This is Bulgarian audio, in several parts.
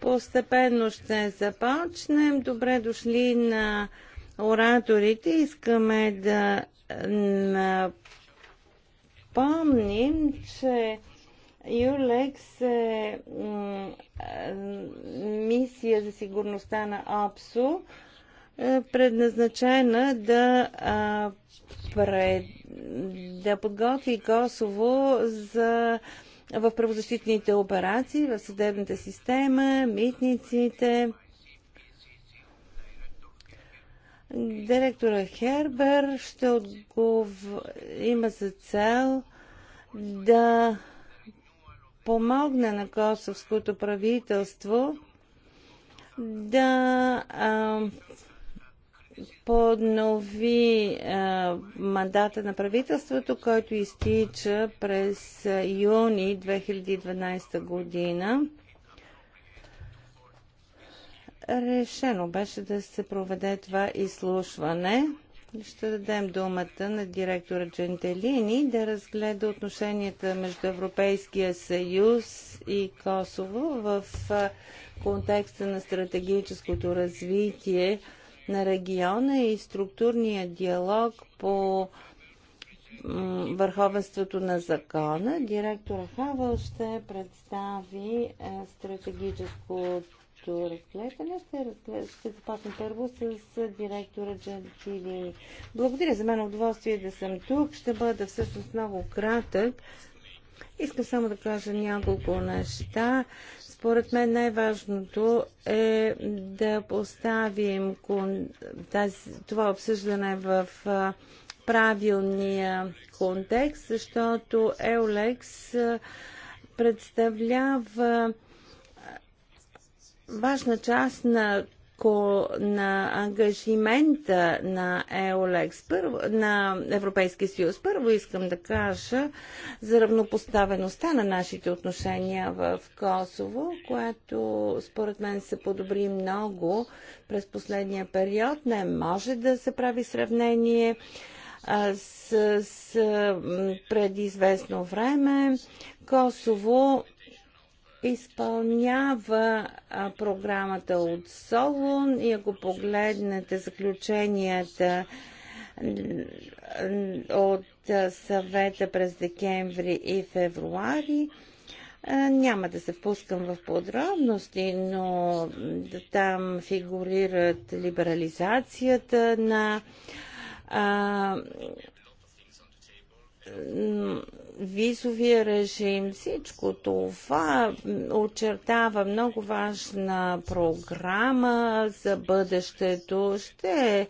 Постепенно ще започнем. Добре дошли на ораторите. Искаме да напомним, че Юлекс е мисия за сигурността на ОПСО, е, предназначена да, пред, да подготви Косово за в правозащитните операции, в съдебната система, митниците. Директора Хербер ще отгов... има за цел да помогне на косовското правителство да а, поднови а, мандата на правителството, който изтича през юни 2012 година. Решено беше да се проведе това изслушване. Ще дадем думата на директора Джентелини да разгледа отношенията между Европейския съюз и Косово в контекста на стратегическото развитие на региона и структурния диалог по върховенството на закона. Директор Хавел ще представи е, стратегическото разглеждане. Ще, ще започна първо с директора Джантилини. Благодаря за мен е удоволствие да съм тук. Ще бъда всъщност много кратък. Искам само да кажа няколко неща. Според мен най-важното е да поставим това обсъждане в правилния контекст, защото Еолекс представлява важна част на ако на ангажимента на Еолекс, първо, на Европейския съюз. Първо искам да кажа за равнопоставеността на нашите отношения в Косово, което според мен се подобри много през последния период. Не може да се прави сравнение с, с преди известно време. Косово изпълнява а, програмата от Солун и ако погледнете заключенията от съвета през декември и февруари, няма да се впускам в подробности, но там фигурират либерализацията на а, визовия режим, всичко това очертава много важна програма за бъдещето. Ще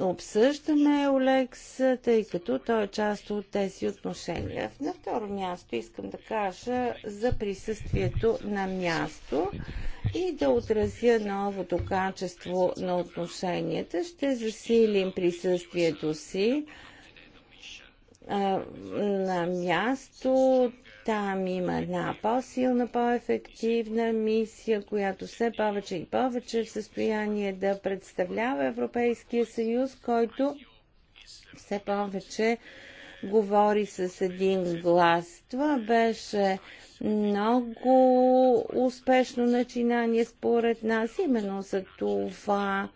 обсъждаме Олекс, тъй като той е част от тези отношения. На второ място искам да кажа за присъствието на място и да отразя новото качество на отношенията. Ще засилим присъствието си на място. Там има една по-силна, по-ефективна мисия, която все повече и повече е в състояние да представлява Европейския съюз, който все повече говори с един глас. Това беше много успешно начинание според нас. Именно за това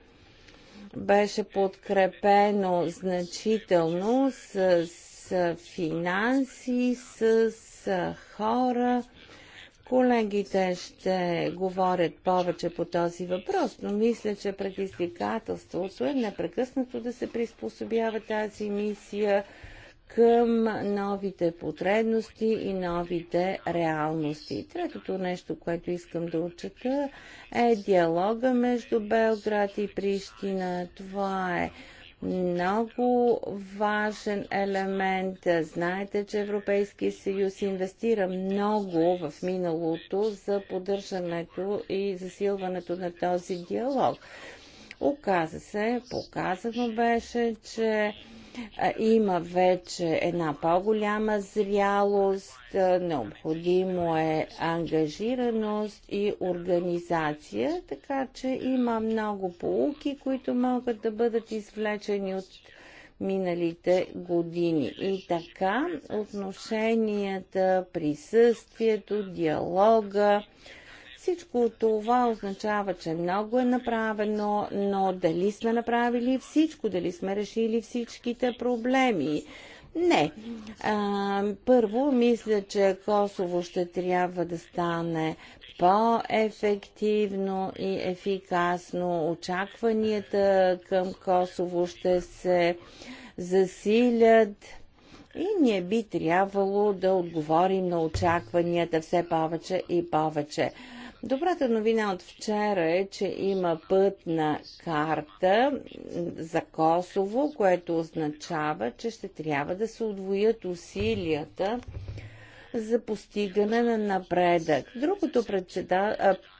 беше подкрепено значително с с финанси, с хора. Колегите ще говорят повече по този въпрос, но мисля, че предизвикателството е непрекъснато да се приспособява тази мисия към новите потребности и новите реалности. Третото нещо, което искам да отчета е диалога между Белград и Прищина. Това е много важен елемент. Знаете, че Европейския съюз инвестира много в миналото за поддържането и засилването на този диалог. Оказа се, показано беше, че има вече една по-голяма зрялост, необходимо е ангажираност и организация, така че има много полуки, които могат да бъдат извлечени от миналите години. И така отношенията, присъствието, диалога, всичко това означава, че много е направено, но дали сме направили всичко, дали сме решили всичките проблеми. Не. А, първо, мисля, че Косово ще трябва да стане по-ефективно и ефикасно. Очакванията към Косово ще се засилят. И ние би трябвало да отговорим на очакванията все повече и повече. Добрата новина от вчера е, че има пътна карта за Косово, което означава, че ще трябва да се отвоят усилията за постигане на напредък. Другото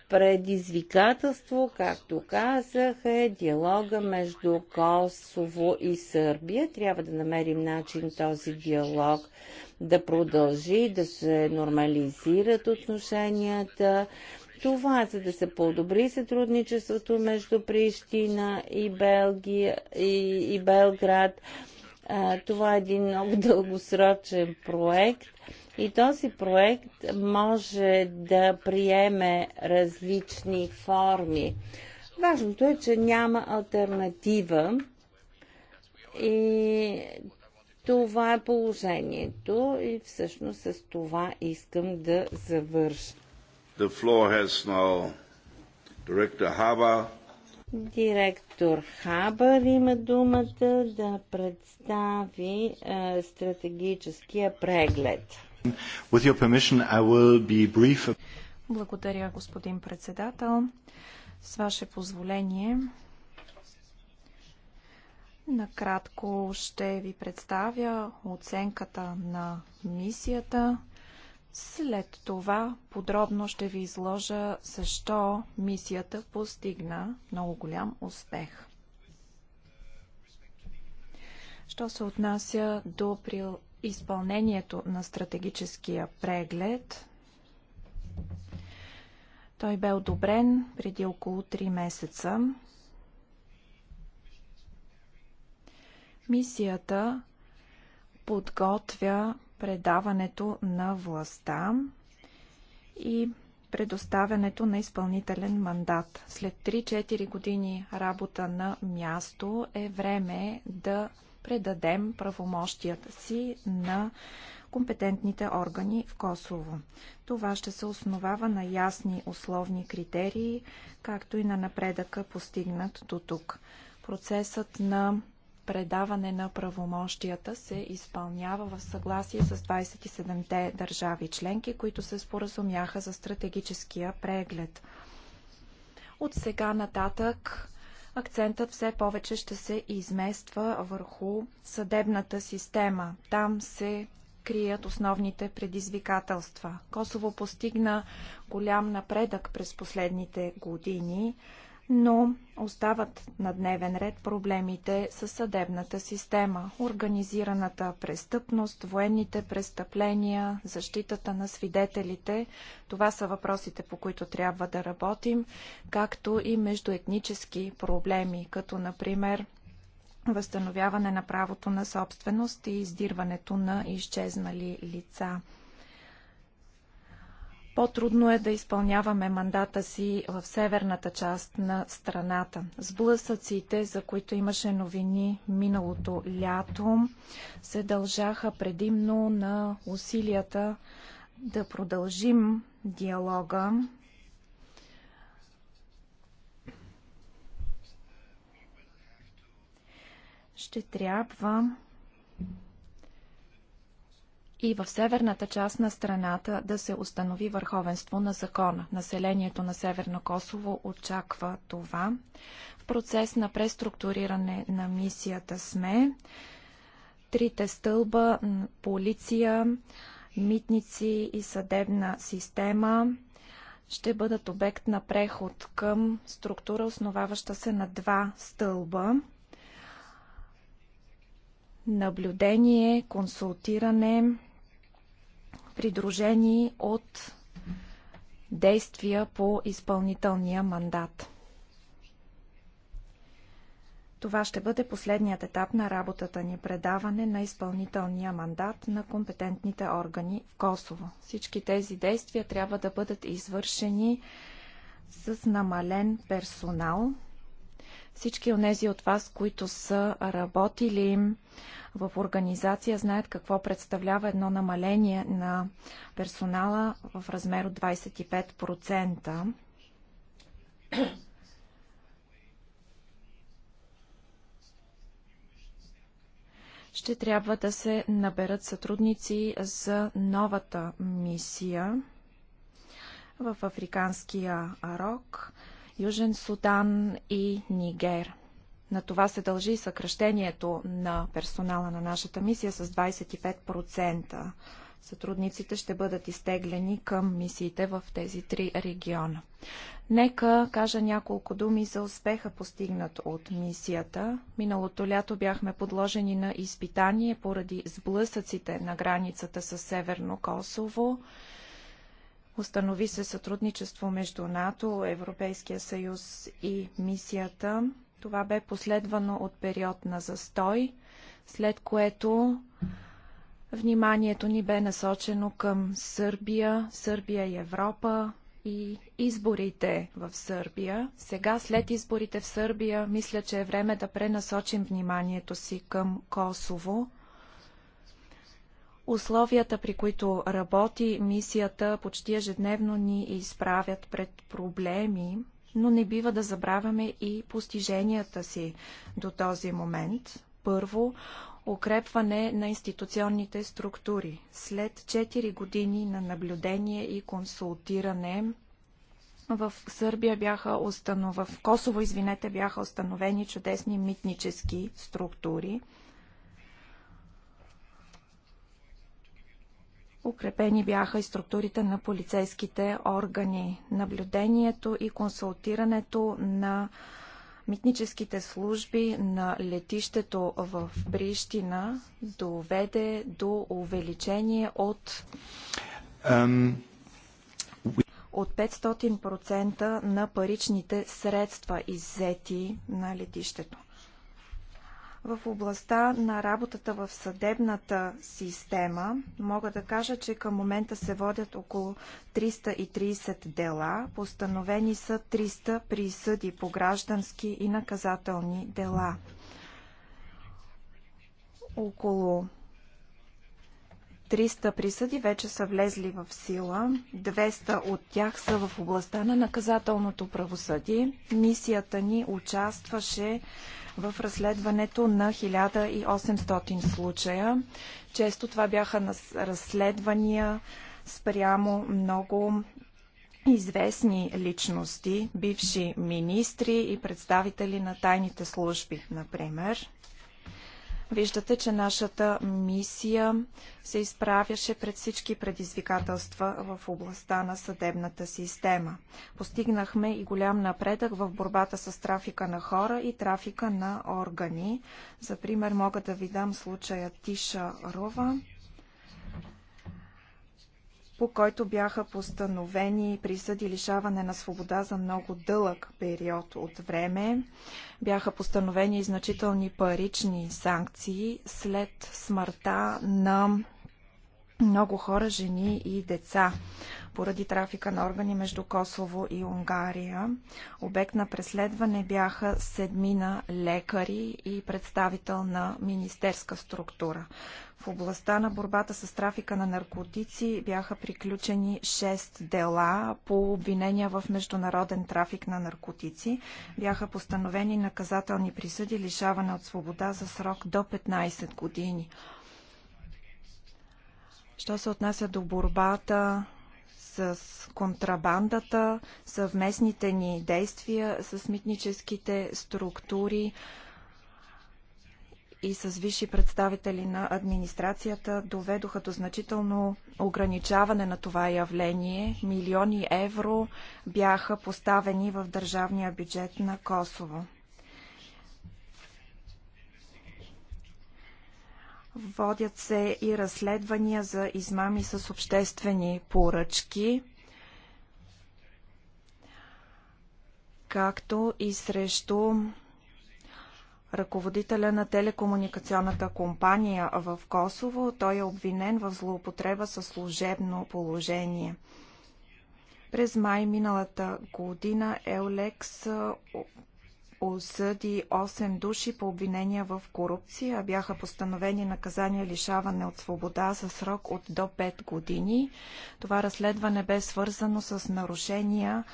предизвикателство, както казах, е диалога между Косово и Сърбия. Трябва да намерим начин този диалог да продължи, да се нормализират отношенията, това, за да се подобри сътрудничеството между Прищина и, Белгия, и, и Белград. А, това е един много дългосрочен проект. И този проект може да приеме различни форми. Важното е, че няма альтернатива и това е положението и всъщност с това искам да завърша. The floor has now Director Haber. Директор Хабър има думата да представи е, стратегическия преглед. With your permission, I will be brief. Благодаря, господин председател. С ваше позволение, накратко ще ви представя оценката на мисията – след това подробно ще ви изложа защо мисията постигна много голям успех. Що се отнася до при изпълнението на стратегическия преглед, той бе одобрен преди около 3 месеца. Мисията подготвя предаването на властта и предоставянето на изпълнителен мандат. След 3-4 години работа на място е време да предадем правомощията си на компетентните органи в Косово. Това ще се основава на ясни условни критерии, както и на напредъка постигнат до тук. Процесът на предаване на правомощията се изпълнява в съгласие с 27-те държави членки, които се споразумяха за стратегическия преглед. От сега нататък акцентът все повече ще се измества върху съдебната система. Там се крият основните предизвикателства. Косово постигна голям напредък през последните години но остават на дневен ред проблемите с съдебната система, организираната престъпност, военните престъпления, защитата на свидетелите. Това са въпросите, по които трябва да работим, както и междуетнически проблеми, като например възстановяване на правото на собственост и издирването на изчезнали лица. По-трудно е да изпълняваме мандата си в северната част на страната. Сблъсъците, за които имаше новини миналото лято, се дължаха предимно на усилията да продължим диалога ще трябва и в северната част на страната да се установи върховенство на закона. Населението на Северно Косово очаква това. В процес на преструктуриране на мисията сме. Трите стълба, полиция, митници и съдебна система ще бъдат обект на преход към структура, основаваща се на два стълба наблюдение, консултиране, придружени от действия по изпълнителния мандат. Това ще бъде последният етап на работата ни предаване на изпълнителния мандат на компетентните органи в Косово. Всички тези действия трябва да бъдат извършени с намален персонал, всички от тези от вас, които са работили в организация, знаят какво представлява едно намаление на персонала в размер от 25%. ще трябва да се наберат сътрудници за новата мисия в Африканския рок. Южен Судан и Нигер. На това се дължи съкръщението на персонала на нашата мисия с 25%. Сътрудниците ще бъдат изтеглени към мисиите в тези три региона. Нека кажа няколко думи за успеха постигнат от мисията. Миналото лято бяхме подложени на изпитание поради сблъсъците на границата с Северно Косово. Установи се сътрудничество между НАТО, Европейския съюз и мисията. Това бе последвано от период на застой, след което вниманието ни бе насочено към Сърбия, Сърбия и Европа и изборите в Сърбия. Сега, след изборите в Сърбия, мисля, че е време да пренасочим вниманието си към Косово. Условията, при които работи мисията, почти ежедневно ни изправят пред проблеми, но не бива да забравяме и постиженията си до този момент. Първо, укрепване на институционните структури. След 4 години на наблюдение и консултиране в Сърбия бяха установ... в Косово, извинете, бяха установени чудесни митнически структури. Укрепени бяха и структурите на полицейските органи. Наблюдението и консултирането на митническите служби на летището в Брищина доведе до увеличение от от 500% на паричните средства иззети на летището. В областта на работата в съдебната система мога да кажа, че към момента се водят около 330 дела. Постановени са 300 присъди по граждански и наказателни дела. Около 300 присъди вече са влезли в сила. 200 от тях са в областта на наказателното правосъдие. Мисията ни участваше в разследването на 1800 случая. Често това бяха разследвания спрямо много известни личности, бивши министри и представители на тайните служби, например. Виждате, че нашата мисия се изправяше пред всички предизвикателства в областта на съдебната система. Постигнахме и голям напредък в борбата с трафика на хора и трафика на органи. За пример мога да ви дам случая Тиша Рова, по който бяха постановени присъди лишаване на свобода за много дълъг период от време. Бяха постановени значителни парични санкции след смъртта на много хора, жени и деца поради трафика на органи между Косово и Унгария. Обект на преследване бяха седмина лекари и представител на министерска структура. В областта на борбата с трафика на наркотици бяха приключени 6 дела по обвинения в международен трафик на наркотици. Бяха постановени наказателни присъди лишаване от свобода за срок до 15 години. Що се отнася до борбата с контрабандата, съвместните ни действия с митническите структури и с висши представители на администрацията доведоха до значително ограничаване на това явление. Милиони евро бяха поставени в държавния бюджет на Косово. Водят се и разследвания за измами с обществени поръчки, както и срещу ръководителя на телекомуникационната компания в Косово. Той е обвинен в злоупотреба със служебно положение. През май миналата година Еолекс осъди 8 души по обвинения в корупция. Бяха постановени наказания лишаване от свобода за срок от до 5 години. Това разследване бе свързано с нарушения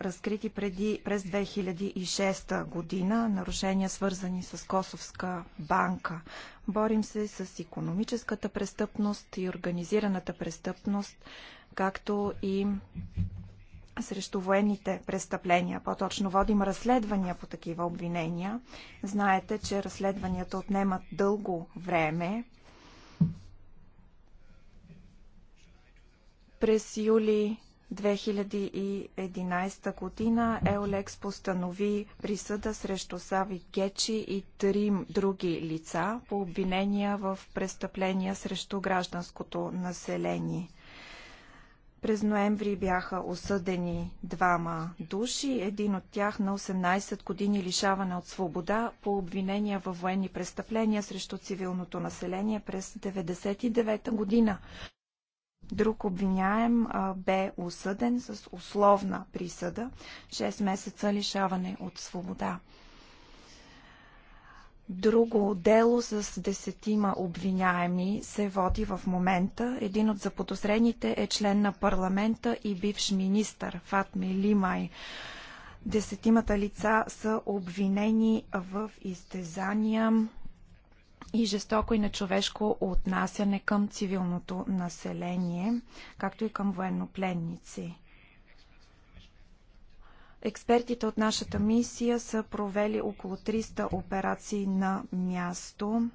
разкрити преди, през 2006 година, нарушения свързани с Косовска банка. Борим се с економическата престъпност и организираната престъпност, както и срещу военните престъпления. По-точно водим разследвания по такива обвинения. Знаете, че разследванията отнемат дълго време. През юли 2011 година Еолекс постанови присъда срещу Сави Гечи и три други лица по обвинения в престъпления срещу гражданското население – през ноември бяха осъдени двама души, един от тях на 18 години лишаване от свобода по обвинения във военни престъпления срещу цивилното население през 1999 година. Друг обвиняем а, бе осъден с условна присъда 6 месеца лишаване от свобода. Друго дело с десетима обвиняеми се води в момента. Един от заподозрените е член на парламента и бивш министър Фатми Лимай. Десетимата лица са обвинени в изтезания и жестоко и нечовешко отнасяне към цивилното население, както и към военнопленници. Експертите от нашата мисия са провели около 300 операции на място.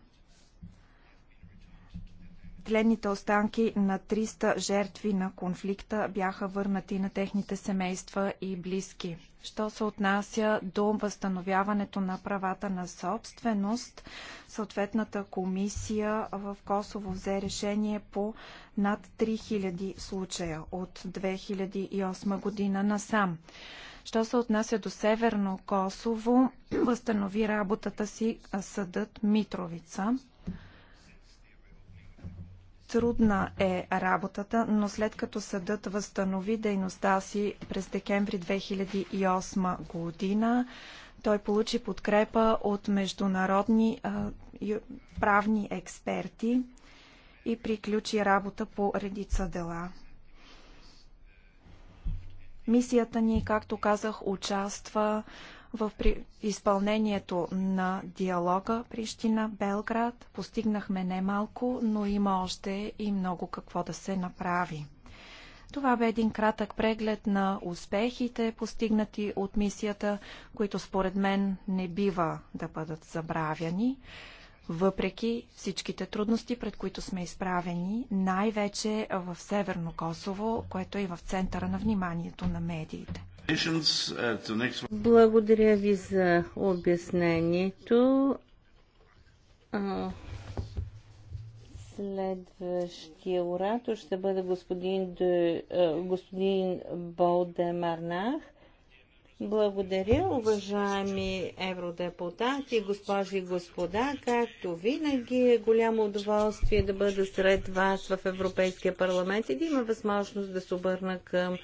Тленните останки на 300 жертви на конфликта бяха върнати на техните семейства и близки. Що се отнася до възстановяването на правата на собственост, съответната комисия в Косово взе решение по над 3000 случая от 2008 година насам. Що се отнася до Северно Косово, възстанови работата си съдът Митровица. Трудна е работата, но след като съдът възстанови дейността си през декември 2008 година, той получи подкрепа от международни а, правни експерти и приключи работа по редица дела. Мисията ни, както казах, участва в изпълнението на диалога Прищина-Белград. Постигнахме немалко, но има още и много какво да се направи. Това бе един кратък преглед на успехите, постигнати от мисията, които според мен не бива да бъдат забравяни въпреки всичките трудности, пред които сме изправени, най-вече в Северно Косово, което е и в центъра на вниманието на медиите. Благодаря ви за обяснението. Следващия оратор ще бъде господин, господин Болде Марнах благодаря, уважаеми евродепутати, госпожи и господа. Както винаги е голямо удоволствие да бъда сред вас в Европейския парламент и да има възможност да се обърна към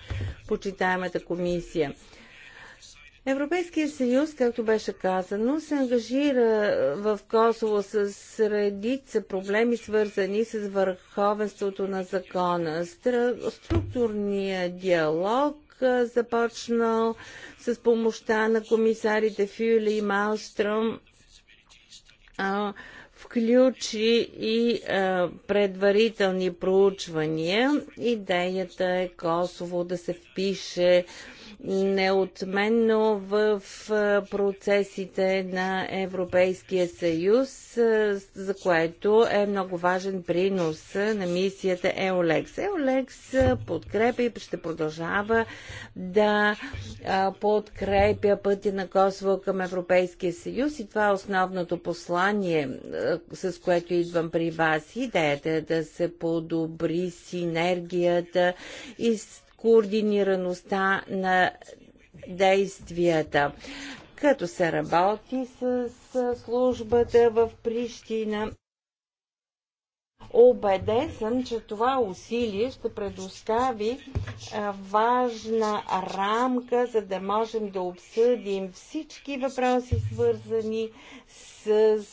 почитаемата комисия. Европейския съюз, както беше казано, се ангажира в Косово с редица проблеми, свързани с върховенството на закона. Структурния диалог е, започнал с помощта на комисарите Фюли и Малстром включи и а, предварителни проучвания. Идеята е Косово да се впише неотменно в процесите на Европейския съюз, за което е много важен принос на мисията EOLEX. EOLEX подкрепя и ще продължава да подкрепя пътя на Косово към Европейския съюз и това е основното послание, с което идвам при вас. Идеята е да се подобри синергията и координираността на действията като се работи с, службата в Прищина. Обеден съм, че това усилие ще предостави важна рамка, за да можем да обсъдим всички въпроси, свързани с,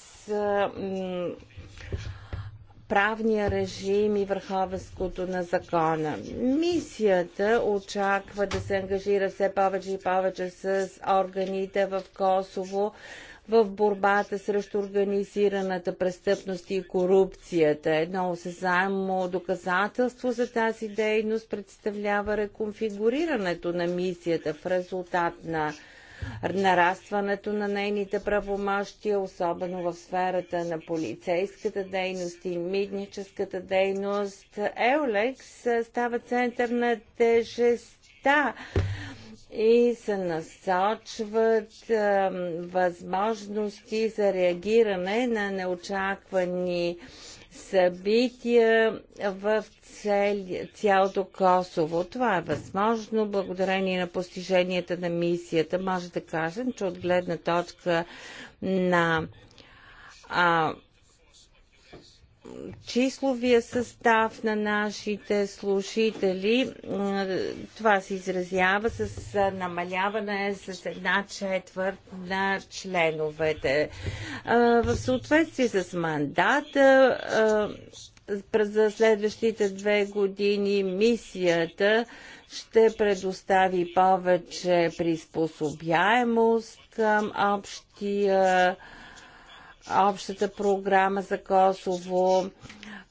правния режим и върховенството на закона. Мисията очаква да се ангажира все повече и повече с органите в Косово в борбата срещу организираната престъпност и корупцията. Едно осезаемо доказателство за тази дейност представлява реконфигурирането на мисията в резултат на нарастването на нейните правомощия, особено в сферата на полицейската дейност и мидническата дейност. Еолекс става център на тежеста и се насочват е, възможности за реагиране на неочаквани е, събития в цел, цялото Косово. Това е възможно благодарение на постиженията на мисията. Може да кажем, че от гледна точка на а, числовия състав на нашите служители. Това се изразява с намаляване с една четвърт на членовете. В съответствие с мандата за следващите две години мисията ще предостави повече приспособяемост към общия общата програма за Косово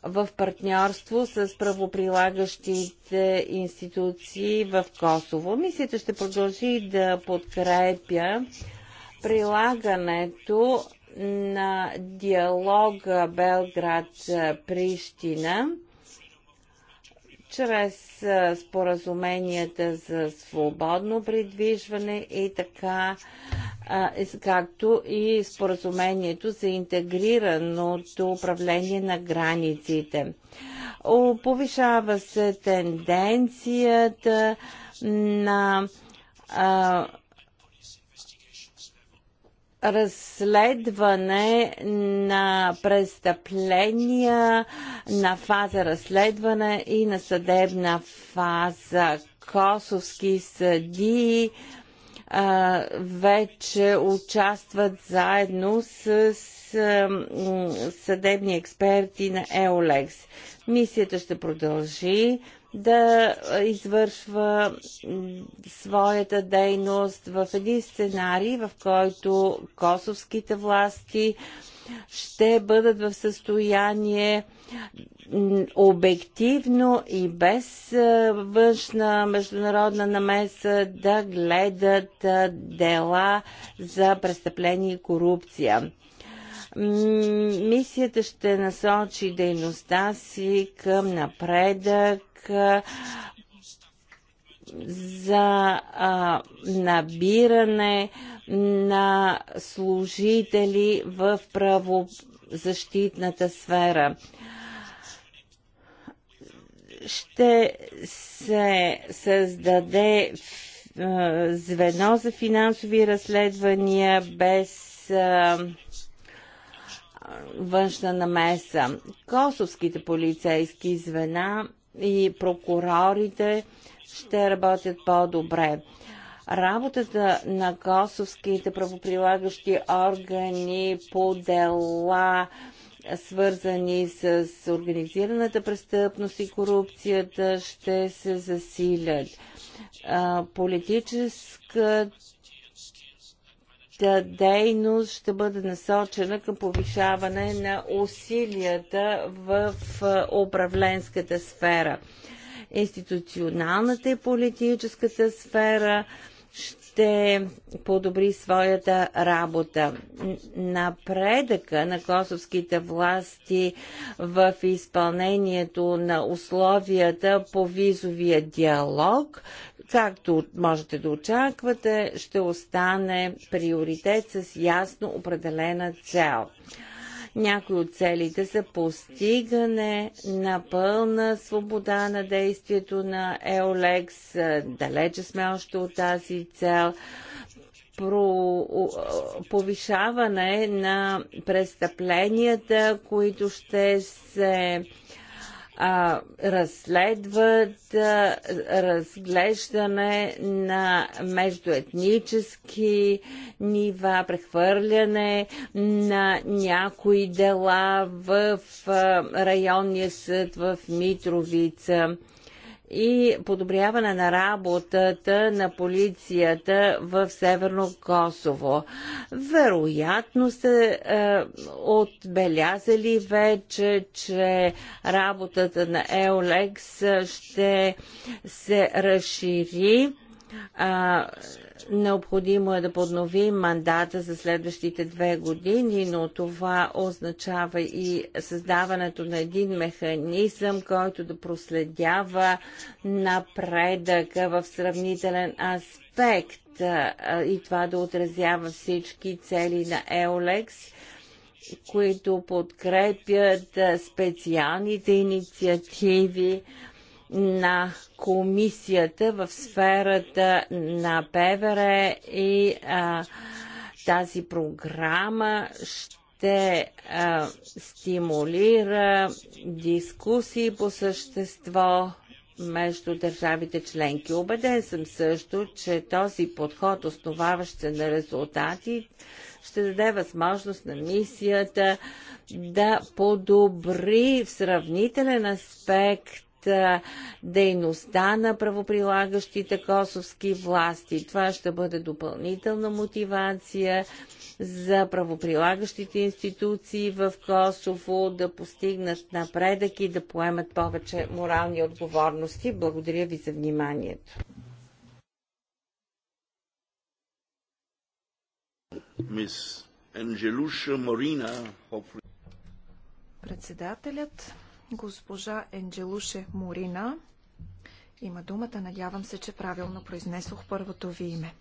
в партньорство с правоприлагащите институции в Косово. Мисията ще продължи да подкрепя прилагането на диалога Белград-Прищина чрез споразуменията за свободно придвижване и така е както и споразумението за интегрираното управление на границите. Повишава се тенденцията на разследване на престъпления на фаза разследване и на съдебна фаза. Косовски съдии вече участват заедно с, съдебни експерти на Еолекс. Мисията ще продължи да извършва своята дейност в един сценарий, в който косовските власти ще бъдат в състояние обективно и без е, външна международна намеса да гледат е, дела за престъпление и корупция. Мисията ще насочи дейността си към напредък е, за а, набиране на служители в правозащитната сфера. Ще се създаде звено за финансови разследвания без а, външна намеса. Косовските полицейски звена и прокурорите ще работят по-добре. Работата на косовските правоприлагащи органи по дела свързани с организираната престъпност и корупцията, ще се засилят. Политическата дейност ще бъде насочена към повишаване на усилията в управленската сфера институционалната и политическата сфера ще подобри своята работа. Напредъка на косовските власти в изпълнението на условията по визовия диалог, както можете да очаквате, ще остане приоритет с ясно определена цел. Някои от целите са постигане на пълна свобода на действието на Еолекс. Далече сме още от тази цел про повишаване на престъпленията, които ще се а, разследват а, разглеждане на междуетнически нива, прехвърляне на някои дела в а, районния съд в Митровица и подобряване на работата на полицията в Северно Косово. Вероятно сте е, отбелязали вече, че работата на Еолекс ще се разшири а, необходимо е да подновим мандата за следващите две години, но това означава и създаването на един механизъм, който да проследява напредъка в сравнителен аспект а, и това да отразява всички цели на Еолекс които подкрепят специалните инициативи, на комисията в сферата на ПВР и а, тази програма ще а, стимулира дискусии по същество между държавите членки. Обеден съм също, че този подход, основаващ се на резултати, ще даде възможност на мисията да подобри в сравнителен аспект дейността на правоприлагащите косовски власти. Това ще бъде допълнителна мотивация за правоприлагащите институции в Косово да постигнат напредък и да поемат повече морални отговорности. Благодаря ви за вниманието. Председателят Госпожа Енджелуше Морина има думата. Надявам се, че правилно произнесох първото ви име.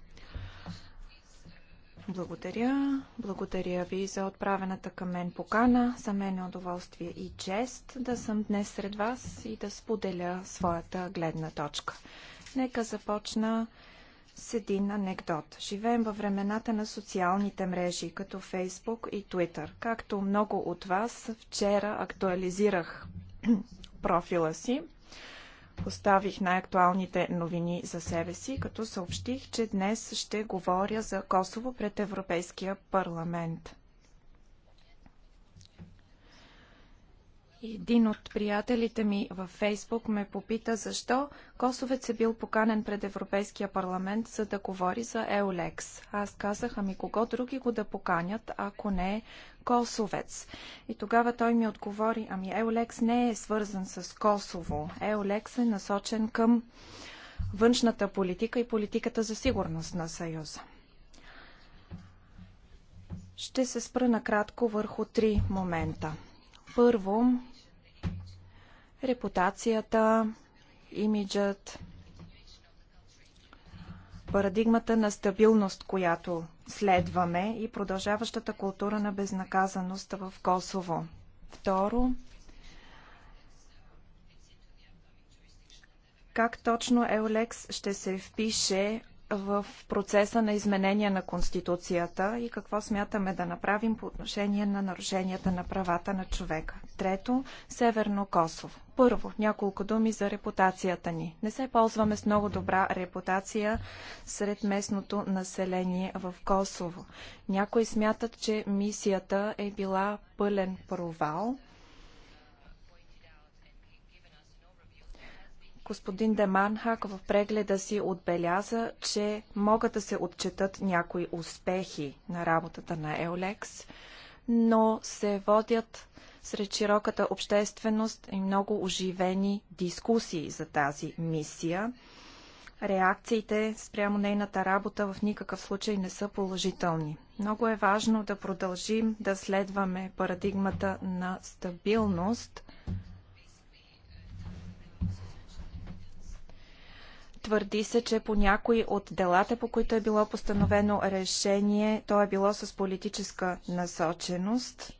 Благодаря. Благодаря ви за отправената към мен покана. За мен е удоволствие и чест да съм днес сред вас и да споделя своята гледна точка. Нека започна с един анекдот. Живеем във времената на социалните мрежи, като Фейсбук и Twitter. Както много от вас, вчера актуализирах профила си. Поставих най-актуалните новини за себе си, като съобщих, че днес ще говоря за Косово пред Европейския парламент. Един от приятелите ми във Фейсбук ме попита защо Косовец е бил поканен пред Европейския парламент, за да говори за Еолекс. Аз казах, ами кого други го да поканят, ако не е Косовец. И тогава той ми отговори, ами Еолекс не е свързан с Косово. Еолекс е насочен към външната политика и политиката за сигурност на Съюза. Ще се спра накратко върху три момента – първо, репутацията, имиджът, парадигмата на стабилност, която следваме и продължаващата култура на безнаказаност в Косово. Второ, как точно Еолекс ще се впише в процеса на изменение на Конституцията и какво смятаме да направим по отношение на нарушенията на правата на човека. Трето, Северно Косово. Първо, няколко думи за репутацията ни. Не се ползваме с много добра репутация сред местното население в Косово. Някои смятат, че мисията е била пълен провал – Господин Деманхак в прегледа си отбеляза, че могат да се отчетат някои успехи на работата на Еолекс, но се водят сред широката общественост и много оживени дискусии за тази мисия. Реакциите спрямо нейната работа в никакъв случай не са положителни. Много е важно да продължим да следваме парадигмата на стабилност – Твърди се, че по някои от делата, по които е било постановено решение, то е било с политическа насоченост.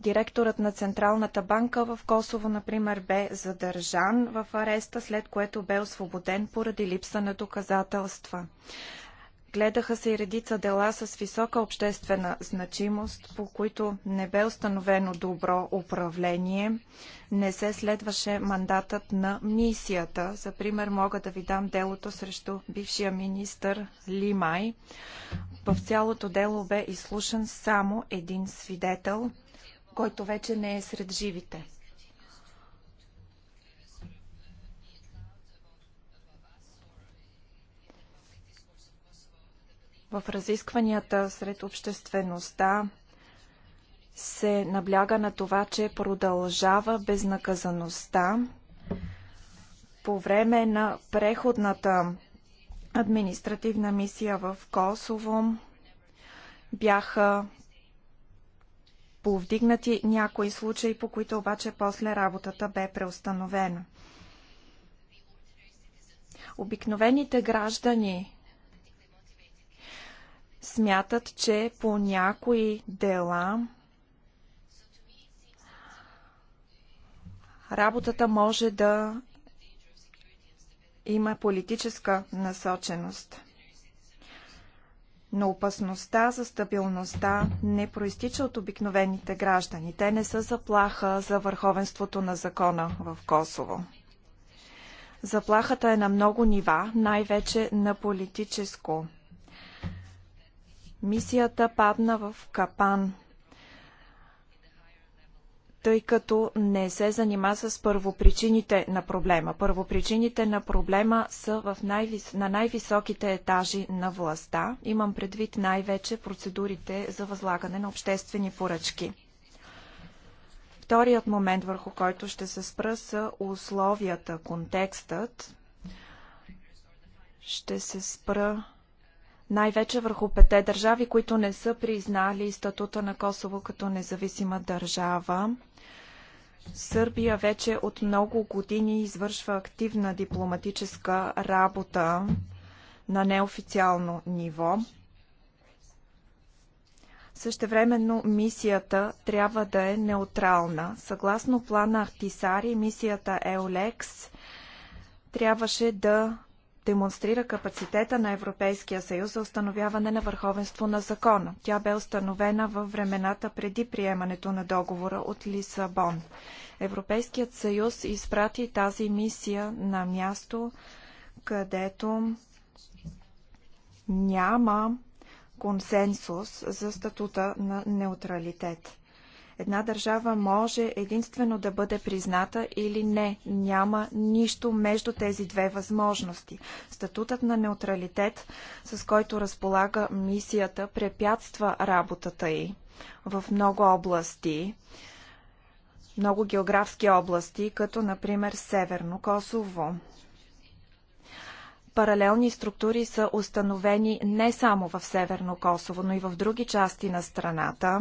Директорът на Централната банка в Косово, например, бе задържан в ареста, след което бе освободен поради липса на доказателства. Гледаха се и редица дела с висока обществена значимост, по които не бе установено добро управление, не се следваше мандатът на мисията. За пример мога да ви дам делото срещу бившия министър Лимай. В цялото дело бе изслушан само един свидетел, който вече не е сред живите. В разискванията сред обществеността се набляга на това, че продължава безнаказаността. По време на преходната административна мисия в Косово бяха повдигнати някои случаи, по които обаче после работата бе преустановена. Обикновените граждани смятат, че по някои дела работата може да има политическа насоченост. Но опасността за стабилността не проистича от обикновените граждани. Те не са заплаха за върховенството на закона в Косово. Заплахата е на много нива, най-вече на политическо Мисията падна в капан, тъй като не се занима с първопричините на проблема. Първопричините на проблема са в най-вис... на най-високите етажи на властта. Имам предвид най-вече процедурите за възлагане на обществени поръчки. Вторият момент, върху който ще се спра, са условията, контекстът. Ще се спра най-вече върху пете държави, които не са признали статута на Косово като независима държава. Сърбия вече от много години извършва активна дипломатическа работа на неофициално ниво. Същевременно мисията трябва да е неутрална. Съгласно плана Ахтисари, мисията Еолекс трябваше да демонстрира капацитета на Европейския съюз за установяване на върховенство на закона. Тя бе установена във времената преди приемането на договора от Лисабон. Европейският съюз изпрати тази мисия на място, където няма консенсус за статута на неутралитет. Една държава може единствено да бъде призната или не. Няма нищо между тези две възможности. Статутът на неутралитет, с който разполага мисията, препятства работата й в много области много географски области, като например Северно Косово. Паралелни структури са установени не само в Северно Косово, но и в други части на страната.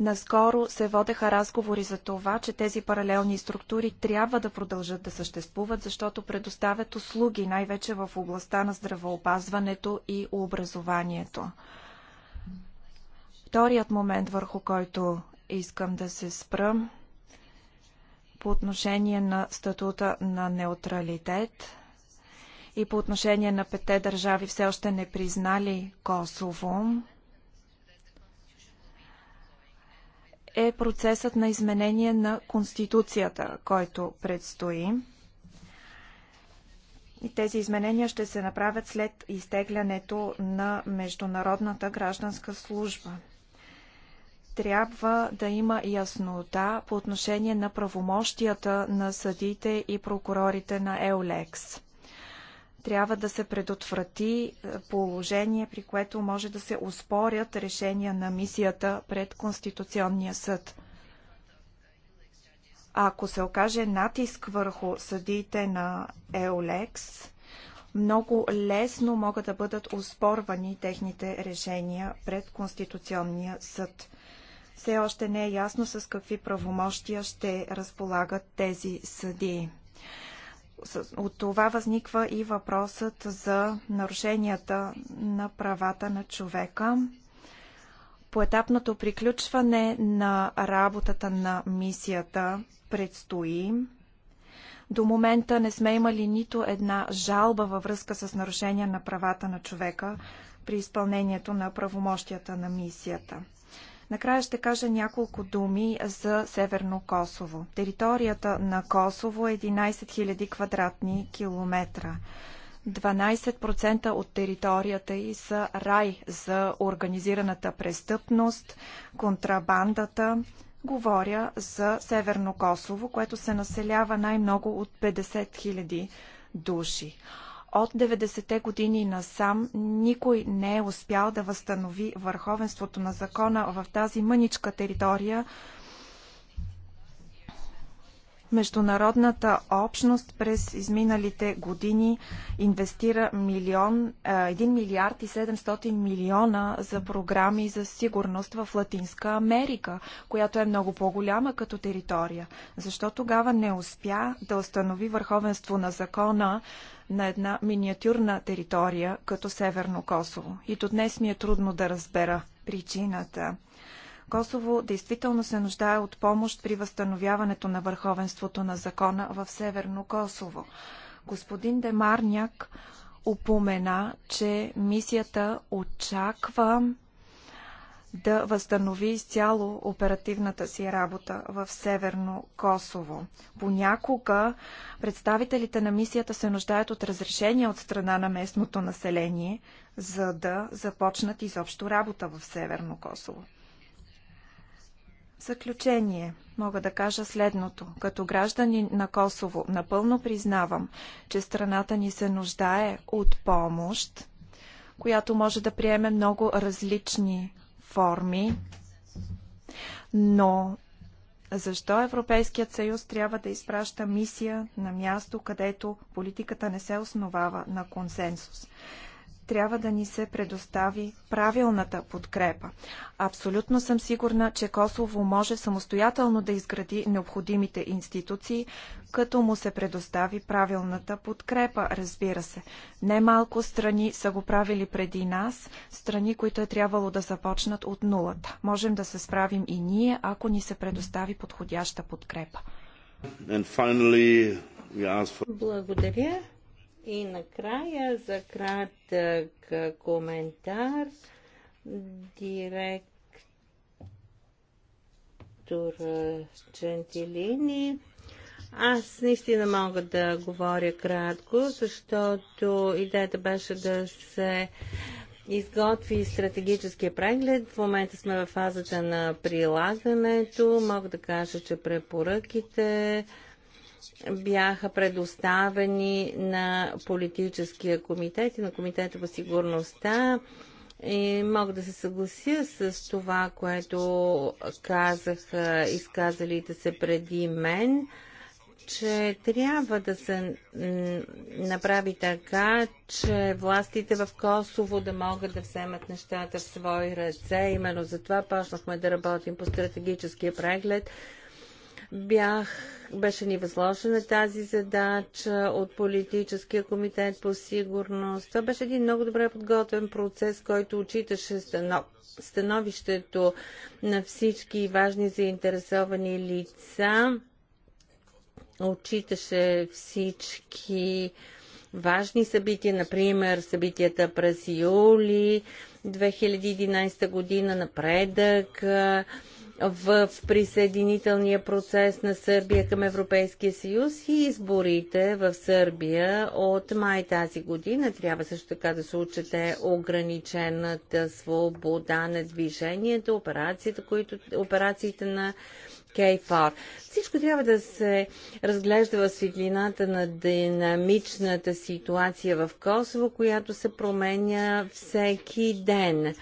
Наскоро се водеха разговори за това, че тези паралелни структури трябва да продължат да съществуват, защото предоставят услуги, най-вече в областта на здравеопазването и образованието. Вторият момент, върху който искам да се спра по отношение на статута на неутралитет и по отношение на пете държави все още не признали Косово. е процесът на изменение на Конституцията, който предстои. И тези изменения ще се направят след изтеглянето на Международната гражданска служба. Трябва да има яснота по отношение на правомощията на съдите и прокурорите на Еолекс трябва да се предотврати е, положение, при което може да се успорят решения на мисията пред Конституционния съд. Ако се окаже натиск върху съдиите на Еолекс, много лесно могат да бъдат успорвани техните решения пред Конституционния съд. Все още не е ясно с какви правомощия ще разполагат тези съдии от това възниква и въпросът за нарушенията на правата на човека. Поетапното приключване на работата на мисията предстои. До момента не сме имали нито една жалба във връзка с нарушения на правата на човека при изпълнението на правомощията на мисията. Накрая ще кажа няколко думи за Северно Косово. Територията на Косово е 11 000 квадратни километра. 12% от територията и са рай за организираната престъпност, контрабандата. Говоря за Северно Косово, което се населява най-много от 50 000 души. От 90-те години насам никой не е успял да възстанови върховенството на закона в тази мъничка територия, Международната общност през изминалите години инвестира милион, 1 милиард и 700 милиона за програми за сигурност в Латинска Америка, която е много по-голяма като територия. Защо тогава не успя да установи върховенство на закона на една миниатюрна територия като Северно Косово? И до днес ми е трудно да разбера причината. Косово действително се нуждае от помощ при възстановяването на върховенството на закона в Северно Косово. Господин Демарняк упомена, че мисията очаква да възстанови изцяло оперативната си работа в Северно Косово. Понякога представителите на мисията се нуждаят от разрешение от страна на местното население, за да започнат изобщо работа в Северно Косово заключение мога да кажа следното. Като граждани на Косово напълно признавам, че страната ни се нуждае от помощ, която може да приеме много различни форми, но защо Европейският съюз трябва да изпраща мисия на място, където политиката не се основава на консенсус? трябва да ни се предостави правилната подкрепа. Абсолютно съм сигурна, че Косово може самостоятелно да изгради необходимите институции, като му се предостави правилната подкрепа, разбира се. Немалко страни са го правили преди нас, страни, които е трябвало да започнат от нулата. Можем да се справим и ние, ако ни се предостави подходяща подкрепа. Finally, for... Благодаря. И накрая за кратък коментар директор Чентилини. Аз наистина мога да говоря кратко, защото идеята беше да се изготви стратегическия преглед. В момента сме в фазата на прилагането. Мога да кажа, че препоръките бяха предоставени на политическия комитет и на комитета по сигурността. И мога да се съглася с това, което казаха изказалите се преди мен, че трябва да се направи така, че властите в Косово да могат да вземат нещата в свои ръце. Именно затова почнахме да работим по стратегическия преглед Бях, беше ни възложена тази задача от политическия комитет по сигурност. Това беше един много добре подготвен процес, който отчиташе становището на всички важни заинтересовани лица, отчиташе всички важни събития, например събитията през юли 2011 година, напредък, в присъединителния процес на Сърбия към Европейския съюз и изборите в Сърбия от май тази година. Трябва също така да се учете ограничената свобода на движението, операцията, които, операциите на КФАР. Всичко трябва да се разглежда в светлината на динамичната ситуация в Косово, която се променя всеки ден.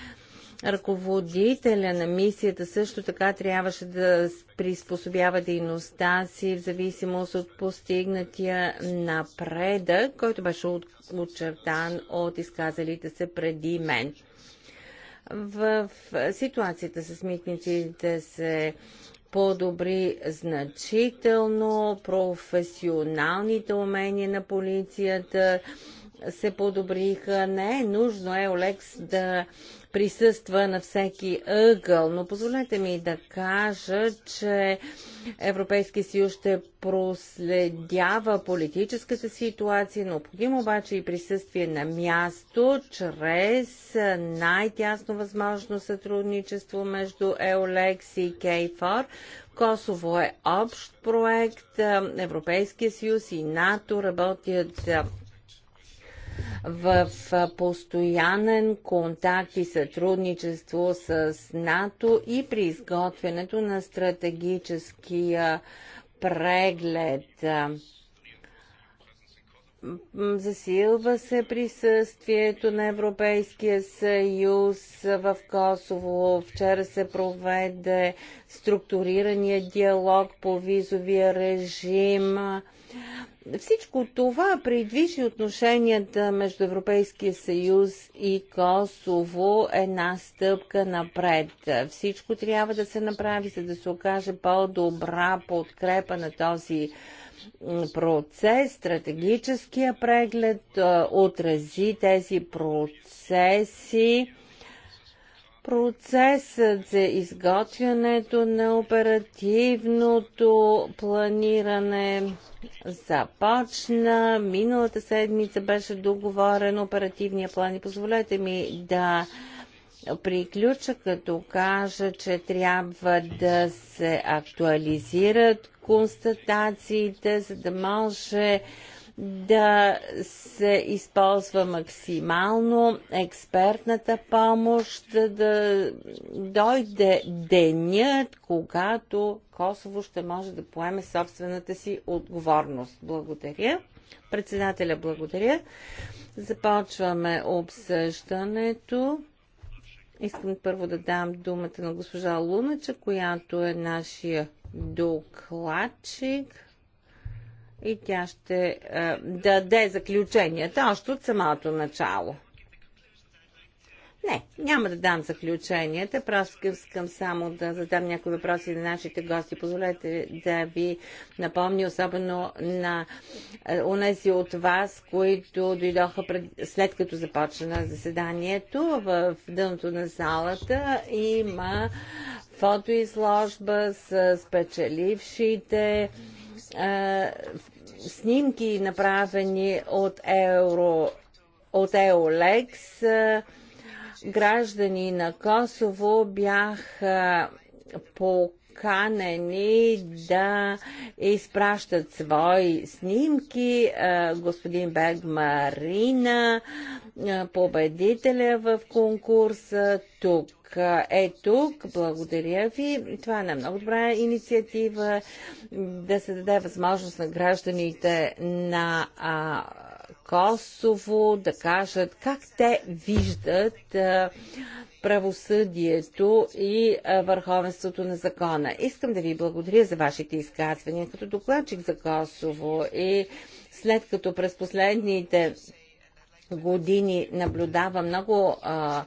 Ръководителя на мисията също така трябваше да приспособява дейността си в зависимост от постигнатия напредък, който беше очертан от изказалите се преди мен. В ситуацията с митниците се подобри значително, професионалните умения на полицията се подобриха. Не е нужно Еолекс да присъства на всеки ъгъл. Но позволете ми да кажа, че Европейския съюз ще проследява политическата ситуация, необходимо обаче и присъствие на място, чрез най-тясно възможно сътрудничество между Еолекс и Кейфор. Косово е общ проект, Европейския съюз и НАТО работят в постоянен контакт и сътрудничество с НАТО и при изготвянето на стратегическия преглед. Засилва се присъствието на Европейския съюз в Косово. Вчера се проведе структурирания диалог по визовия режим. Всичко това придвижи отношенията между Европейския съюз и Косово една стъпка напред. Всичко трябва да се направи, за да се окаже по-добра подкрепа на този процес, стратегическия преглед отрази тези процеси. Процесът за изготвянето на оперативното планиране започна. Миналата седмица беше договорен оперативния план и позволете ми да приключа като кажа, че трябва да се актуализират констатациите, за да може да се използва максимално експертната помощ, да, да дойде денят, когато Косово ще може да поеме собствената си отговорност. Благодаря. Председателя, благодаря. Започваме обсъждането. Искам първо да дам думата на госпожа Лунача, която е нашия докладчик и тя ще е, даде заключенията още от самото начало. Не, няма да дам заключенията, просто искам само да задам някои въпроси на нашите гости. Позволете да ви напомня, особено на унези е, от вас, които дойдоха пред, след като започна заседанието. В дъното на залата има фотоизложба с печелившите е, снимки, направени от от Еолекс. Е, граждани на Косово бяха поканени да изпращат свои снимки. Господин Бег Марина, победителя в конкурса, тук е тук. Благодаря ви. Това е една много добра инициатива да се даде възможност на гражданите на Косово, да кажат как те виждат правосъдието и върховенството на закона. Искам да ви благодаря за вашите изказвания като докладчик за Косово и след като през последните години наблюдава много а,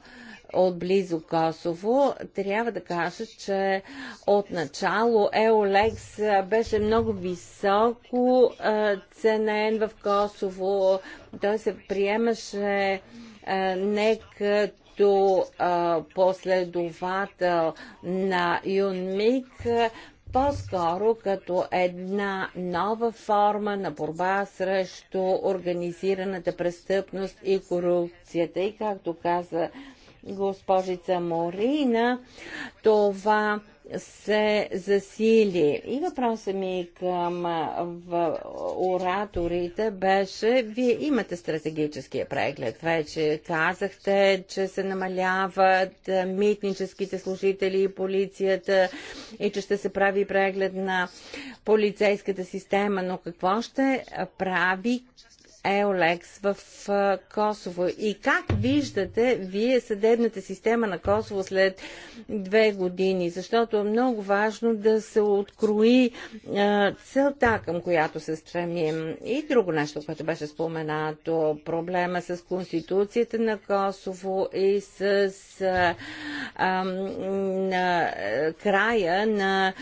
отблизо Косово, трябва да кажа, че отначало Еолекс беше много високо ценен в Косово. Той се приемаше не като последовател на Юнмик, по-скоро като една нова форма на борба срещу организираната престъпност и корупцията. И както каза госпожица Морина, това се засили. И въпросът ми към в, ораторите беше, вие имате стратегическия преглед. Вече казахте, че се намаляват митническите служители и полицията и че ще се прави преглед на полицейската система, но какво ще прави Еолекс в Косово. И как виждате вие съдебната система на Косово след две години? Защото е много важно да се открои целта, към която се стремим. И друго нещо, което беше споменато, проблема с Конституцията на Косово и с а, на, края на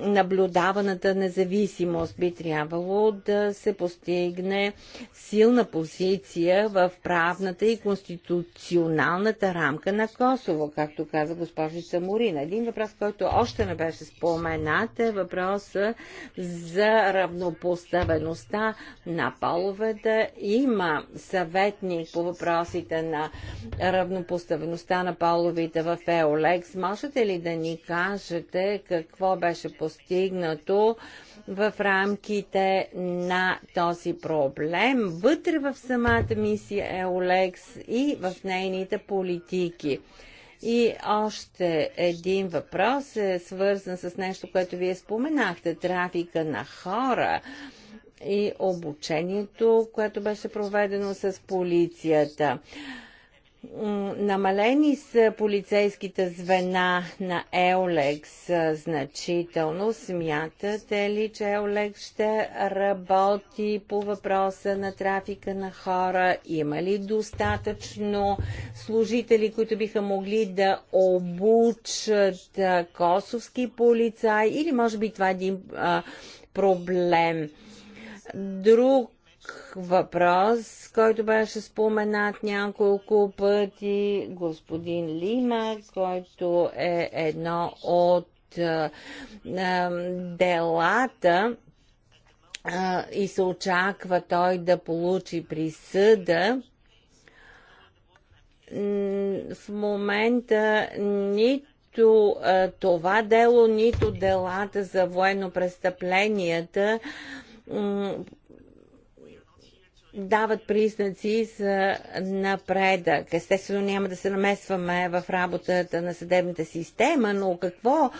наблюдаваната независимост би трябвало да се постигне силна позиция в правната и конституционалната рамка на Косово, както каза госпожица Морина. Един въпрос, който още не беше споменат, е въпроса за равнопоставеността на половете. Има съветник по въпросите на равнопоставеността на половите в Еолекс. Можете ли да ни кажете какво беше постигнато? в рамките на този проблем, вътре в самата мисия Еолекс и в нейните политики. И още един въпрос е свързан с нещо, което вие споменахте трафика на хора и обучението, което беше проведено с полицията. Намалени са полицейските звена на Еолекс значително. Смятате ли, че Еолекс ще работи по въпроса на трафика на хора? Има ли достатъчно служители, които биха могли да обучат косовски полицаи? Или може би това е един а, проблем? Друг въпрос, който беше споменат няколко пъти, господин Лима, който е едно от а, а, делата а, и се очаква той да получи присъда в момента нито а, това дело, нито делата за военно престъпленията дават признаци за напредък. Естествено, няма да се намесваме в работата на съдебната система, но какво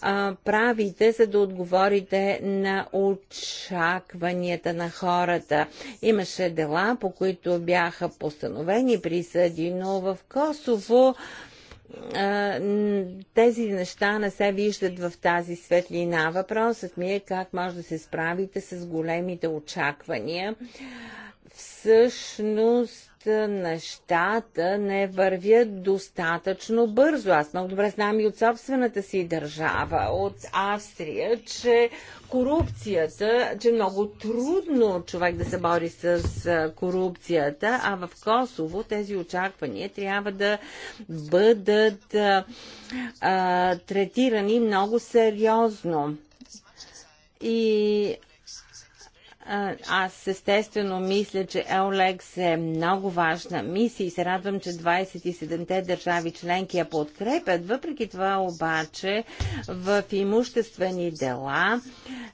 а, правите, за да отговорите на очакванията на хората? Имаше дела, по които бяха постановени присъди, но в Косово тези неща не се виждат в тази светлина. Въпросът ми е как може да се справите с големите очаквания всъщност нещата не вървят достатъчно бързо. Аз много добре знам и от собствената си държава, от Австрия, че корупцията, че е много трудно човек да се бори с корупцията, а в Косово тези очаквания трябва да бъдат а, а, третирани много сериозно. И аз естествено мисля, че Еолекс е много важна мисия и се радвам, че 27-те държави членки я подкрепят. Въпреки това обаче в имуществени дела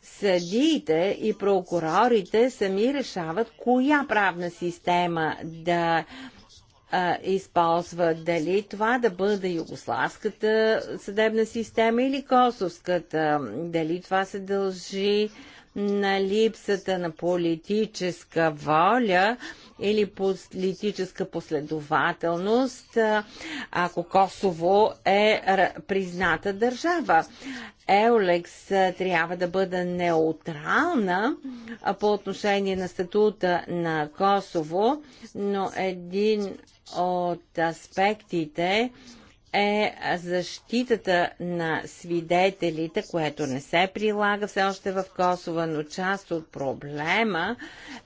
съдиите и прокурорите сами решават коя правна система да използва, дали това да бъде югославската съдебна система или косовската, дали това се дължи на липсата на политическа воля или политическа последователност, ако Косово е призната държава. Еолекс трябва да бъде неутрална по отношение на статута на Косово, но един от аспектите, е защитата на свидетелите, което не се прилага все още в Косова, но част от проблема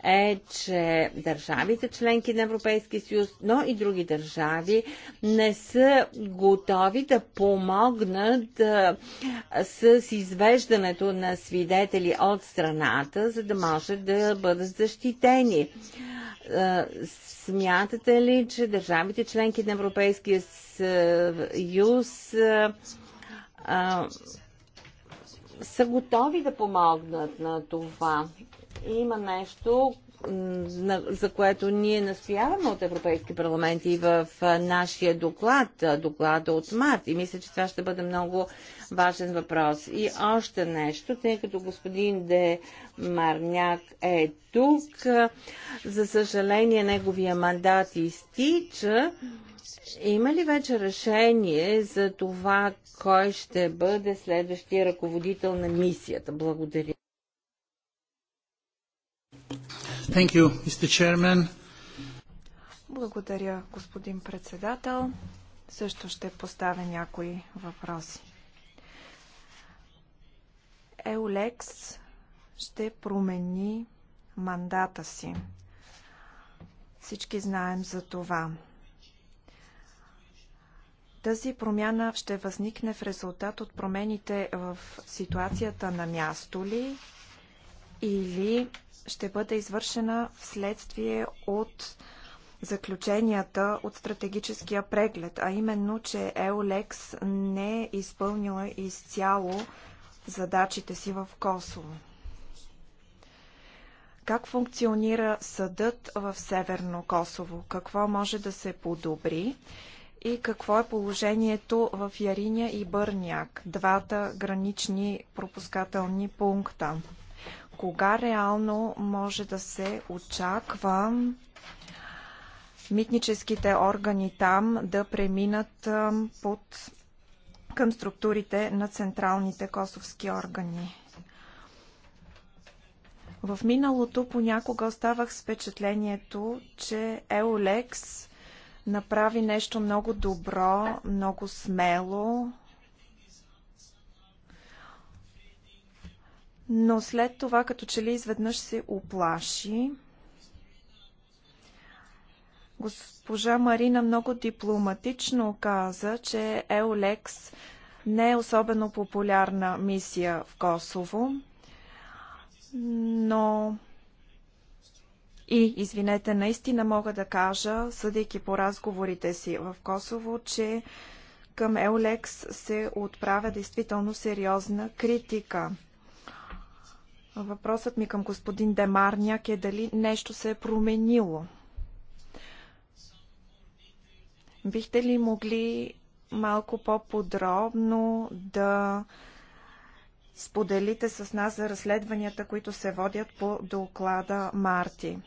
е, че държавите членки на Европейския съюз, но и други държави не са готови да помогнат с извеждането на свидетели от страната, за да може да бъдат защитени. Смятате ли, че държавите членки на Европейския съюз са готови да помогнат на това? Има нещо, за което ние настояваме от Европейски парламент и в нашия доклад, доклада от март. И мисля, че това ще бъде много важен въпрос. И още нещо, тъй като господин Де Марняк е тук, за съжаление неговия мандат изтича. Има ли вече решение за това, кой ще бъде следващия ръководител на мисията? Благодаря. Thank you, Mr. Chairman. Благодаря, господин председател. Също ще поставя някои въпроси. Еолекс ще промени мандата си. Всички знаем за това. Тази промяна ще възникне в резултат от промените в ситуацията на място ли или ще бъде извършена вследствие от заключенията от стратегическия преглед, а именно, че Еолекс не е изпълнила изцяло задачите си в Косово. Как функционира съдът в Северно Косово? Какво може да се подобри? И какво е положението в Яриня и Бърняк, двата гранични пропускателни пункта? Кога реално може да се очаква митническите органи там да преминат под към структурите на централните косовски органи. В миналото понякога оставах с впечатлението, че Еолекс направи нещо много добро, много смело, но след това като че ли изведнъж се оплаши. Госпожа Марина много дипломатично каза, че Еолекс не е особено популярна мисия в Косово, но и, извинете, наистина мога да кажа, съдейки по разговорите си в Косово, че към Еолекс се отправя действително сериозна критика – Въпросът ми към господин Демарняк е дали нещо се е променило. Бихте ли могли малко по-подробно да споделите с нас за разследванията, които се водят по доклада Марти.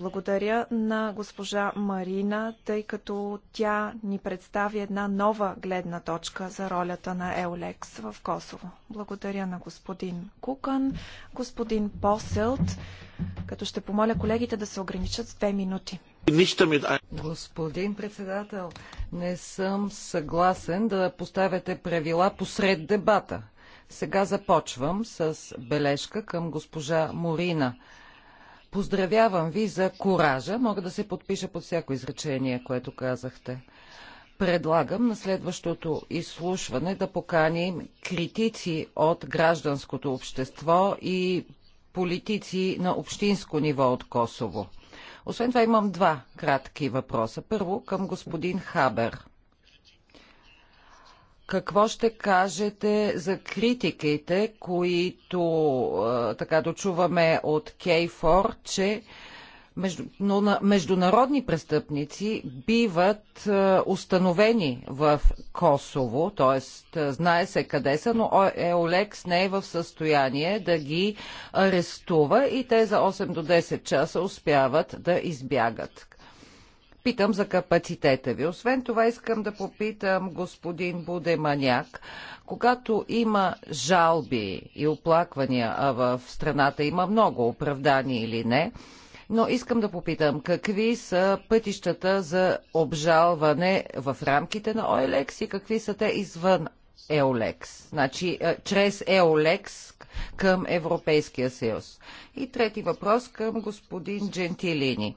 Благодаря на госпожа Марина, тъй като тя ни представи една нова гледна точка за ролята на Еолекс в Косово. Благодаря на господин Кукан, господин Поселт, като ще помоля колегите да се ограничат с две минути. Господин председател, не съм съгласен да поставяте правила посред дебата. Сега започвам с бележка към госпожа Морина. Поздравявам ви за коража. Мога да се подпиша под всяко изречение, което казахте. Предлагам на следващото изслушване да поканим критици от гражданското общество и политици на общинско ниво от Косово. Освен това имам два кратки въпроса. Първо към господин Хабер. Какво ще кажете за критиките, които така дочуваме от Кейфор, че международни престъпници биват установени в Косово, т.е. знае се къде са, но Еолекс не е в състояние да ги арестува и те за 8 до 10 часа успяват да избягат. Питам за капацитета ви. Освен това искам да попитам господин Будеманяк, когато има жалби и оплаквания, а в страната има много оправдани или не, но искам да попитам, какви са пътищата за обжалване в рамките на ОЕЛЕКС и какви са те извън ЕОЛЕКС, значи е, чрез ЕОЛЕКС към Европейския съюз. И трети въпрос към господин Джентилини.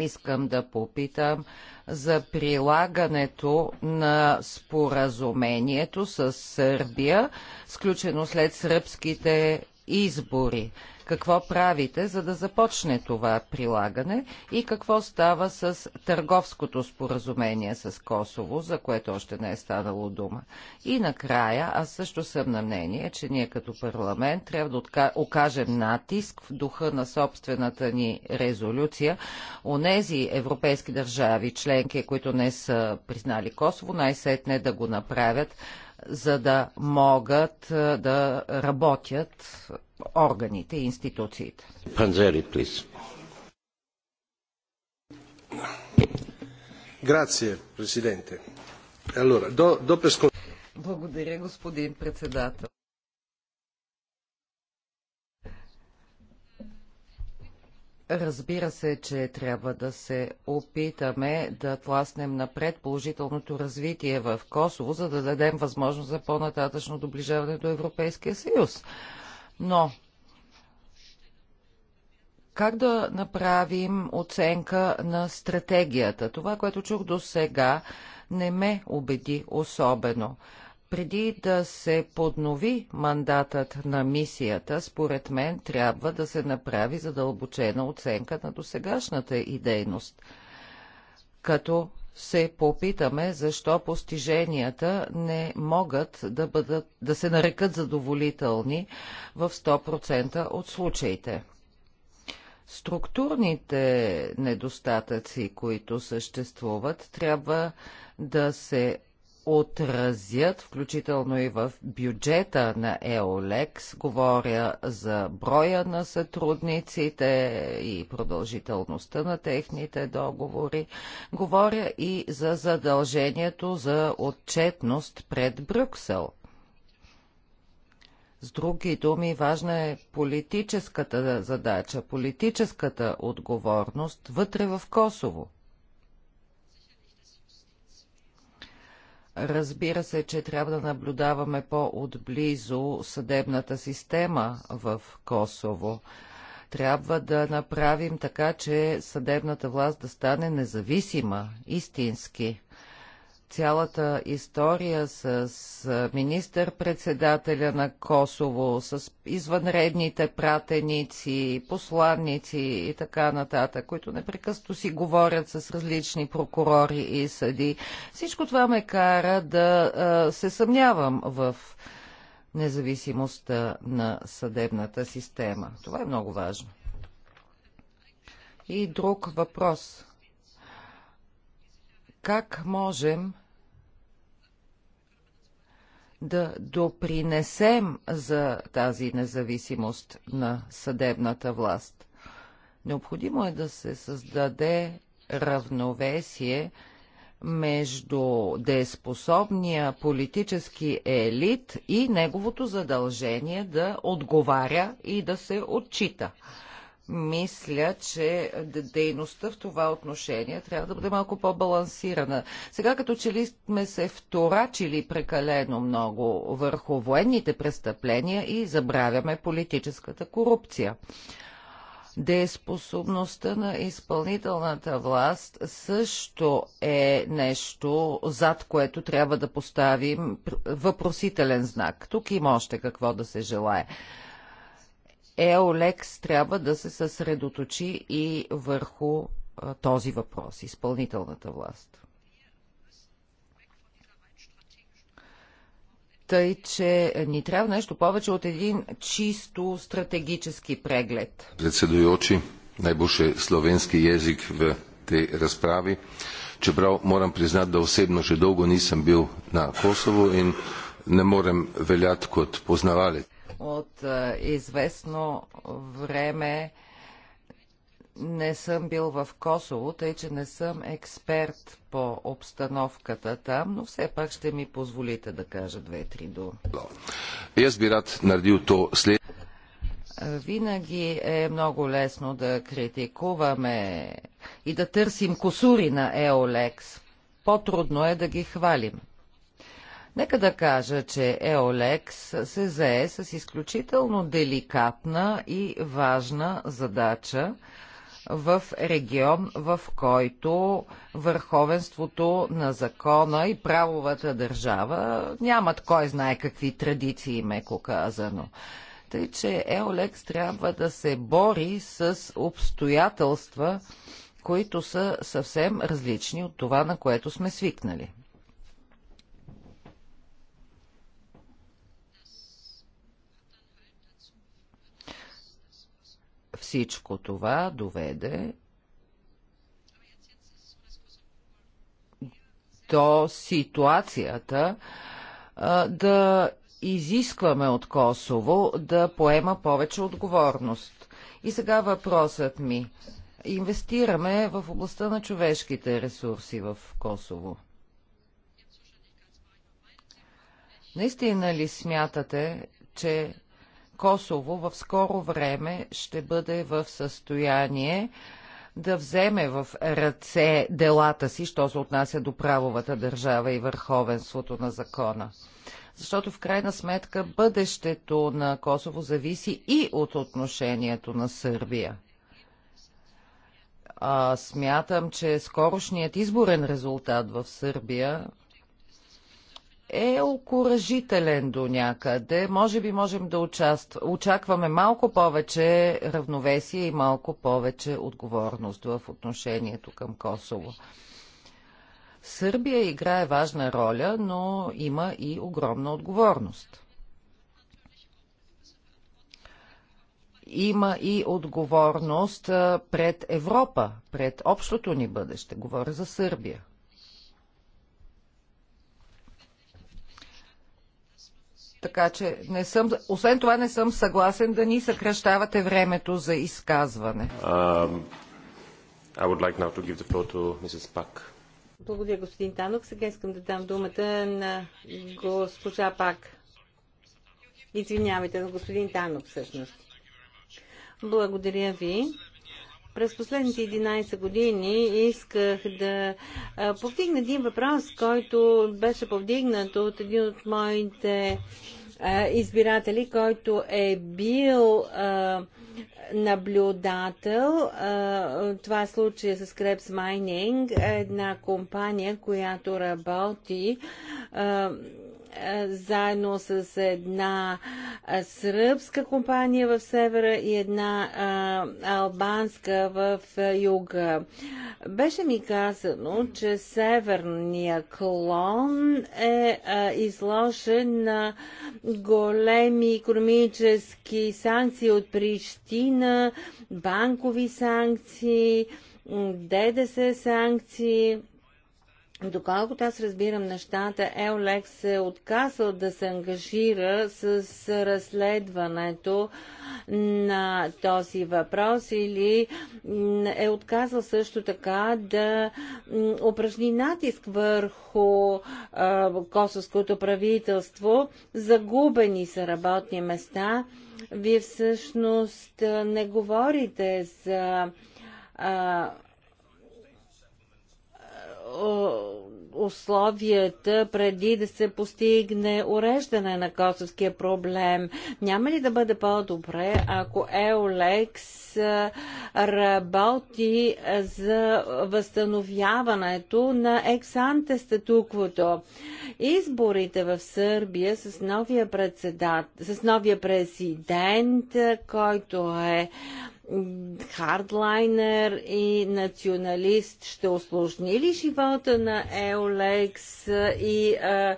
Искам да попитам за прилагането на споразумението с Сърбия, сключено след сръбските избори какво правите, за да започне това прилагане и какво става с търговското споразумение с Косово, за което още не е станало дума. И накрая, аз също съм на мнение, че ние като парламент трябва да окажем натиск в духа на собствената ни резолюция. Онези европейски държави, членки, които не са признали Косово, най-сетне да го направят за да могат е, да работят органите и институциите. Панзери, плиз. Грация, президенте. Благодаря, господин председател. Разбира се, че трябва да се опитаме да тласнем напред положителното развитие в Косово, за да дадем възможност за по-нататъчно доближаване до Европейския съюз. Но как да направим оценка на стратегията? Това, което чух до сега, не ме убеди особено преди да се поднови мандатът на мисията, според мен трябва да се направи задълбочена оценка на досегашната и дейност, като се попитаме защо постиженията не могат да, бъдат, да се нарекат задоволителни в 100% от случаите. Структурните недостатъци, които съществуват, трябва да се отразят, включително и в бюджета на ЕОЛЕКС. Говоря за броя на сътрудниците и продължителността на техните договори. Говоря и за задължението за отчетност пред Брюксел. С други думи, важна е политическата задача, политическата отговорност вътре в Косово. Разбира се, че трябва да наблюдаваме по-отблизо съдебната система в Косово. Трябва да направим така, че съдебната власт да стане независима, истински цялата история с министър-председателя на Косово, с извънредните пратеници, посланници и така нататък, които непрекъсто си говорят с различни прокурори и съди. Всичко това ме кара да се съмнявам в независимостта на съдебната система. Това е много важно. И друг въпрос. Как можем да допринесем за тази независимост на съдебната власт. Необходимо е да се създаде равновесие между дееспособния политически елит и неговото задължение да отговаря и да се отчита мисля, че дейността в това отношение трябва да бъде малко по-балансирана. Сега като че ли сме се вторачили прекалено много върху военните престъпления и забравяме политическата корупция. Деспособността на изпълнителната власт също е нещо, зад което трябва да поставим въпросителен знак. Тук има още какво да се желая. Еолекс трябва да се съсредоточи и върху този въпрос, изпълнителната власт. Тъй, че ни трябва нещо повече от един чисто стратегически преглед. Председуючи, словенски slovenski в те разправи. Че čeprav moram признат да osebno че дълго nisem бил на Косово и не морам велят код познавалите от е, известно време не съм бил в Косово, тъй че не съм експерт по обстановката там, но все пак ще ми позволите да кажа две-три думи. Винаги е много лесно да критикуваме и да търсим косури на Еолекс. По-трудно е да ги хвалим. Нека да кажа, че Еолекс се зае с изключително деликатна и важна задача в регион, в който върховенството на закона и правовата държава нямат кой знае какви традиции, меко казано. Тъй, че Еолекс трябва да се бори с обстоятелства, които са съвсем различни от това, на което сме свикнали. Всичко това доведе до ситуацията да изискваме от Косово да поема повече отговорност. И сега въпросът ми. Инвестираме в областта на човешките ресурси в Косово. Наистина ли смятате, че Косово в скоро време ще бъде в състояние да вземе в ръце делата си, що се отнася до правовата държава и върховенството на закона. Защото в крайна сметка бъдещето на Косово зависи и от отношението на Сърбия. А, смятам, че скорошният изборен резултат в Сърбия е окоръжителен до някъде. Може би можем да участ... очакваме малко повече равновесие и малко повече отговорност в отношението към Косово. Сърбия играе важна роля, но има и огромна отговорност. Има и отговорност пред Европа, пред общото ни бъдеще. Говоря за Сърбия. Така че не съм, освен това не съм съгласен да ни съкръщавате времето за изказване. Um, like to give the floor to Mrs. Благодаря, господин Танок. Сега искам да дам думата на госпожа Пак. Извинявайте, на господин Танок всъщност. Благодаря ви. През последните 11 години исках да повдигна един въпрос, който беше повдигнат от един от моите избиратели, който е бил наблюдател. Това е случая с Крепс Майнинг, една компания, която работи заедно с една сръбска компания в севера и една албанска в юга. Беше ми казано, че северния клон е изложен на големи економически санкции от Прищина, банкови санкции, ДДС санкции Доколкото аз разбирам нещата, Еолекс се е отказал да се ангажира с разследването на този въпрос или е отказал също така да упражни натиск върху косовското правителство. Загубени са работни места. Вие всъщност не говорите за условията преди да се постигне уреждане на косовския проблем. Няма ли да бъде по-добре, ако Еолекс работи за възстановяването на ексанте статуквото? Изборите в Сърбия с новия, председат, с новия президент, който е хардлайнер и националист ще осложни ли живота на Еолекс и а,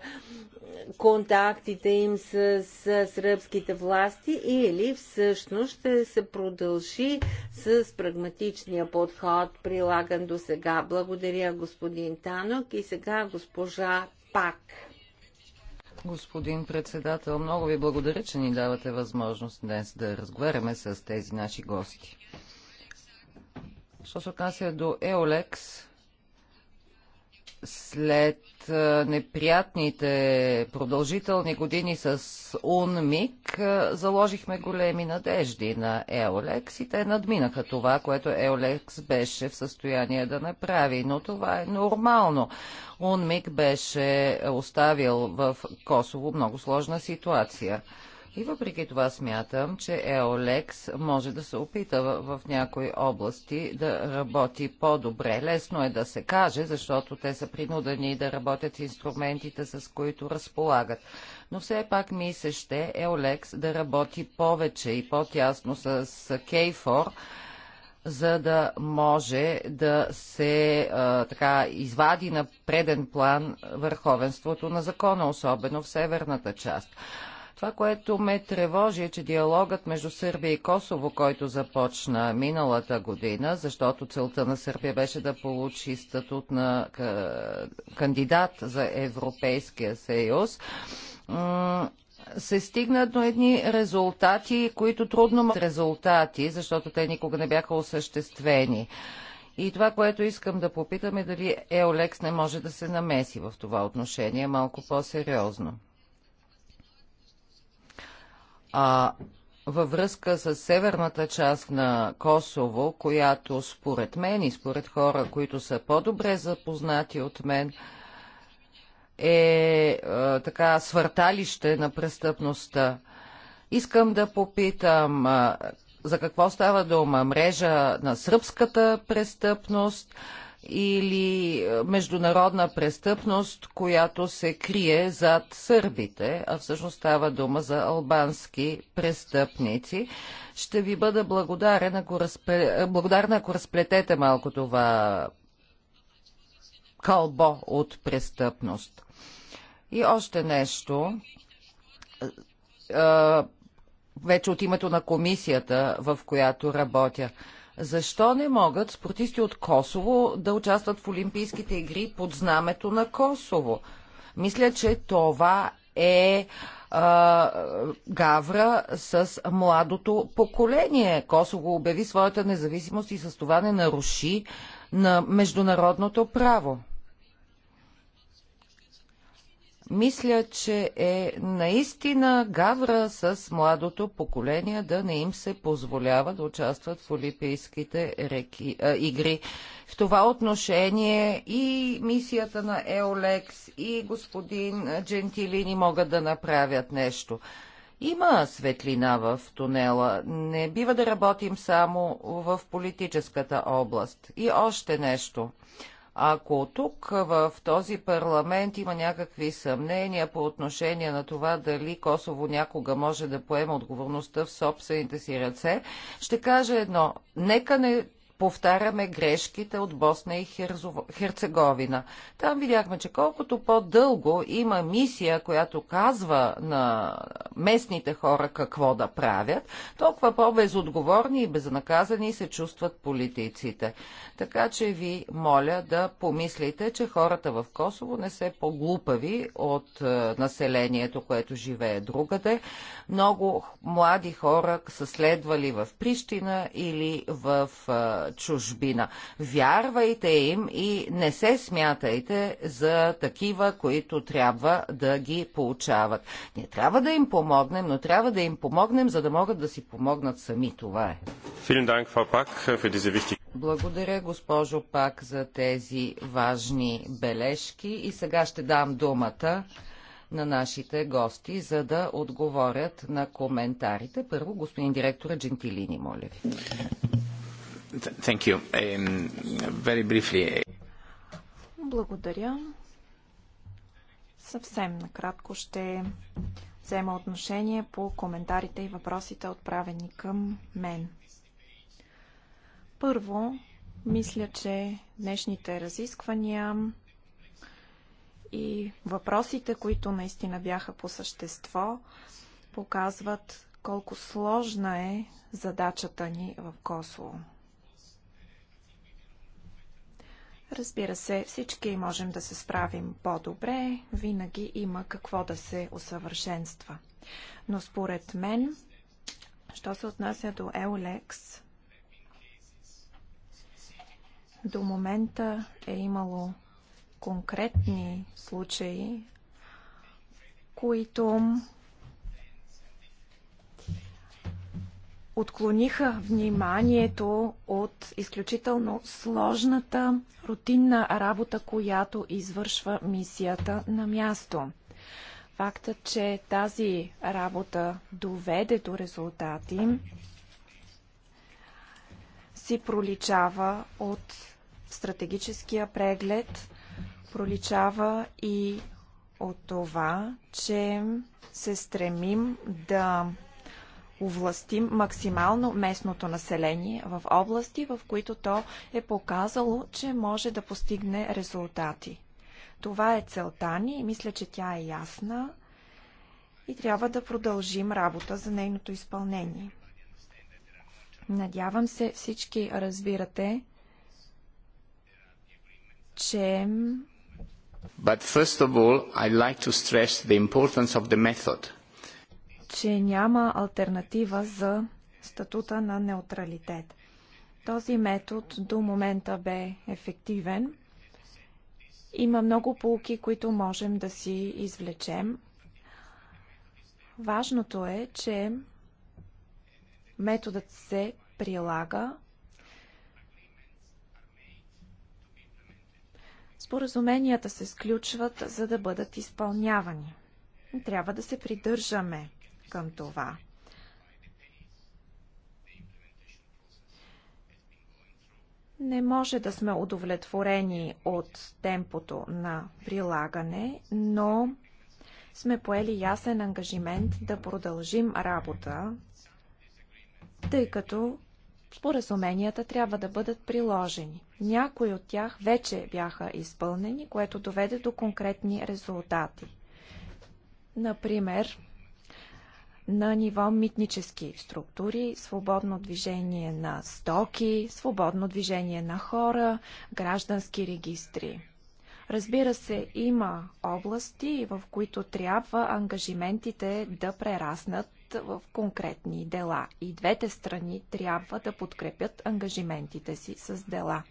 контактите им с, с сръбските власти или всъщност ще се продължи с прагматичния подход, прилаган до сега. Благодаря господин Танок и сега госпожа Пак. Господин председател, много ви благодаря, че ни давате възможност днес да разговаряме с тези наши гости. Що се отнася до Еолекс, след неприятните продължителни години с УНМИК заложихме големи надежди на Еолекс и те надминаха това, което Еолекс беше в състояние да направи. Но това е нормално. УНМИК беше оставил в Косово много сложна ситуация. И въпреки това смятам, че Еолекс може да се опита в, в някои области да работи по-добре. Лесно е да се каже, защото те са принудени да работят с инструментите, с които разполагат. Но все пак ми се ще Еолекс да работи повече и по-тясно с Кейфор, за да може да се а, така извади на преден план върховенството на закона, особено в северната част. Това, което ме тревожи е, че диалогът между Сърбия и Косово, който започна миналата година, защото целта на Сърбия беше да получи статут на кандидат за Европейския съюз, се стигна до едни резултати, които трудно резултати, защото те никога не бяха осъществени. И това, което искам да попитам е дали Еолекс не може да се намеси в това отношение малко по-сериозно. А, във връзка с северната част на Косово, която според мен и според хора, които са по-добре запознати от мен, е, е така свърталище на престъпността. Искам да попитам за какво става дума? Мрежа на сръбската престъпност, или е, международна престъпност, която се крие зад сърбите, а всъщност става дума за албански престъпници. Ще ви бъда благодарен, ако, разпле... ако разплетете малко това кълбо от престъпност. И още нещо е, е, вече от името на комисията, в която работя. Защо не могат спортисти от Косово да участват в Олимпийските игри под знамето на Косово? Мисля, че това е а, гавра с младото поколение. Косово обяви своята независимост и с това не наруши на международното право мисля, че е наистина гавра с младото поколение да не им се позволява да участват в Олимпийските реки, а, игри. В това отношение и мисията на Еолекс, и господин Джентилини могат да направят нещо. Има светлина в тунела. Не бива да работим само в политическата област. И още нещо. Ако тук в този парламент има някакви съмнения по отношение на това дали Косово някога може да поема отговорността в собствените си ръце, ще кажа едно. Нека не повтаряме грешките от Босна и Херцеговина. Там видяхме, че колкото по-дълго има мисия, която казва на местните хора какво да правят, толкова по-безотговорни и безнаказани се чувстват политиците. Така че ви моля да помислите, че хората в Косово не се по-глупави от е, населението, което живее другаде. Много млади хора са следвали в Прищина или в е, чужбина. Вярвайте им и не се смятайте за такива, които трябва да ги получават. Ние трябва да им помогнем, но трябва да им помогнем, за да могат да си помогнат сами. Това е. Благодаря, госпожо Пак, за тези важни бележки. И сега ще дам думата на нашите гости, за да отговорят на коментарите. Първо, господин директора Джентилини, моля ви. Thank you. Um, very briefly. Uh, Благодаря. Съвсем накратко ще взема отношение по коментарите и въпросите, отправени към мен. Първо, мисля, че днешните разисквания и въпросите, които наистина бяха по същество, показват колко сложна е задачата ни в Косово. Разбира се, всички можем да се справим по-добре, винаги има какво да се усъвършенства. Но според мен, що се отнася до Еолекс, до момента е имало конкретни случаи, които отклониха вниманието от изключително сложната, рутинна работа, която извършва мисията на място. Фактът, че тази работа доведе до резултати, си проличава от стратегическия преглед, проличава и от това, че се стремим да овластим максимално местното население в области, в които то е показало, че може да постигне резултати. Това е целта ни и мисля, че тя е ясна и трябва да продължим работа за нейното изпълнение. Надявам се всички разбирате, че But first of all, I'd like to stress the importance of the method че няма альтернатива за статута на неутралитет. Този метод до момента бе ефективен. Има много полки, които можем да си извлечем. Важното е, че методът се прилага. Споразуменията се сключват, за да бъдат изпълнявани. Трябва да се придържаме към това. Не може да сме удовлетворени от темпото на прилагане, но сме поели ясен ангажимент да продължим работа, тъй като споразуменията трябва да бъдат приложени. Някои от тях вече бяха изпълнени, което доведе до конкретни резултати. Например, на ниво митнически структури, свободно движение на стоки, свободно движение на хора, граждански регистри. Разбира се, има области, в които трябва ангажиментите да прераснат в конкретни дела. И двете страни трябва да подкрепят ангажиментите си с дела.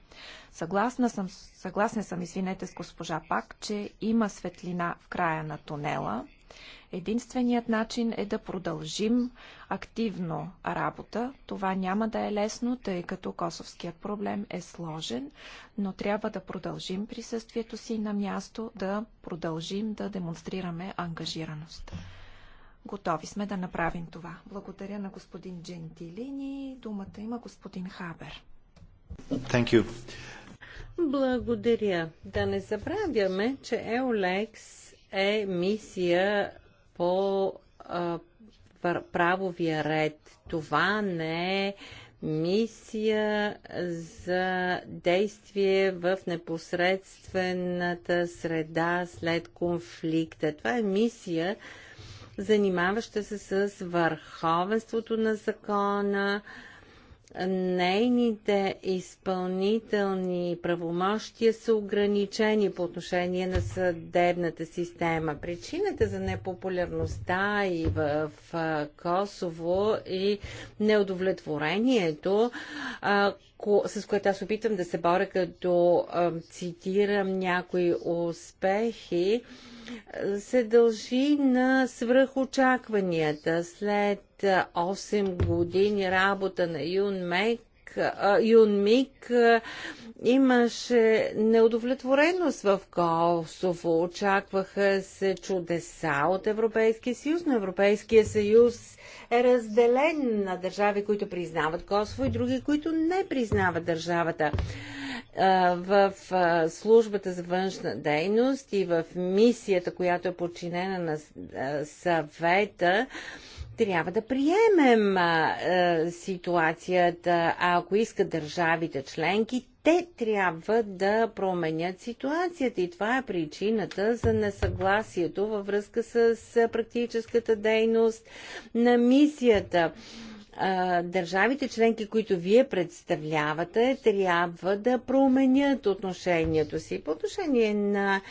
Съгласна съм, съгласна съм извинете с госпожа Пак, че има светлина в края на тунела. Единственият начин е да продължим активно работа. Това няма да е лесно, тъй като косовският проблем е сложен, но трябва да продължим присъствието си на място, да продължим да демонстрираме ангажираност. Готови сме да направим това. Благодаря на господин Джентилини. Думата има господин Хабер. Thank you. Благодаря. Да не забравяме, че Еолекс е мисия по а, правовия ред. Това не е мисия за действие в непосредствената среда след конфликта. Това е мисия, занимаваща се с върховенството на закона, нейните изпълнителни правомощия са ограничени по отношение на съдебната система. Причината за непопулярността и в Косово и неудовлетворението, с което аз опитам да се боря, като цитирам някои успехи, се дължи на свръхочакванията след 8 години работа на Юн Мек Юн Мик имаше неудовлетвореност в Косово. Очакваха се чудеса от Европейския съюз, но Европейския съюз е разделен на държави, които признават Косово и други, които не признават държавата. В службата за външна дейност и в мисията, която е подчинена на съвета, трябва да приемем а, а, е, ситуацията, а ако искат държавите членки, те трябва да променят ситуацията и това е причината за несъгласието във връзка с практическата дейност на мисията. А, държавите членки, които вие представлявате, трябва да променят отношението си по отношение на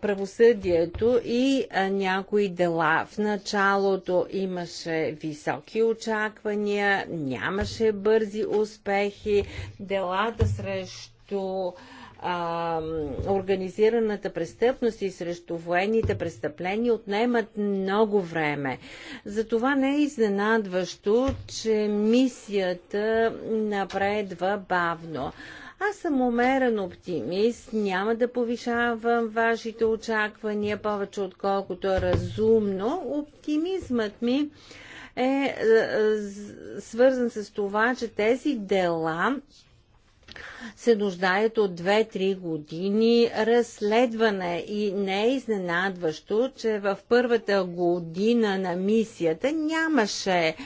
правосъдието и някои дела. В началото имаше високи очаквания, нямаше бързи успехи, делата срещу а, организираната престъпност и срещу военните престъпления отнемат много време. Затова не е изненадващо, че мисията напредва бавно. Аз съм умерен оптимист, няма да повишавам вашите очаквания повече отколкото е разумно. Оптимизмът ми е, е, е свързан с това, че тези дела се нуждаят от 2-3 години разследване и не е изненадващо, че в първата година на мисията нямаше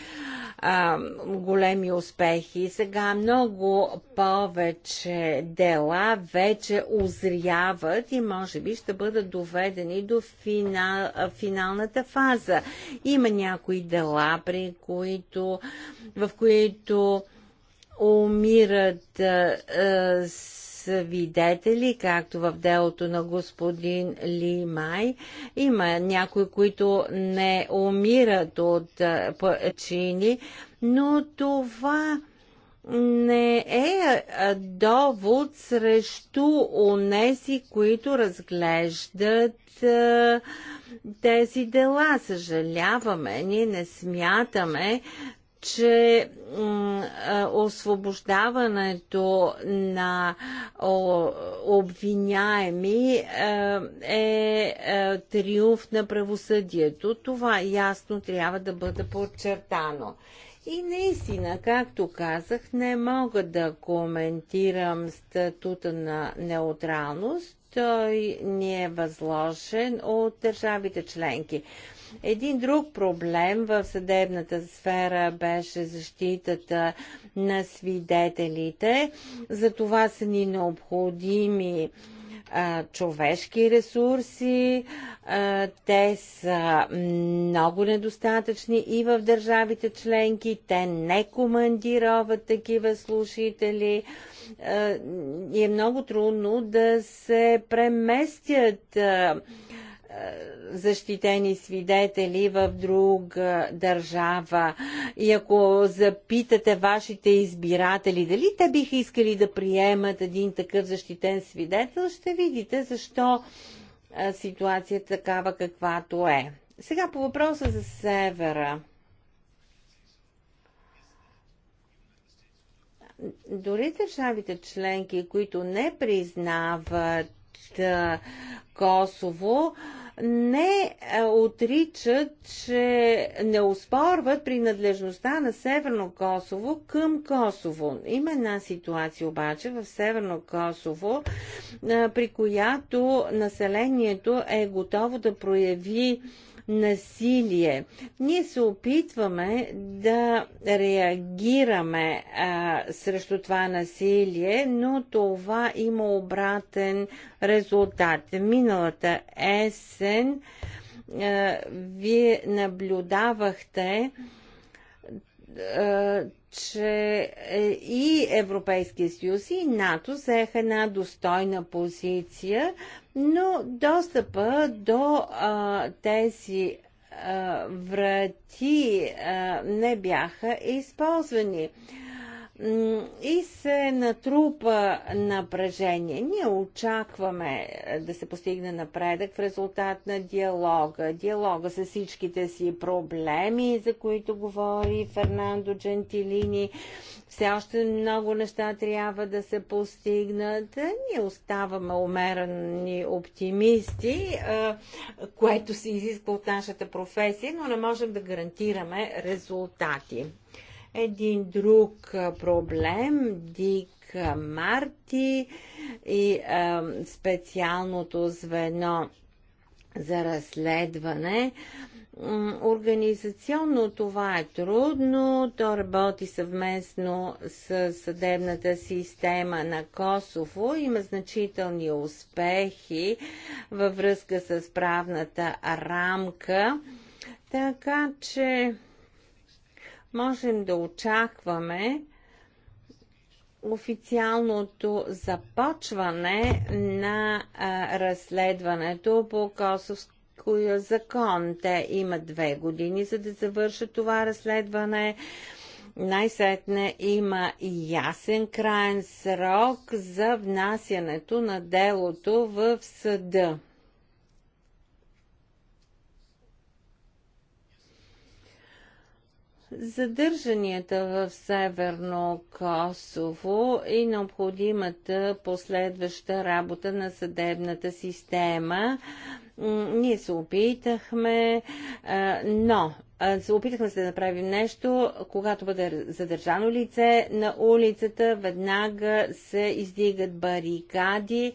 а, големи успехи. Сега много повече дела вече озряват и може би ще бъдат доведени до финал, финалната фаза. Има някои дела, при които, в които умират а, свидетели, както в делото на господин Ли Май. Има някои, които не умират от е, но това не е довод срещу онези, които разглеждат а, тези дела. Съжаляваме, ние не смятаме, че освобождаването на обвиняеми е триумф на правосъдието. Това ясно трябва да бъде подчертано. И наистина, както казах, не мога да коментирам статута на неутралност. Той ни е възложен от държавите членки. Един друг проблем в съдебната сфера беше защитата на свидетелите. За това са ни необходими човешки ресурси. Те са много недостатъчни и в държавите членки. Те не командироват такива слушатели. И е много трудно да се преместят защитени свидетели в друга държава. И ако запитате вашите избиратели дали те биха искали да приемат един такъв защитен свидетел, ще видите защо ситуацията такава каквато е. Сега по въпроса за севера. Дори държавите членки, които не признават Косово, не е, отричат, че не успорват принадлежността на Северно Косово към Косово. Има една ситуация обаче в Северно Косово, е, при която населението е готово да прояви насилие. Ние се опитваме да реагираме а, срещу това насилие, но това има обратен резултат. Миналата есен а, вие наблюдавахте че е, и Европейския съюз и НАТО заеха една достойна позиция но достъпа до а, тези а, врати а, не бяха използвани. А, и се натрупа напрежение. Ние очакваме е, да се постигне напредък в резултат на диалога. Диалога с всичките си проблеми, за които говори Фернандо Джентилини. Все още много неща трябва да се постигнат. Е, ние оставаме умерени оптимисти, е, което се изисква от нашата професия, но не можем да гарантираме резултати един друг проблем, Дик Марти и а, специалното звено за разследване. Организационно това е трудно. То работи съвместно с съдебната система на Косово. Има значителни успехи във връзка с правната рамка. Така че можем да очакваме официалното започване на а, разследването по Косовския закон. Те имат две години, за да завършат това разследване. Най-сетне има ясен крайен срок за внасянето на делото в съда. Задържанията в Северно Косово и необходимата последваща работа на съдебната система. Ние се опитахме, но се опитахме се да направим нещо, когато бъде задържано лице на улицата, веднага се издигат барикади.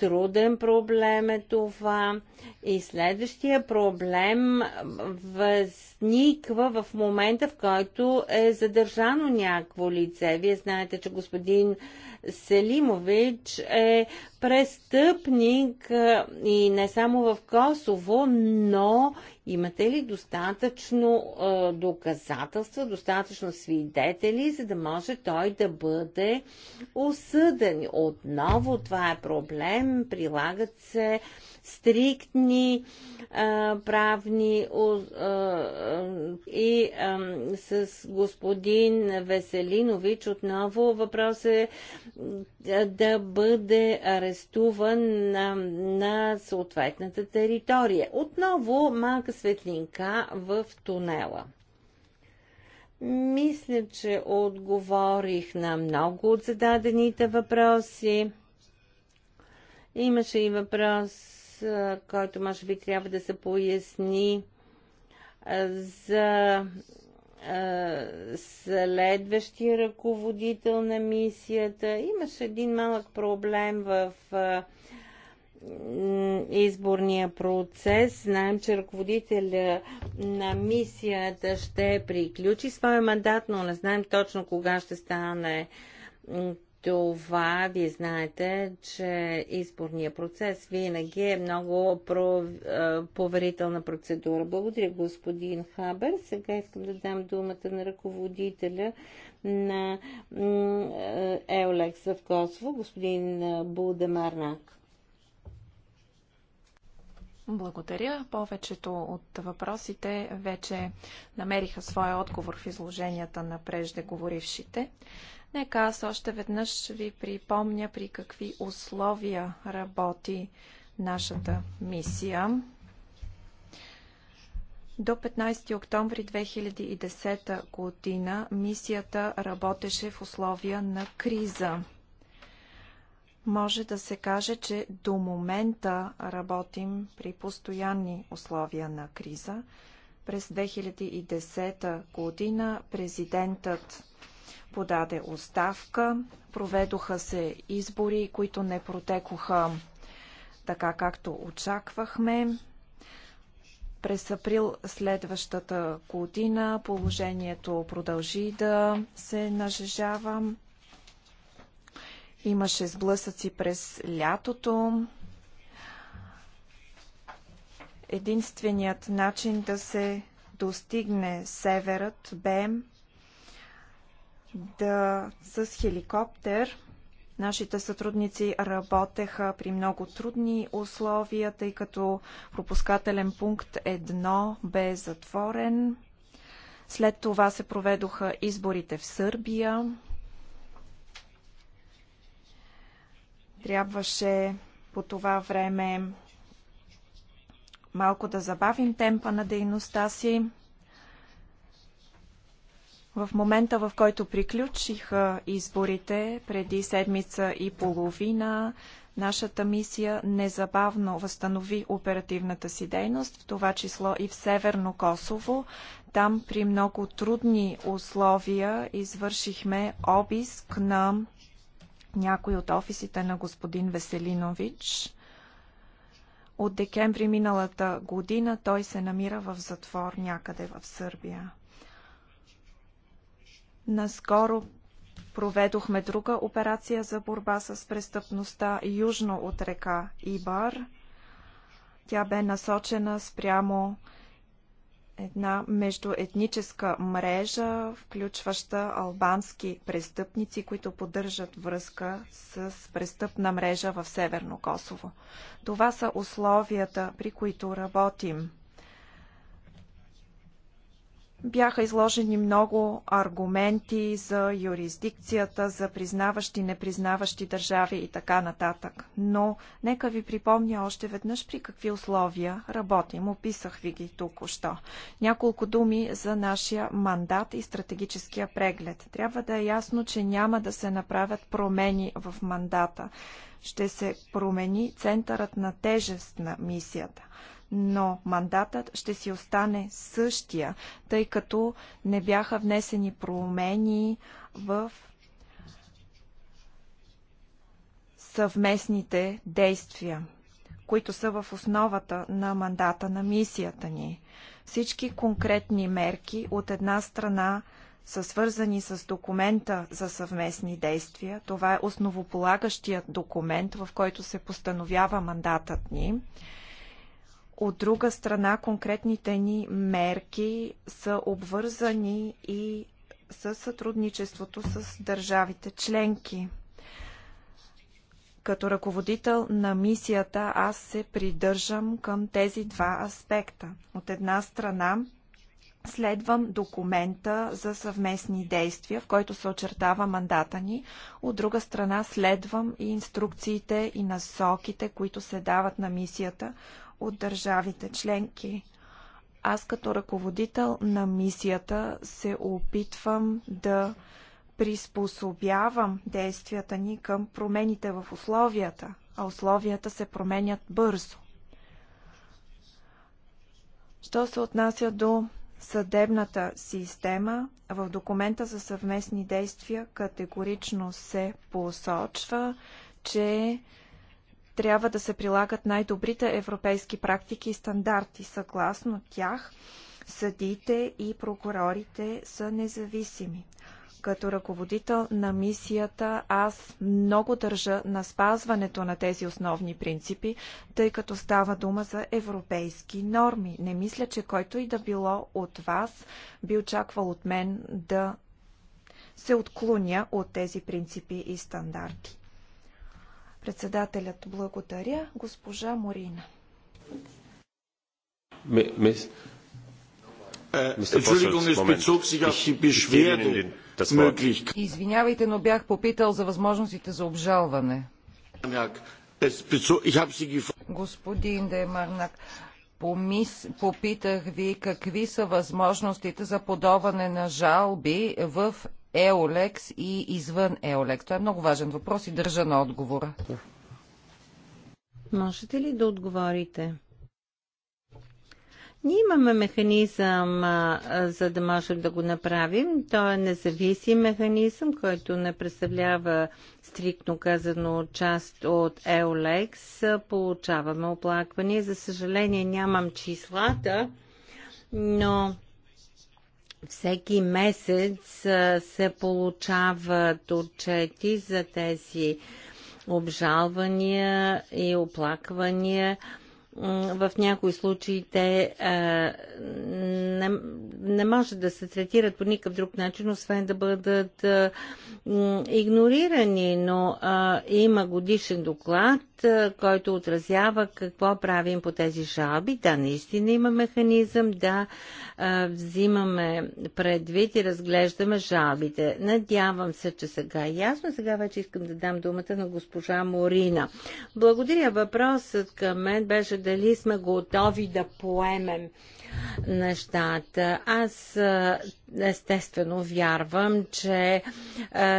Труден проблем е това. И следващия проблем възниква в момента, в който е задържано някакво лице. Вие знаете, че господин Селимович е престъпник и не само в Косово, но имате ли достатъчно доказателства, достатъчно свидетели, за да може той да бъде осъден? Отново това е проблем, прилагат се стриктни а, правни а, и а, с господин Веселинович отново въпрос е да бъде арестуван на, на съответната територия. Отново малка светлинка в тунела. Мисля, че отговорих на много от зададените въпроси. Имаше и въпрос който може би трябва да се поясни за следващия ръководител на мисията. Имаше един малък проблем в изборния процес. Знаем, че ръководителя на мисията ще приключи своя мандат, но не знаем точно кога ще стане това вие знаете, че изборния процес винаги е много поверителна процедура. Благодаря, господин Хабер. Сега искам да дам думата на ръководителя на Еолекс в Косово, господин Булдемарнак. Благодаря. Повечето от въпросите вече намериха своя отговор в изложенията на преждеговорившите. говорившите. Нека аз още веднъж ви припомня при какви условия работи нашата мисия. До 15 октомври 2010 година мисията работеше в условия на криза. Може да се каже, че до момента работим при постоянни условия на криза. През 2010 година президентът подаде оставка. Проведоха се избори, които не протекоха така както очаквахме. През април следващата година положението продължи да се нажежава. Имаше сблъсъци през лятото. Единственият начин да се достигне северът бе да с хеликоптер Нашите сътрудници работеха при много трудни условия, тъй като пропускателен пункт едно бе затворен. След това се проведоха изборите в Сърбия. Трябваше по това време малко да забавим темпа на дейността си. В момента, в който приключиха изборите преди седмица и половина, нашата мисия незабавно възстанови оперативната си дейност, в това число и в Северно Косово. Там при много трудни условия извършихме обиск на някои от офисите на господин Веселинович. От декември миналата година той се намира в затвор някъде в Сърбия. Наскоро проведохме друга операция за борба с престъпността южно от река Ибар. Тя бе насочена спрямо една междуетническа мрежа, включваща албански престъпници, които поддържат връзка с престъпна мрежа в Северно Косово. Това са условията, при които работим. Бяха изложени много аргументи за юрисдикцията, за признаващи, непризнаващи държави и така нататък. Но нека ви припомня още веднъж при какви условия работим. Описах ви ги току-що. Няколко думи за нашия мандат и стратегическия преглед. Трябва да е ясно, че няма да се направят промени в мандата. Ще се промени центърът на тежест на мисията но мандатът ще си остане същия, тъй като не бяха внесени промени в съвместните действия, които са в основата на мандата на мисията ни. Всички конкретни мерки от една страна са свързани с документа за съвместни действия. Това е основополагащият документ, в който се постановява мандатът ни. От друга страна, конкретните ни мерки са обвързани и с сътрудничеството с държавите членки. Като ръководител на мисията аз се придържам към тези два аспекта. От една страна следвам документа за съвместни действия, в който се очертава мандата ни. От друга страна следвам и инструкциите и насоките, които се дават на мисията от държавите членки. Аз като ръководител на мисията се опитвам да приспособявам действията ни към промените в условията, а условията се променят бързо. Що се отнася до съдебната система, в документа за съвместни действия категорично се посочва, че трябва да се прилагат най-добрите европейски практики и стандарти. Съгласно тях, съдиите и прокурорите са независими. Като ръководител на мисията аз много държа на спазването на тези основни принципи, тъй като става дума за европейски норми. Не мисля, че който и да било от вас би очаквал от мен да се отклоня от тези принципи и стандарти. Председателят благодаря госпожа Морина. Извинявайте, но бях попитал за възможностите за обжалване. Е, Господин Демарнак, помис, попитах ви какви са възможностите за подаване на жалби в Еолекс и извън Еолекс? Това е много важен въпрос и държа на отговора. Можете ли да отговорите? Ние имаме механизъм, а, за да можем да го направим. Той е независим механизъм, който не представлява стриктно казано част от EOLEX. Получаваме оплаквания. За съжаление нямам числата, но всеки месец се получават отчети за тези обжалвания и оплаквания. В някои случаи те не, не може да се третират по никакъв друг начин, освен да бъдат игнорирани, но има годишен доклад, който отразява какво правим по тези жалби. Да, наистина има механизъм, да, взимаме предвид и разглеждаме жалбите. Надявам се, че сега е ясно. Сега вече искам да дам думата на госпожа Морина. Благодаря. Въпросът към мен беше дали сме готови да поемем нещата. Аз естествено вярвам, че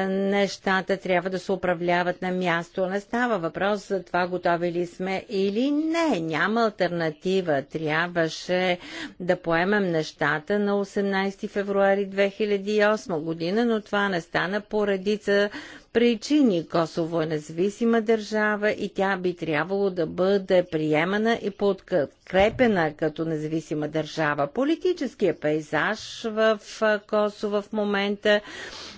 нещата трябва да се управляват на място. Не става въпрос за това готови ли сме или не. Няма альтернатива. Трябваше да поемем нещата нещата на 18 февруари 2008 година, но това не стана поредица причини. Косово е независима държава и тя би трябвало да бъде приемана и подкрепена като независима държава. Политическия пейзаж в Косово в момента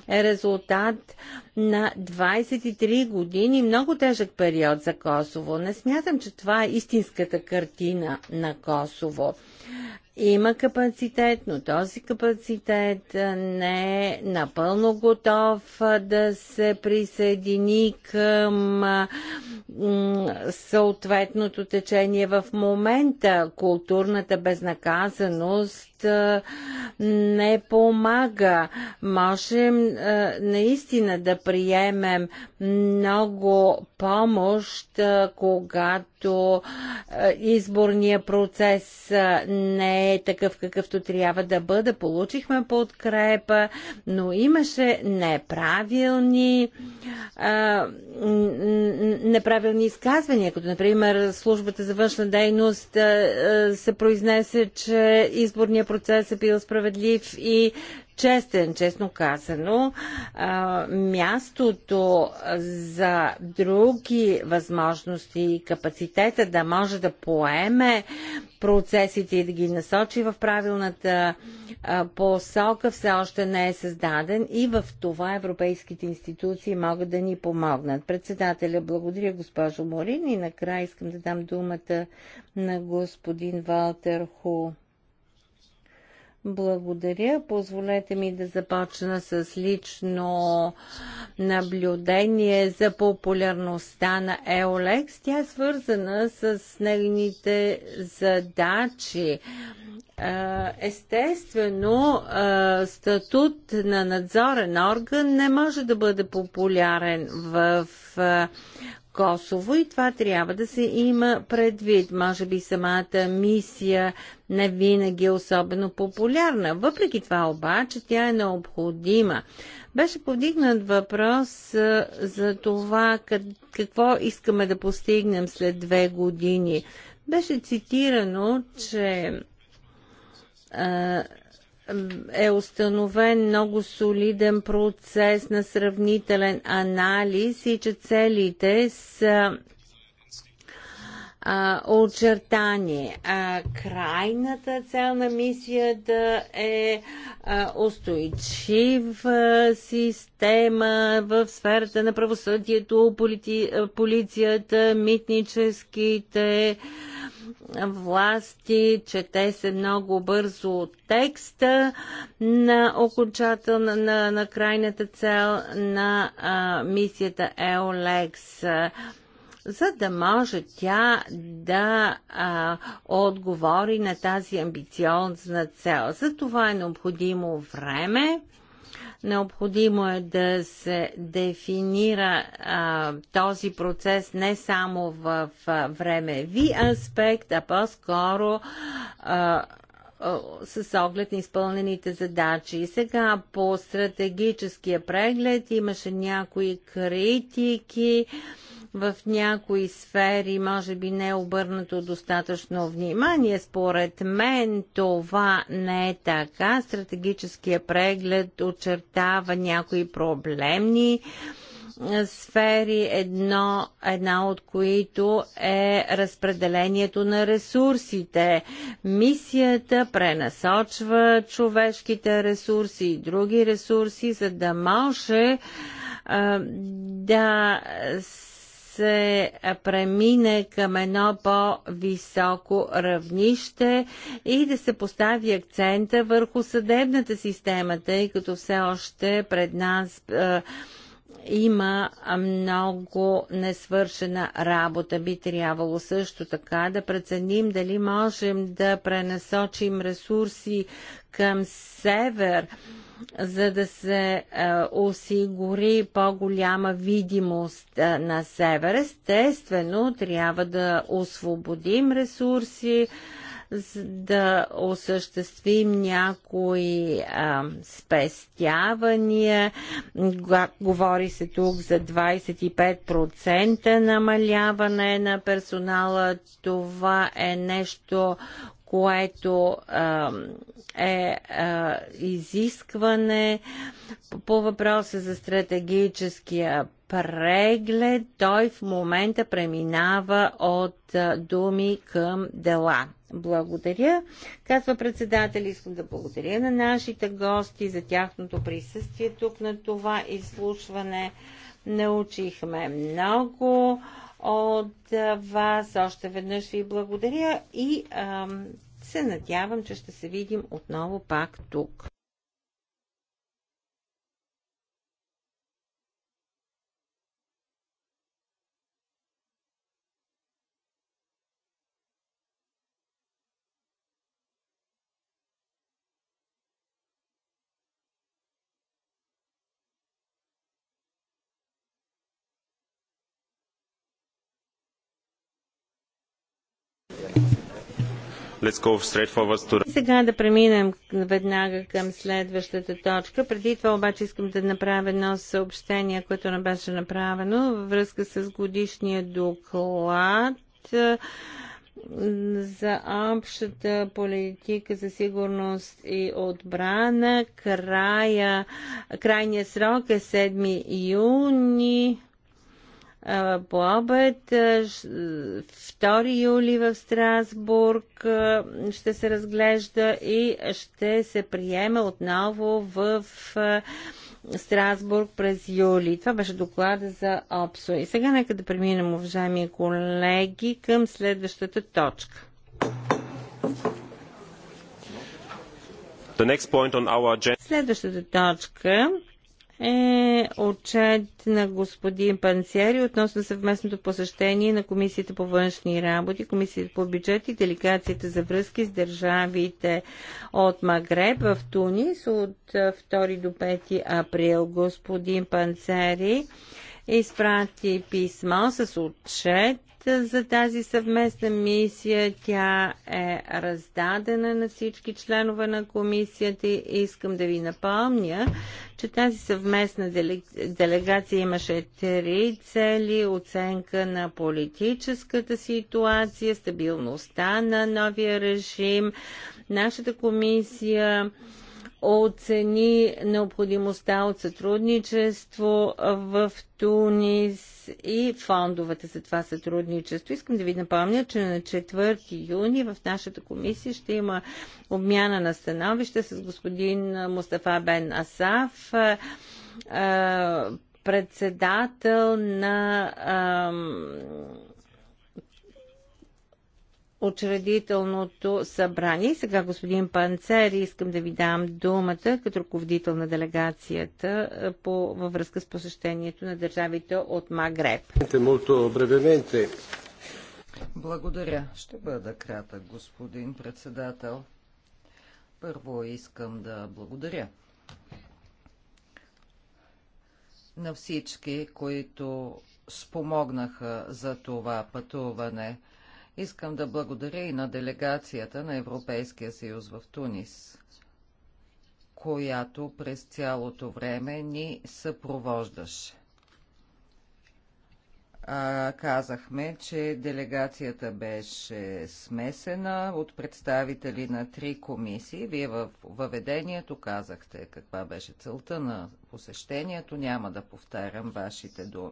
е резултат на 23 години, много тежък период за Косово. Не смятам, че това е истинската картина на Косово. Има капацитет, но този капацитет не е напълно готов да се присъедини към съответното течение в момента. Културната безнаказаност не помага. Можем наистина да приемем много помощ, когато изборния процес не е такъв какъвто трябва да бъде. Получихме подкрепа, но имаше неправилни, неправилни изказвания, като например службата за външна дейност се произнесе, че изборния Процесът е бил справедлив и честен, честно казано. Мястото за други възможности и капацитета да може да поеме процесите и да ги насочи в правилната посока все още не е създаден и в това европейските институции могат да ни помогнат. Председателя, благодаря госпожо Морин и накрая искам да дам думата на господин Валтер Ху. Благодаря. Позволете ми да започна с лично наблюдение за популярността на Еолекс. Тя е свързана с нейните задачи. Естествено, статут на надзорен орган не може да бъде популярен в Косово и това трябва да се има предвид. Може би самата мисия не винаги е особено популярна. Въпреки това обаче тя е необходима. Беше повдигнат въпрос за това какво искаме да постигнем след две години. Беше цитирано, че е установен много солиден процес на сравнителен анализ и че целите са а, очертани. А, крайната цел на мисията е а, устойчива система в сферата на правосъдието, полити, полицията, митническите а, власти, чете се много бързо текста на окончателна на, на крайната цел на а, мисията EOLEX за да може тя да а, отговори на тази амбициозна цел. За това е необходимо време Необходимо е да се дефинира а, този процес не само в а, ви аспект, а по-скоро с оглед на изпълнените задачи. И сега по стратегическия преглед имаше някои критики. А, в някои сфери може би не е обърнато достатъчно внимание. Според мен това не е така. Стратегическия преглед очертава някои проблемни сфери, едно, една от които е разпределението на ресурсите. Мисията пренасочва човешките ресурси и други ресурси, за да може да се се премине към едно по-високо равнище и да се постави акцента върху съдебната система, тъй като все още пред нас е, има много несвършена работа. Би трябвало също така да преценим дали можем да пренасочим ресурси към север, за да се е, осигури по-голяма видимост е, на север. Естествено, трябва да освободим ресурси. Е, да осъществим някои а, спестявания. Говори се тук за 25% намаляване на персонала. Това е нещо, което а, е а, изискване по въпроса за стратегическия преглед. Той в момента преминава от думи към дела. Благодаря. Казва председател, искам да благодаря на нашите гости за тяхното присъствие тук на това изслушване. Научихме много от вас. Още веднъж ви благодаря и ам, се надявам, че ще се видим отново пак тук. To... Сега да преминем веднага към следващата точка. Преди това обаче искам да направя едно съобщение, което не беше направено във връзка с годишния доклад за общата политика за сигурност и отбрана. Края, крайният срок е 7 юни по обед. 2 юли в Страсбург ще се разглежда и ще се приеме отново в Страсбург през юли. Това беше доклада за ОПСО. И сега нека да преминем, уважаеми колеги, към следващата точка. Следващата точка е отчет на господин Пансери относно съвместното посещение на Комисията по външни работи, Комисията по бюджет и делегацията за връзки с държавите от Магреб в Тунис от 2 до 5 април. Господин Панцери изпрати писмо с отчет за тази съвместна мисия. Тя е раздадена на всички членове на комисията и искам да ви напомня, че тази съвместна делегация имаше три цели оценка на политическата ситуация, стабилността на новия режим. Нашата комисия оцени необходимостта от сътрудничество в Тунис и фондовете за това сътрудничество. Искам да ви напомня, че на 4 юни в нашата комисия ще има обмяна на становище с господин Мустафа Бен Асаф, председател на учредителното събрание. Сега, господин Панцер, искам да ви дам думата като ръководител на делегацията по, във връзка с посещението на държавите от Магреб. Благодаря. Ще бъда кратък, господин председател. Първо искам да благодаря на всички, които спомогнаха за това пътуване – Искам да благодаря и на делегацията на Европейския съюз в Тунис, която през цялото време ни съпровождаше. А, казахме, че делегацията беше смесена от представители на три комисии. Вие в въведението казахте каква беше целта на посещението. Няма да повтарям вашите думи.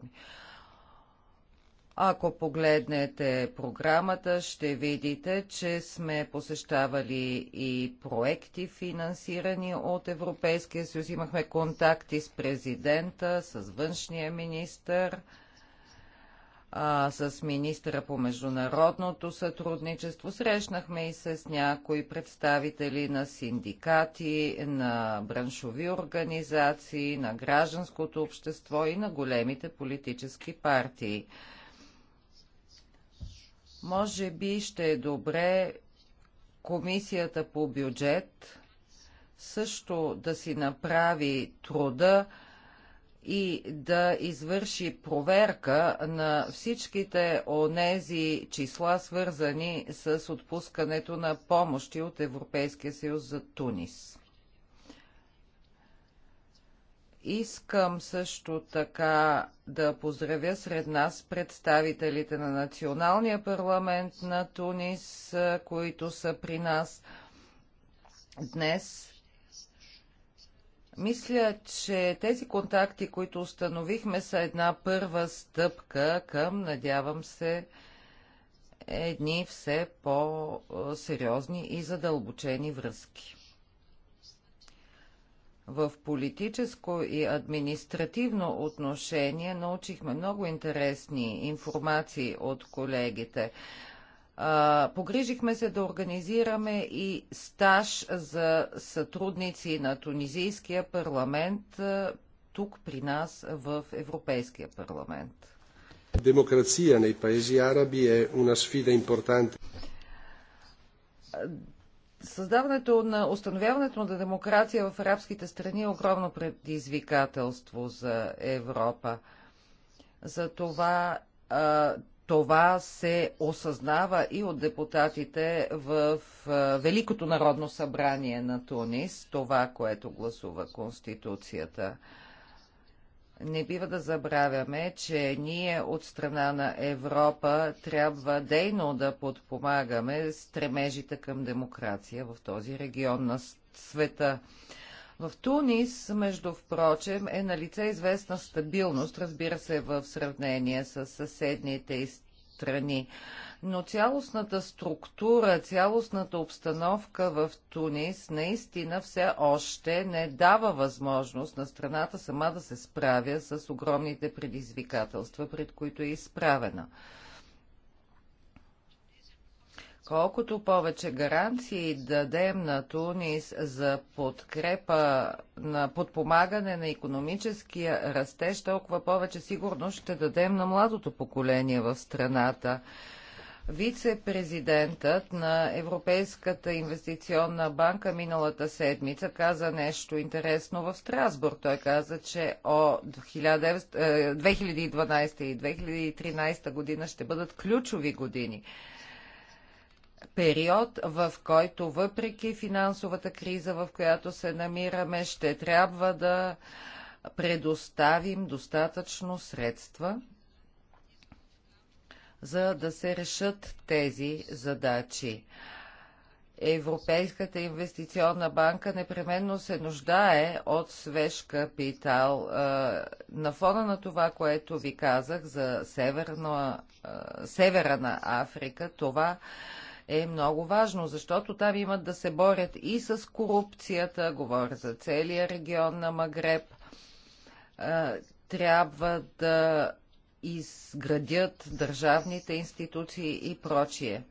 Ако погледнете програмата, ще видите, че сме посещавали и проекти, финансирани от Европейския съюз. Имахме контакти с президента, с външния министр, а, с министра по международното сътрудничество. Срещнахме и с някои представители на синдикати, на браншови организации, на гражданското общество и на големите политически партии. Може би ще е добре комисията по бюджет също да си направи труда и да извърши проверка на всичките онези числа, свързани с отпускането на помощи от Европейския съюз за Тунис. Искам също така да поздравя сред нас представителите на Националния парламент на Тунис, които са при нас днес. Мисля, че тези контакти, които установихме, са една първа стъпка към, надявам се, едни все по-сериозни и задълбочени връзки в политическо и административно отношение научихме много интересни информации от колегите. погрижихме се да организираме и стаж за сътрудници на Тунизийския парламент тук при нас в Европейския парламент. Демокрация nei Паези Араби е una sfida importante Създаването на установяването на демокрация в арабските страни е огромно предизвикателство за Европа. Затова това се осъзнава и от депутатите в Великото народно събрание на Тунис, това, което гласува Конституцията не бива да забравяме, че ние от страна на Европа трябва дейно да подпомагаме стремежите към демокрация в този регион на света. В Тунис, между впрочем, е на лице известна стабилност, разбира се, в сравнение с съседните страни но цялостната структура, цялостната обстановка в Тунис наистина все още не дава възможност на страната сама да се справя с огромните предизвикателства, пред които е изправена. Колкото повече гаранции дадем на Тунис за подкрепа на подпомагане на економическия растеж, толкова повече сигурност ще дадем на младото поколение в страната. Вице-президентът на Европейската инвестиционна банка миналата седмица каза нещо интересно в Страсбург. Той каза, че о 2012 е, и 2013 година ще бъдат ключови години период, в който въпреки финансовата криза, в която се намираме, ще трябва да предоставим достатъчно средства за да се решат тези задачи. Европейската инвестиционна банка непременно се нуждае от свеж капитал. На фона на това, което ви казах за северна, севера на Африка, това е много важно, защото там имат да се борят и с корупцията, говоря за целия регион на Магреб. Трябва да изградят държавните институции и прочие.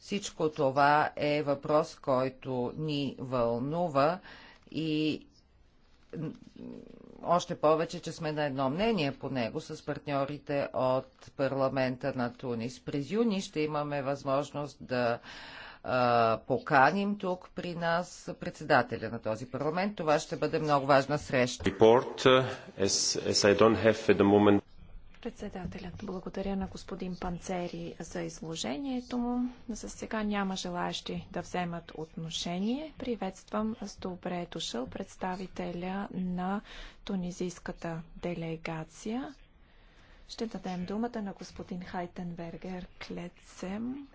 Всичко това е въпрос, който ни вълнува и още повече, че сме на едно мнение по него с партньорите от парламента на Тунис. През юни ще имаме възможност да а, поканим тук при нас председателя на този парламент. Това ще бъде много важна среща. Uh, Председателят, благодаря на господин Панцери за изложението му. За сега няма желаящи да вземат отношение. Приветствам с добре дошъл представителя на тунизийската делегация. Ще дадем думата на господин Хайтенбергер Клецем.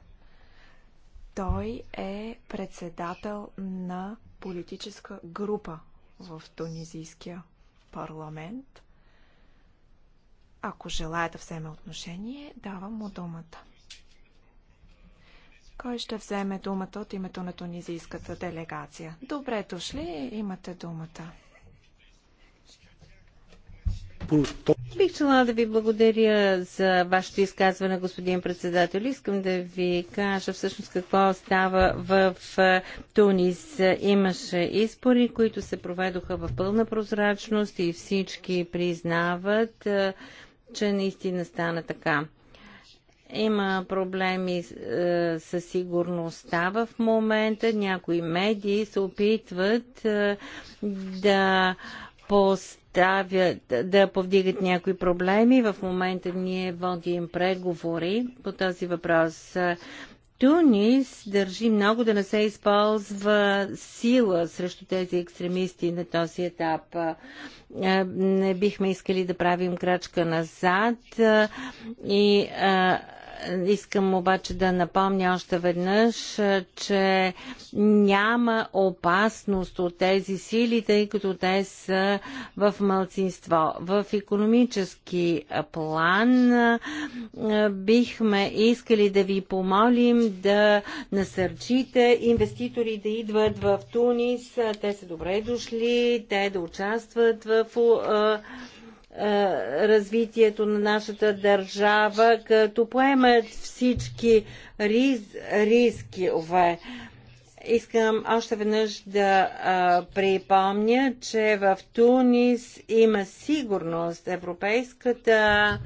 Той е председател на политическа група в тунизийския парламент. Ако желая да вземе отношение, давам му думата. Кой ще вземе думата от името на тунизийската делегация? Добре дошли, имате думата. Бих желала да ви благодаря за вашето изказване, господин председател. Искам да ви кажа всъщност какво става в Тунис. Имаше избори, които се проведоха в пълна прозрачност и всички признават, е, че наистина стана така. Има проблеми е, със сигурността в момента. Някои медии се опитват е, да пост поставят, да повдигат някои проблеми. В момента ние водим преговори по този въпрос. Тунис държи много да не се използва сила срещу тези екстремисти на този етап. Е, не бихме искали да правим крачка назад е, и е, Искам обаче да напомня още веднъж, че няма опасност от тези сили, тъй като те са в мълцинство. В економически план бихме искали да ви помолим да насърчите инвеститори да идват в Тунис. Те са добре дошли, те да участват в развитието на нашата държава, като поемат всички риз, рискове. Искам още веднъж да а, припомня, че в Тунис има сигурност. Европейската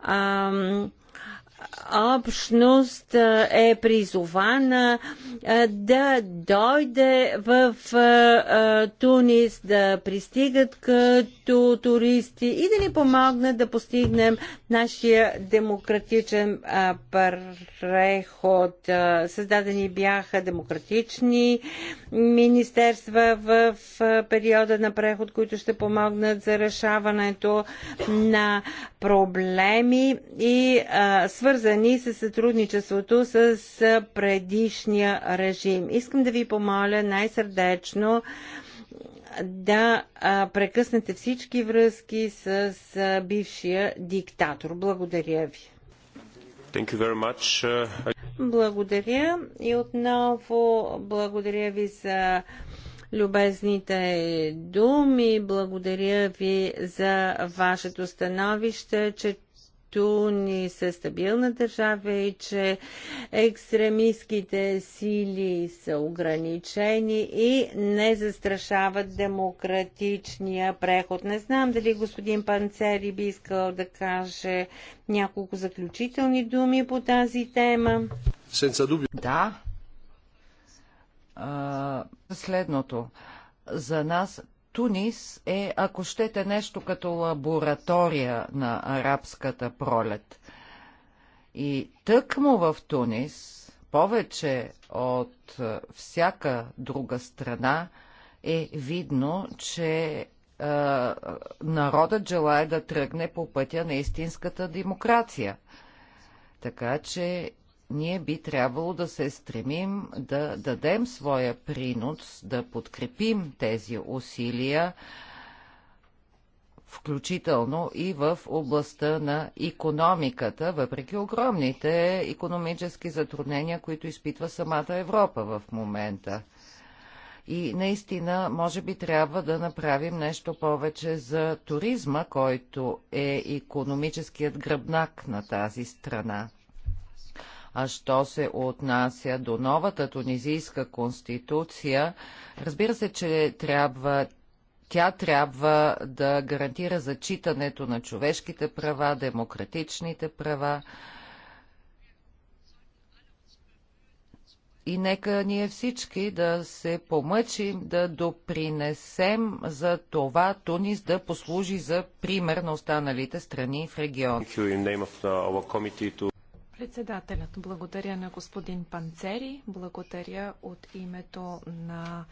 а, общност е призована да дойде в Тунис, да пристигат като туристи и да ни помогнат да постигнем нашия демократичен преход. Създадени бяха демократични министерства в периода на преход, които ще помогнат за решаването на проблеми и свързани свързани с сътрудничеството с предишния режим. Искам да ви помоля най-сърдечно да прекъснете всички връзки с бившия диктатор. Благодаря ви. Благодаря и отново благодаря ви за любезните думи, благодаря ви за вашето становище, че Тунис е стабилна държава и че екстремистските сили са ограничени и не застрашават демократичния преход. Не знам дали господин Панцери би искал да каже няколко заключителни думи по тази тема. Да. А, следното. За нас Тунис е, ако щете, нещо като лаборатория на арабската пролет. И тъкмо в Тунис, повече от е, всяка друга страна, е видно, че е, народът желая да тръгне по пътя на истинската демокрация. Така че ние би трябвало да се стремим да дадем своя принос, да подкрепим тези усилия, включително и в областта на економиката, въпреки огромните економически затруднения, които изпитва самата Европа в момента. И наистина, може би трябва да направим нещо повече за туризма, който е економическият гръбнак на тази страна. А що се отнася до новата тунизийска конституция, разбира се, че трябва тя трябва да гарантира зачитането на човешките права, демократичните права. И нека ние всички да се помъчим да допринесем за това Тунис да послужи за пример на останалите страни в региона. Председателят, благодаря на господин Панцери, благодаря от името на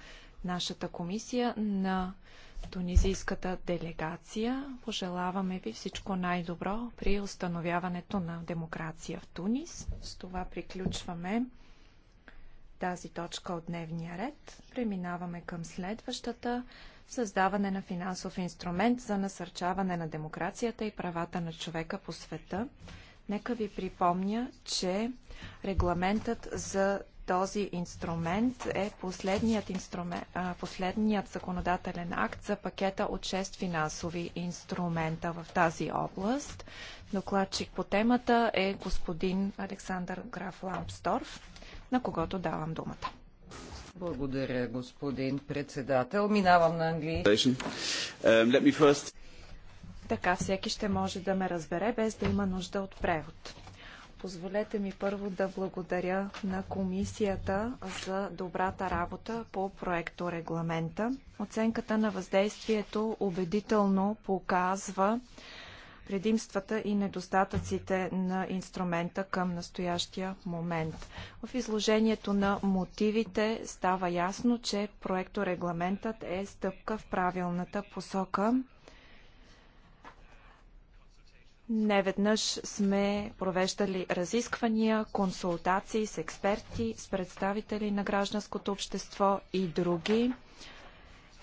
нашата комисия, на тунизийската делегация. Пожелаваме ви всичко най-добро при установяването на демокрация в Тунис. С това приключваме тази точка от дневния ред. Преминаваме към следващата създаване на финансов инструмент за насърчаване на демокрацията и правата на човека по света. Нека ви припомня, че регламентът за този инструмент е последният, инструмен, последният законодателен акт за пакета от 6 финансови инструмента в тази област. Докладчик по темата е господин Александър Граф Лампсторф, на когото давам думата. Благодаря, господин председател. Минавам на английски. Така всеки ще може да ме разбере, без да има нужда от превод. Позволете ми първо да благодаря на комисията за добрата работа по проекто регламента. Оценката на въздействието убедително показва предимствата и недостатъците на инструмента към настоящия момент. В изложението на мотивите става ясно, че проекторегламентът е стъпка в правилната посока. Неведнъж сме провеждали разисквания, консултации с експерти, с представители на гражданското общество и други.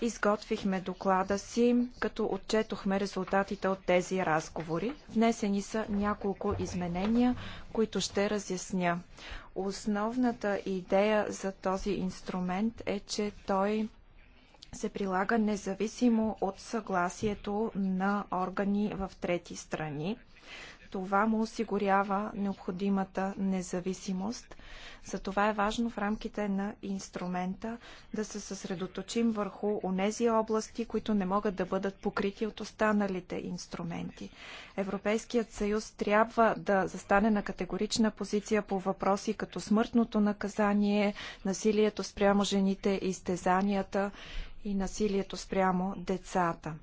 Изготвихме доклада си, като отчетохме резултатите от тези разговори. Внесени са няколко изменения, които ще разясня. Основната идея за този инструмент е, че той се прилага независимо от съгласието на органи в трети страни. Това му осигурява необходимата независимост. Затова е важно в рамките на инструмента да се съсредоточим върху онези области, които не могат да бъдат покрити от останалите инструменти. Европейският съюз трябва да застане на категорична позиция по въпроси като смъртното наказание, насилието спрямо жените, изтезанията и насилието спрямо децата.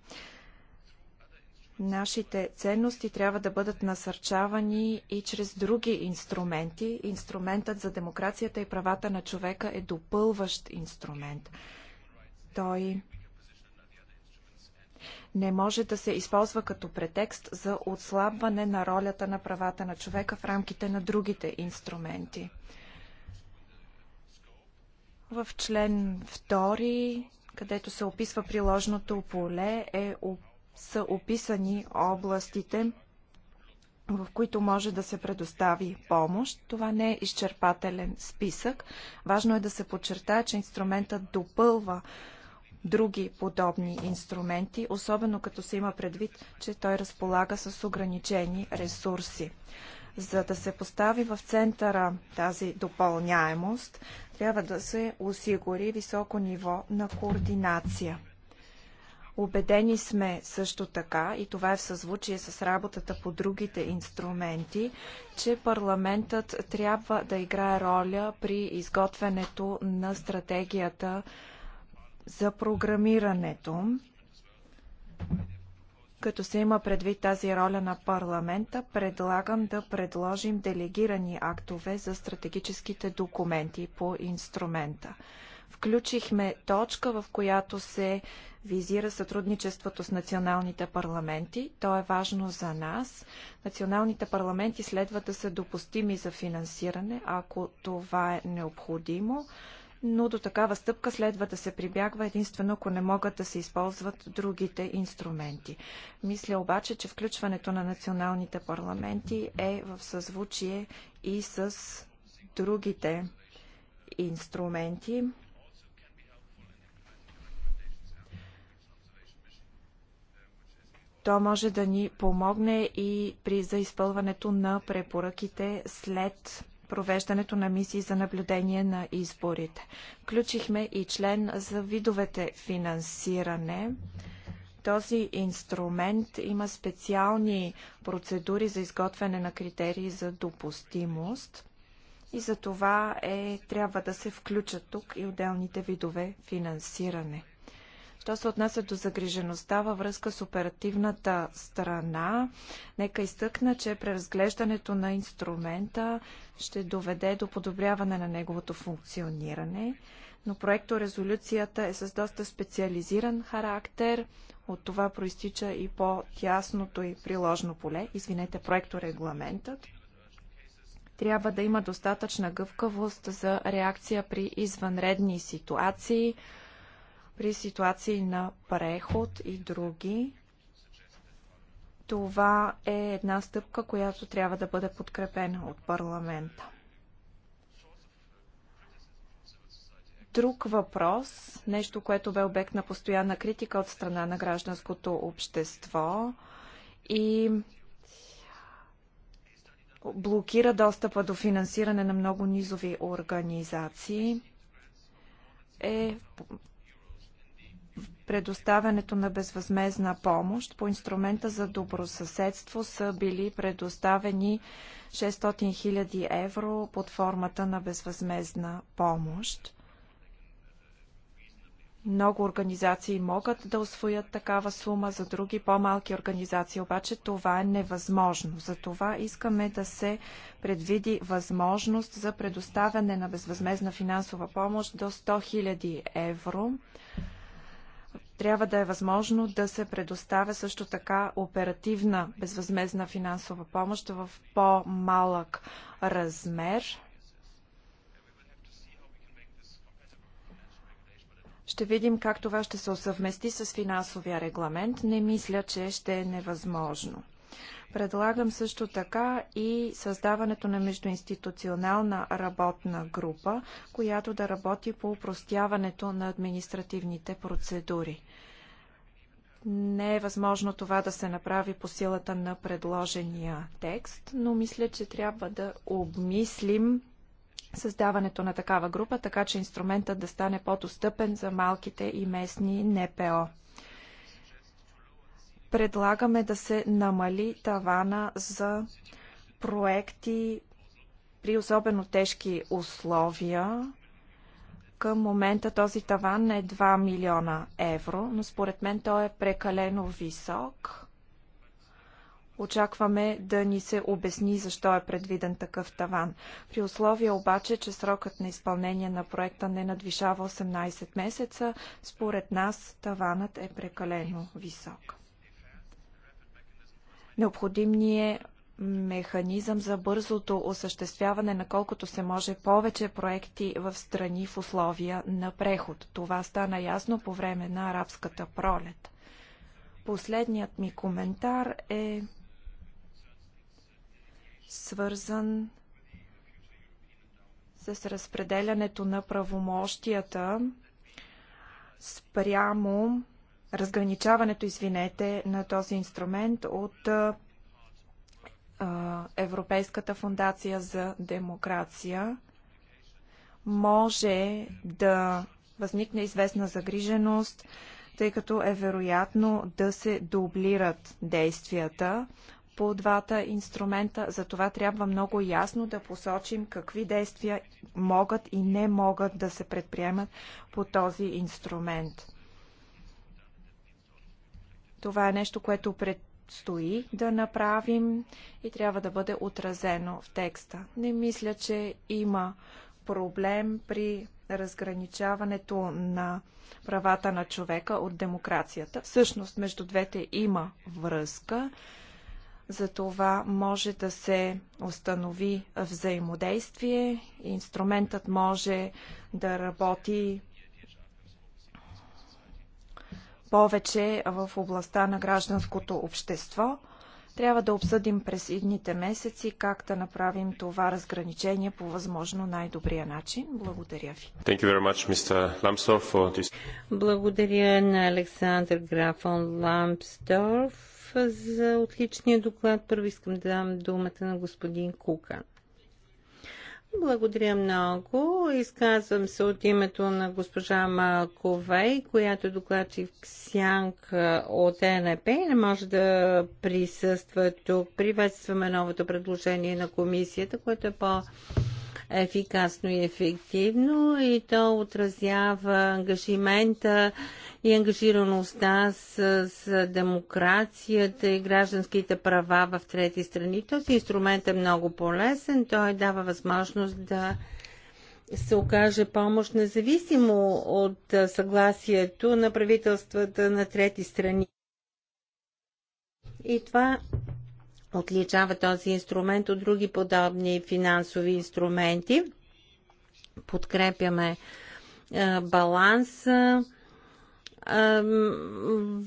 Нашите ценности трябва да бъдат насърчавани и чрез други инструменти. Инструментът за демокрацията и правата на човека е допълващ инструмент. Той не може да се използва като претекст за отслабване на ролята на правата на човека в рамките на другите инструменти. В член 2 където се описва приложното поле, е, са описани областите, в които може да се предостави помощ. Това не е изчерпателен списък. Важно е да се подчертае, че инструментът допълва други подобни инструменти, особено като се има предвид, че той разполага с ограничени ресурси. За да се постави в центъра тази допълняемост, трябва да се осигури високо ниво на координация. Обедени сме също така, и това е в съзвучие с работата по другите инструменти, че парламентът трябва да играе роля при изготвянето на стратегията за програмирането. Като се има предвид тази роля на парламента, предлагам да предложим делегирани актове за стратегическите документи по инструмента. Включихме точка, в която се визира сътрудничеството с националните парламенти. То е важно за нас. Националните парламенти следва да са допустими за финансиране, ако това е необходимо но до такава стъпка следва да се прибягва единствено, ако не могат да се използват другите инструменти. Мисля обаче, че включването на националните парламенти е в съзвучие и с другите инструменти. то може да ни помогне и при за на препоръките след провеждането на мисии за наблюдение на изборите. Включихме и член за видовете финансиране. Този инструмент има специални процедури за изготвяне на критерии за допустимост и за това е, трябва да се включат тук и отделните видове финансиране. Що се отнася до загрижеността във връзка с оперативната страна, нека изтъкна, че преразглеждането на инструмента ще доведе до подобряване на неговото функциониране, но резолюцията е с доста специализиран характер. От това проистича и по-тясното и приложно поле, извинете, регламентът трябва да има достатъчна гъвкавост за реакция при извънредни ситуации, при ситуации на преход и други. Това е една стъпка, която трябва да бъде подкрепена от парламента. Друг въпрос, нещо, което бе обект на постоянна критика от страна на гражданското общество и блокира достъпа до финансиране на много низови организации, е предоставянето на безвъзмезна помощ по инструмента за добросъседство са били предоставени 600 000 евро под формата на безвъзмезна помощ. Много организации могат да освоят такава сума, за други по-малки организации обаче това е невъзможно. Затова искаме да се предвиди възможност за предоставяне на безвъзмезна финансова помощ до 100 000 евро трябва да е възможно да се предоставя също така оперативна безвъзмезна финансова помощ в по-малък размер. Ще видим как това ще се осъвмести с финансовия регламент. Не мисля, че ще е невъзможно. Предлагам също така и създаването на междуинституционална работна група, която да работи по упростяването на административните процедури. Не е възможно това да се направи по силата на предложения текст, но мисля, че трябва да обмислим създаването на такава група, така че инструментът да стане по-достъпен за малките и местни НПО. Предлагаме да се намали тавана за проекти при особено тежки условия. Към момента този таван е 2 милиона евро, но според мен той е прекалено висок. Очакваме да ни се обясни защо е предвиден такъв таван. При условие обаче, че срокът на изпълнение на проекта не надвишава 18 месеца, според нас таванът е прекалено висок. Необходим ни е механизъм за бързото осъществяване на колкото се може повече проекти в страни в условия на преход. Това стана ясно по време на арабската пролет. Последният ми коментар е свързан с разпределянето на правомощията спрямо разграничаването, извинете, на този инструмент от Европейската фундация за демокрация. Може да възникне известна загриженост, тъй като е вероятно да се дублират действията по двата инструмента. Затова трябва много ясно да посочим какви действия могат и не могат да се предприемат по този инструмент. Това е нещо, което предстои да направим и трябва да бъде отразено в текста. Не мисля, че има проблем при разграничаването на правата на човека от демокрацията. Всъщност, между двете има връзка. За това може да се установи взаимодействие. Инструментът може да работи повече в областта на гражданското общество. Трябва да обсъдим през идните месеци как да направим това разграничение по възможно най-добрия начин. Благодаря ви. Much, Lambsdorff, Благодаря на Александър Графон Ламсдорф за отличния доклад. Първо искам да дам думата на господин Кукан. Благодаря много. Изказвам се от името на госпожа Маковей, която е докладчик Сянка от ЕНП и не може да присъства тук. Приветстваме новото предложение на комисията, което е по- ефикасно и ефективно и то отразява ангажимента и ангажираността с, с демокрацията и гражданските права в трети страни. Този инструмент е много полезен. Той дава възможност да се окаже помощ независимо от съгласието на правителствата на трети страни. И това отличава този инструмент от други подобни финансови инструменти. Подкрепяме баланса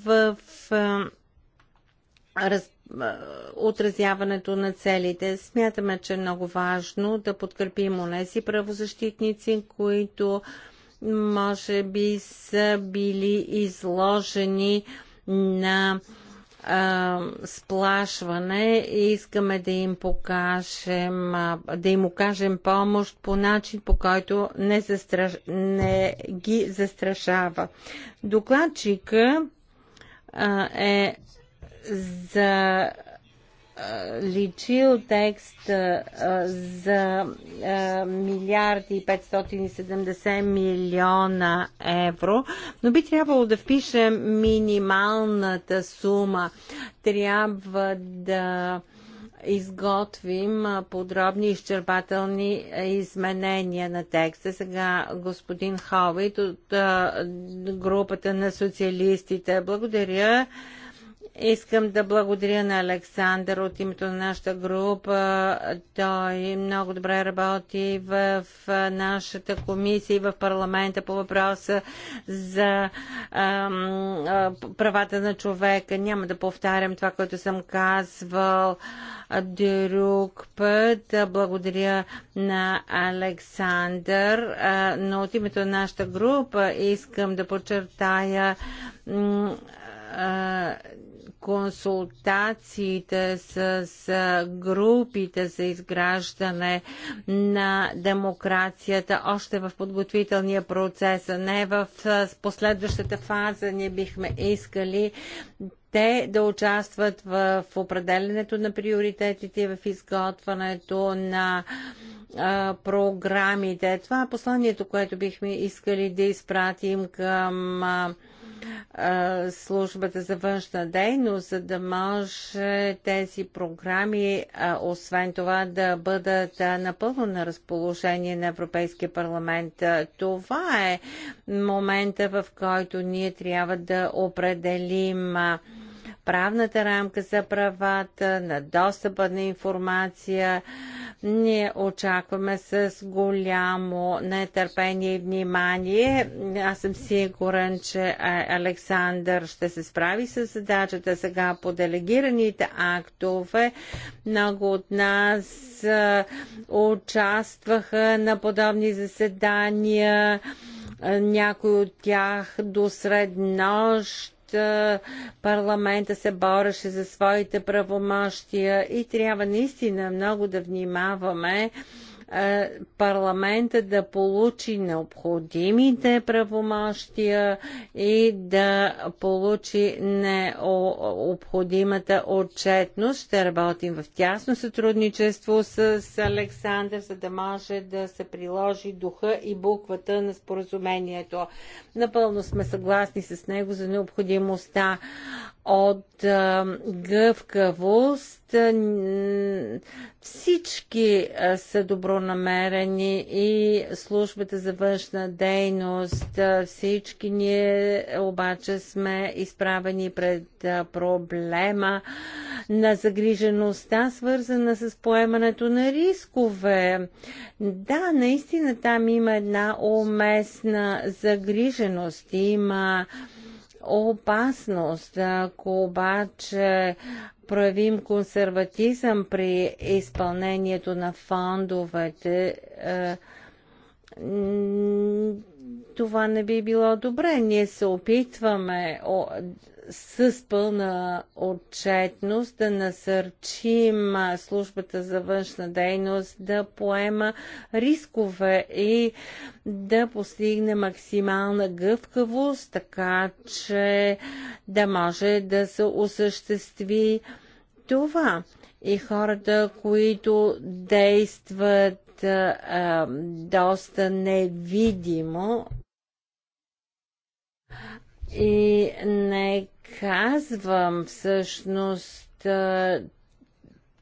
в отразяването на целите. Смятаме, че е много важно да подкрепим онези правозащитници, които може би са били изложени на а, сплашване и искаме да им покажем, а, да им окажем помощ по начин, по който не, застраш... не ги застрашава. Докладчика а, е за личил текст а, за милиарди и 570 милиона евро, но би трябвало да впишем минималната сума. Трябва да изготвим подробни изчерпателни изменения на текста. Сега господин Ховит от групата на социалистите. Благодаря. Искам да благодаря на Александър от името на нашата група. Той много добре работи в нашата комисия и в парламента по въпроса за ам, правата на човека. Няма да повтарям това, което съм казвал друг път. Благодаря на Александър, но от името на нашата група искам да подчертая консултациите с, групите за изграждане на демокрацията още в подготвителния процес, а не в последващата фаза. Ние бихме искали те да участват в определенето на приоритетите и в изготвянето на програмите. Това е посланието, което бихме искали да изпратим към а, службата за външна дейност, за да може тези програми, освен това, да бъдат напълно на разположение на Европейския парламент. Това е момента, в който ние трябва да определим правната рамка за правата, на достъпа на информация, ние очакваме с голямо нетърпение и внимание. Аз съм сигурен, че Александър ще се справи с задачата сега по делегираните актове. Много от нас участваха на подобни заседания. Някои от тях до среднощ парламента се бореше за своите правомощия и трябва наистина много да внимаваме е, парламента да получи необходимите правомощия и да получи необходимата отчетност. Ще работим в тясно сътрудничество с Александър, за да може да се приложи духа и буквата на споразумението. Напълно сме съгласни с него за необходимостта от е, гъвкавост всички са добронамерени и службата за външна дейност, всички ние обаче сме изправени пред проблема на загрижеността, свързана с поемането на рискове. Да, наистина там има една уместна загриженост, има опасност. Ако обаче проявим консерватизъм при изпълнението на фондовете, е, това не би било добре. Ние се опитваме с пълна отчетност да насърчим службата за външна дейност да поема рискове и да постигне максимална гъвкавост, така че да може да се осъществи това. И хората, които действат а, доста невидимо, и не казвам всъщност,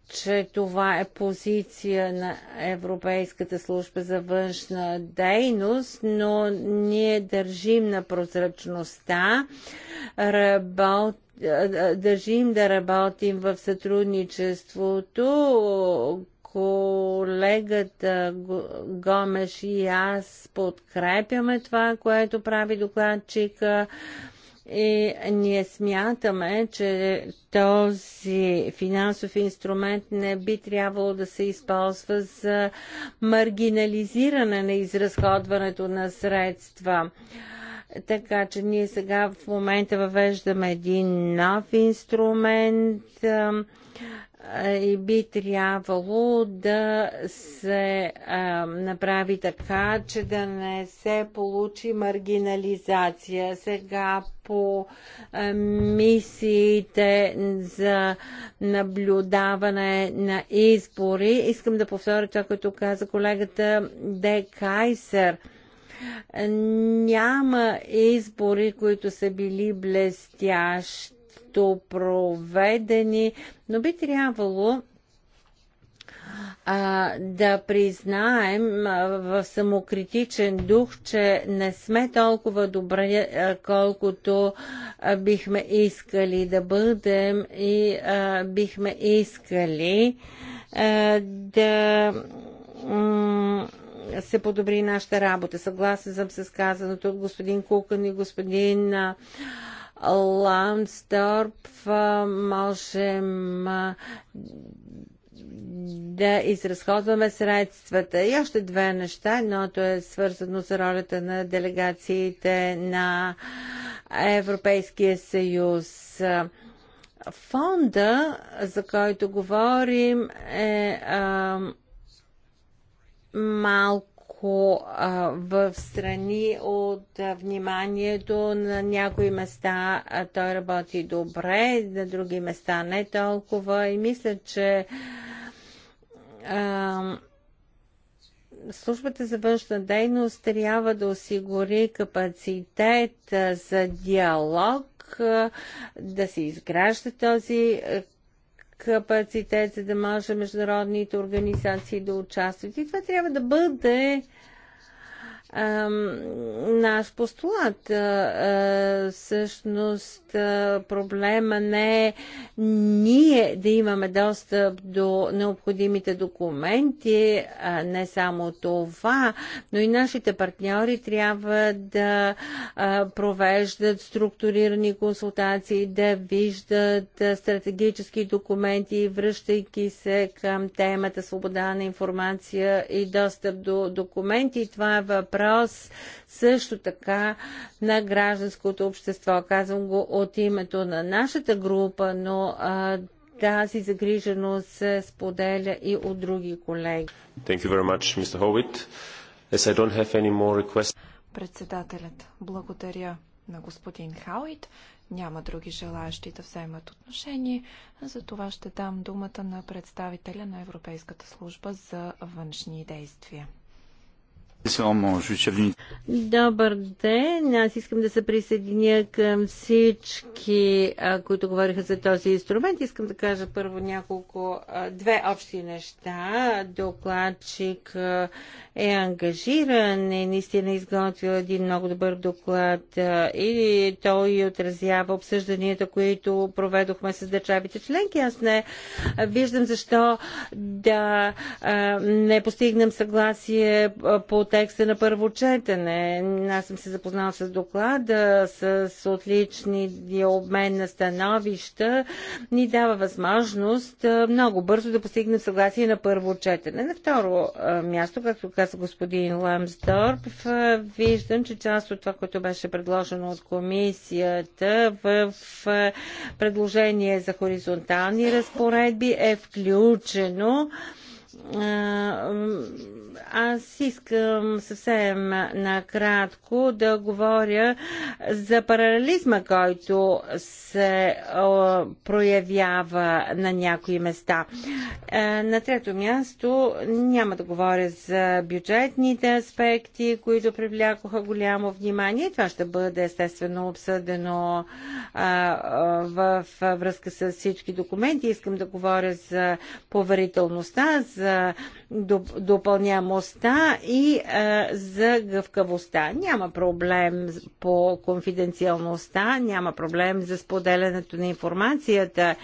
че това е позиция на Европейската служба за външна дейност, но ние държим на прозрачността, държим да работим в сътрудничеството, колегата Гомеш и аз подкрепяме това, което прави докладчика. И ние смятаме, че този финансов инструмент не би трябвало да се използва за маргинализиране на изразходването на средства. Така че ние сега в момента въвеждаме един нов инструмент и би трябвало да се а, направи така, че да не се получи маргинализация. Сега по а, мисиите за наблюдаване на избори, искам да повторя това, което каза колегата Де Кайсер няма избори, които са били блестящи често проведени, но би трябвало а, да признаем а, в самокритичен дух, че не сме толкова добре, а, колкото а, бихме искали да бъдем и а, бихме искали а, да се подобри нашата работа. Съгласен съм с казаното от господин Кукън и господин а, Ламсторп можем да изразходваме средствата. И още две неща. Едното е свързано с ролята на делегациите на Европейския съюз. Фонда, за който говорим, е а, малко малко в страни от вниманието. На някои места а, той работи добре, на други места не толкова. И мисля, че службата за външна дейност трябва да осигури капацитет за диалог, да се изгражда този капацитет, за да може международните организации да участват. И това трябва да бъде наш постулат. Всъщност проблема не е ние да имаме достъп до необходимите документи, не само това, но и нашите партньори трябва да провеждат структурирани консултации, да виждат стратегически документи, връщайки се към темата свобода на информация и достъп до документи. Това е въпрос въпрос също така на гражданското общество. Казвам го от името на нашата група, но а, тази загриженост се споделя и от други колеги. Thank you very much, Mr. As I don't have any more requests. Председателят, благодаря на господин Хауит. Няма други желаящи да вземат отношение, за това ще дам думата на представителя на Европейската служба за външни действия. Добър ден! Аз искам да се присъединя към всички, които говориха за този инструмент. Искам да кажа първо няколко, две общи неща. Докладчик е ангажиран, и е наистина изготвил един много добър доклад и той отразява обсъжданията, които проведохме с държавите членки. Аз не виждам защо да не постигнем съгласие по текста на първо четене. Аз съм се запознала с доклада, с отличния обмен на становища. Ни дава възможност много бързо да постигнем съгласие на първо четене. На второ място, както каза господин Ламсдорп, виждам, че част от това, което беше предложено от комисията в предложение за хоризонтални разпоредби е включено аз искам съвсем накратко да говоря за паралелизма, който се а, проявява на някои места. А, е, на трето място няма да говоря за бюджетните аспекти, които привлякоха голямо внимание. Това ще бъде естествено обсъдено а, в връзка с всички документи. Искам да говоря за поверителността, за допълнямостта и а, за гъвкавостта. Няма проблем по конфиденциалността, няма проблем за споделянето на информацията,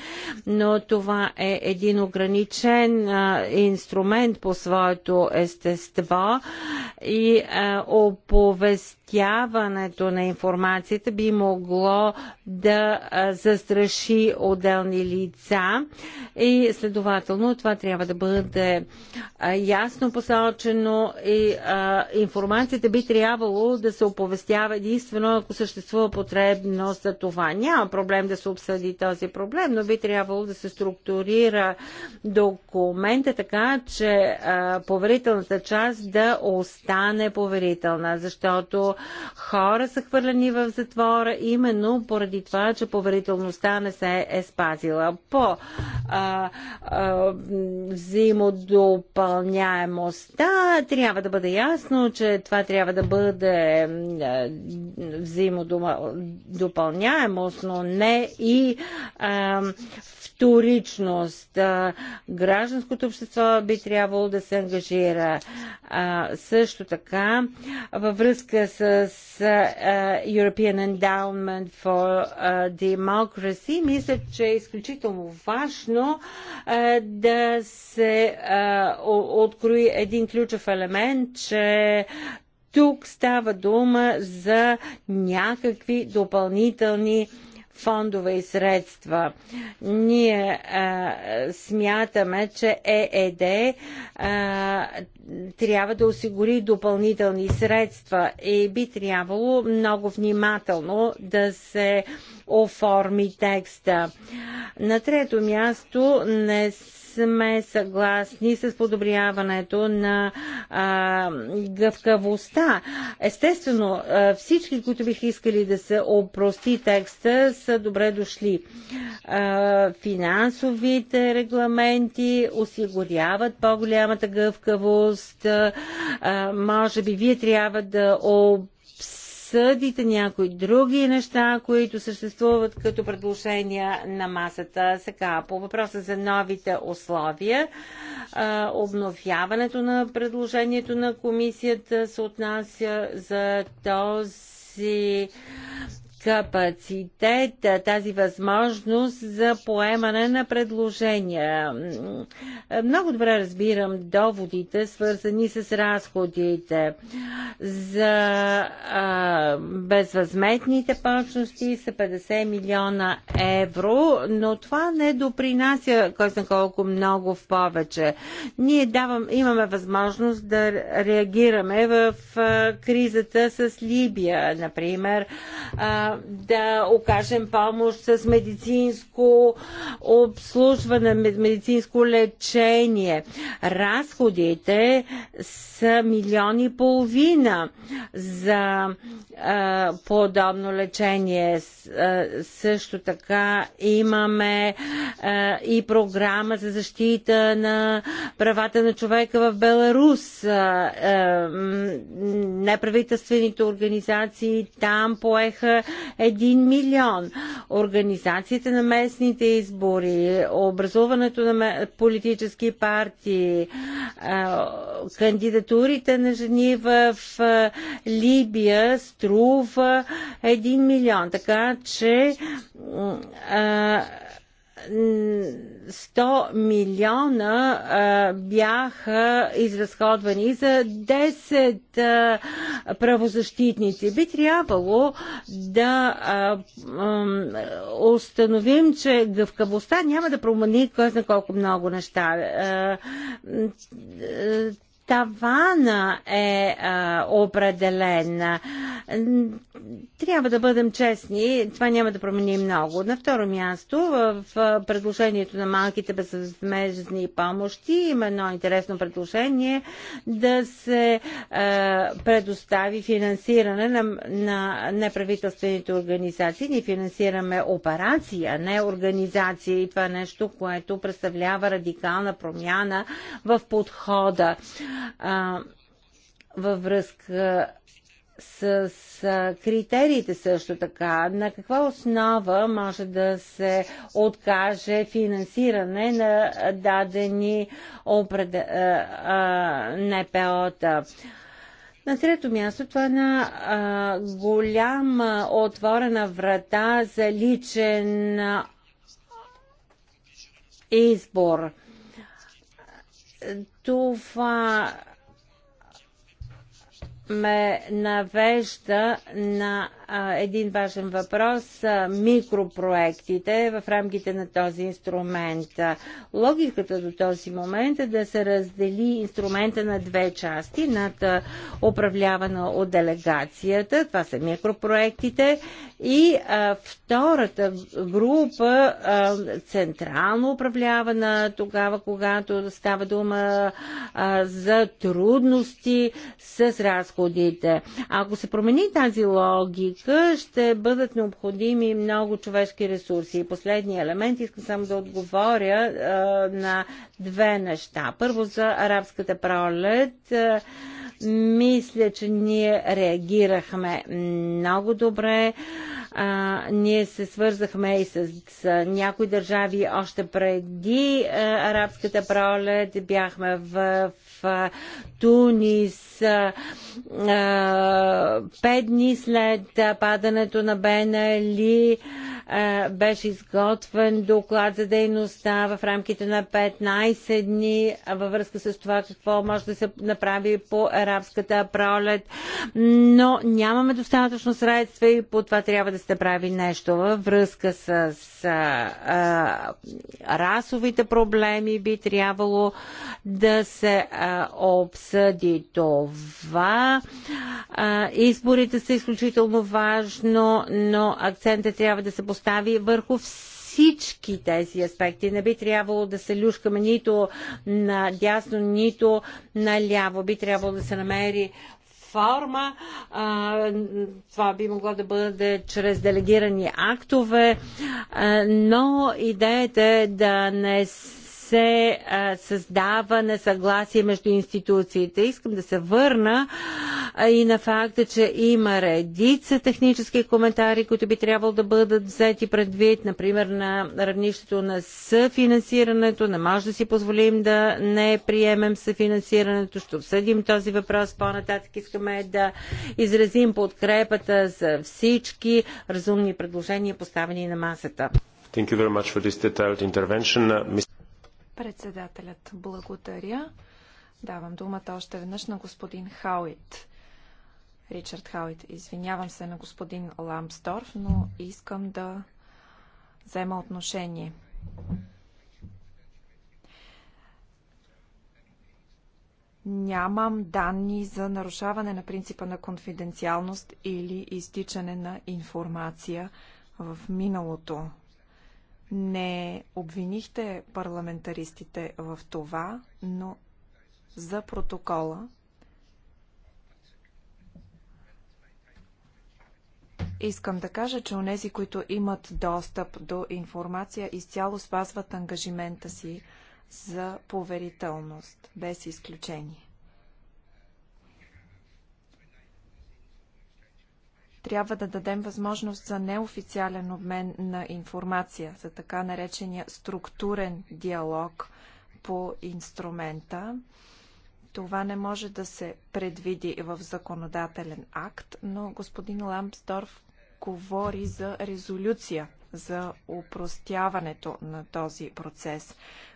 но това е един ограничен а, инструмент по своето естество и а, оповестяването на информацията би могло да застраши отделни лица и следователно това трябва да бъде ясно посочено и информацията би трябвало да се оповестява единствено ако съществува потребност за това. Няма проблем да се обсъди този проблем, но би трябвало да се структурира документа така, че поверителната част да остане поверителна, защото хора са хвърлени в затвора именно поради поради това, че поверителността не се е спазила. По а, а, взаимодопълняемостта трябва да бъде ясно, че това трябва да бъде взаимодопълняемост, но не и а, вторичност. Гражданското общество би трябвало да се ангажира. Също така, във връзка с European Endowment for Democracy, мисля, че е изключително важно да се открои един ключов елемент, че тук става дума за някакви допълнителни фондове и средства. Ние а, смятаме, че ЕЕД а, трябва да осигури допълнителни средства и би трябвало много внимателно да се оформи текста. На трето място не се сме съгласни с подобряването на а, гъвкавостта. Естествено, всички, които бих искали да се опрости текста, са добре дошли. А, финансовите регламенти осигуряват по-голямата гъвкавост. А, може би вие трябва да опростите обсъдите някои други неща, които съществуват като предложения на масата. Сега, по въпроса за новите условия, обновяването на предложението на комисията се отнася за този капацитет, тази възможност за поемане на предложения. Много добре разбирам доводите, свързани с разходите. За а, безвъзметните почности са 50 милиона евро, но това не допринася кой знае колко много в повече. Ние давам, имаме възможност да реагираме в а, кризата с Либия, например. А, да окажем помощ с медицинско обслужване, медицинско лечение. Разходите са милиони и половина за а, подобно лечение. а, също така имаме а, и програма за защита на правата на човека в Беларус. А, а, неправителствените организации там поеха 1 милион. Организацията на местните избори, образуването на политически партии, кандидатурите на жени в Либия струва 1 милион. Така че 100 милиона бяха изразходвани за 10 правозащитници. Би трябвало да установим, че гъвкавостта няма да промени кой знае колко много неща тавана е а, е, определен. Трябва да бъдем честни, това няма да промени много. На второ място, в предложението на малките безвъзмезни помощи има едно интересно предложение да се а, е, предостави финансиране на, на неправителствените организации. Ние финансираме операция, не организации. И това е нещо, което представлява радикална промяна в подхода а, във връзка с, с критериите също така. На каква основа може да се откаже финансиране на дадени опред... НПО-та? На трето място, това е една а, голяма отворена врата за личен избор това ме навежда на един важен въпрос микропроектите в рамките на този инструмент. Логиката до този момент е да се раздели инструмента на две части, над управлявана от делегацията, това са микропроектите, и а, втората група а, централно управлявана тогава, когато става дума а, за трудности с разходите. Ако се промени тази логика, политика ще бъдат необходими много човешки ресурси. И последния елемент, искам само да отговоря а, на две неща. Първо за арабската пролет. А, мисля, че ние реагирахме много добре. А, ние се свързахме и с, с някои държави още преди а, арабската пролет. Бяхме в, в Тунис пет дни след падането на Бен Али беше изготвен доклад за дейността в рамките на 15 дни във връзка с това какво може да се направи по арабската пролет, но нямаме достатъчно средства и по това трябва да се прави нещо във връзка с а, а, расовите проблеми би трябвало да се а, обсъди това. А, изборите са изключително важно, но акцентът трябва да се постави постави върху всички тези аспекти. Не би трябвало да се люшкаме нито на дясно, нито на ляво. Би трябвало да се намери форма. А, това би могло да бъде чрез делегирани актове, а, но идеята е да не се се а, създава несъгласие между институциите. Искам да се върна а, и на факта, че има редица технически коментари, които би трябвало да бъдат взети предвид, например на равнището на съфинансирането. Не може да си позволим да не приемем съфинансирането. Ще обсъдим този въпрос по-нататък. Искаме да изразим подкрепата за всички разумни предложения, поставени на масата. Thank you very much for this detailed intervention. Uh, Председателят, благодаря. Давам думата още веднъж на господин Хауит. Ричард Хауит, извинявам се на господин Ламсторф, но искам да взема отношение. Нямам данни за нарушаване на принципа на конфиденциалност или изтичане на информация в миналото. Не обвинихте парламентаристите в това, но за протокола Искам да кажа, че онези, които имат достъп до информация, изцяло спазват ангажимента си за поверителност, без изключение. трябва да дадем възможност за неофициален обмен на информация, за така наречения структурен диалог по инструмента. Това не може да се предвиди в законодателен акт, но господин Ламсдорф говори за резолюция за упростяването на този процес.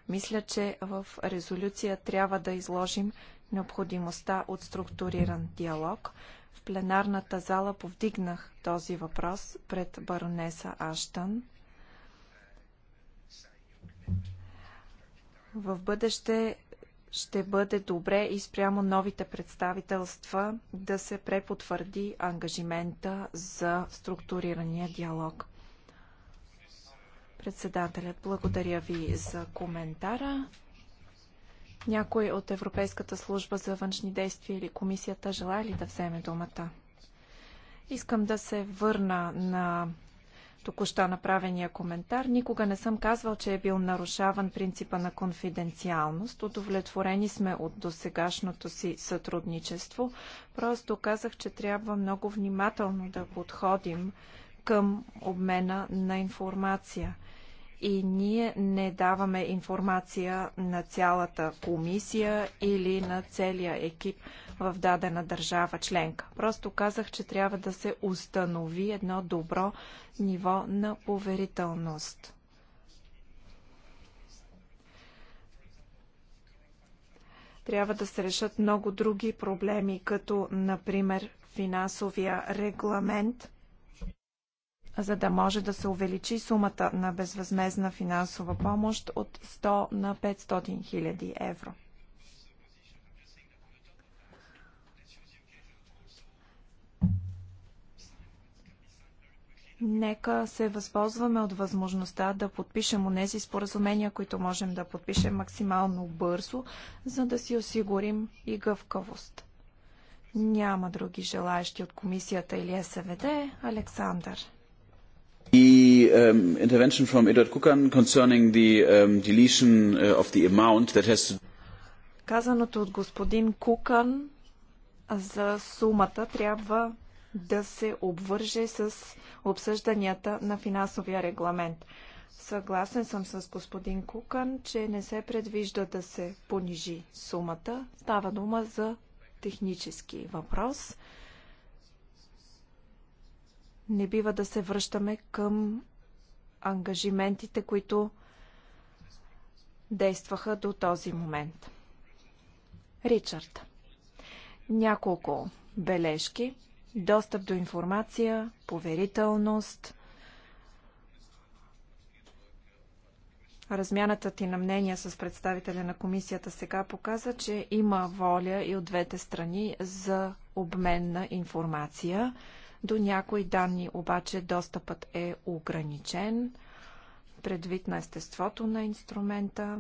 Мисля, че в резолюция трябва да изложим необходимостта от структуриран диалог, в пленарната зала повдигнах този въпрос пред баронеса Аштън. В бъдеще ще бъде добре и спрямо новите представителства да се препотвърди ангажимента за структурирания диалог. Председателят, благодаря ви за коментара. Някой от Европейската служба за външни действия или комисията желая ли да вземе думата? Искам да се върна на току-що направения коментар. Никога не съм казвал, че е бил нарушаван принципа на конфиденциалност. Удовлетворени сме от досегашното си сътрудничество. Просто казах, че трябва много внимателно да подходим към обмена на информация – и ние не даваме информация на цялата комисия или на целия екип в дадена държава членка. Просто казах, че трябва да се установи едно добро ниво на поверителност. Трябва да се решат много други проблеми, като например финансовия регламент – за да може да се увеличи сумата на безвъзмезна финансова помощ от 100 на 500 хиляди евро. Нека се възползваме от възможността да подпишем онези споразумения, които можем да подпишем максимално бързо, за да си осигурим и гъвкавост. Няма други желаящи от комисията или СВД. Александър. The um, intervention from Eduard Kukan concerning the um, deletion uh, of the amount that has to... Казаното от господин Кукан за сумата трябва да се обвърже с обсъжданията на финансовия регламент. Съгласен съм с господин Кукан, че не се предвижда да се понижи сумата. Става дума за технически въпрос. Не бива да се връщаме към ангажиментите, които действаха до този момент. Ричард. Няколко бележки. Достъп до информация, поверителност, Размяната ти на мнения с представителя на комисията сега показа, че има воля и от двете страни за обмен на информация. До някои данни обаче достъпът е ограничен, предвид на естеството на инструмента.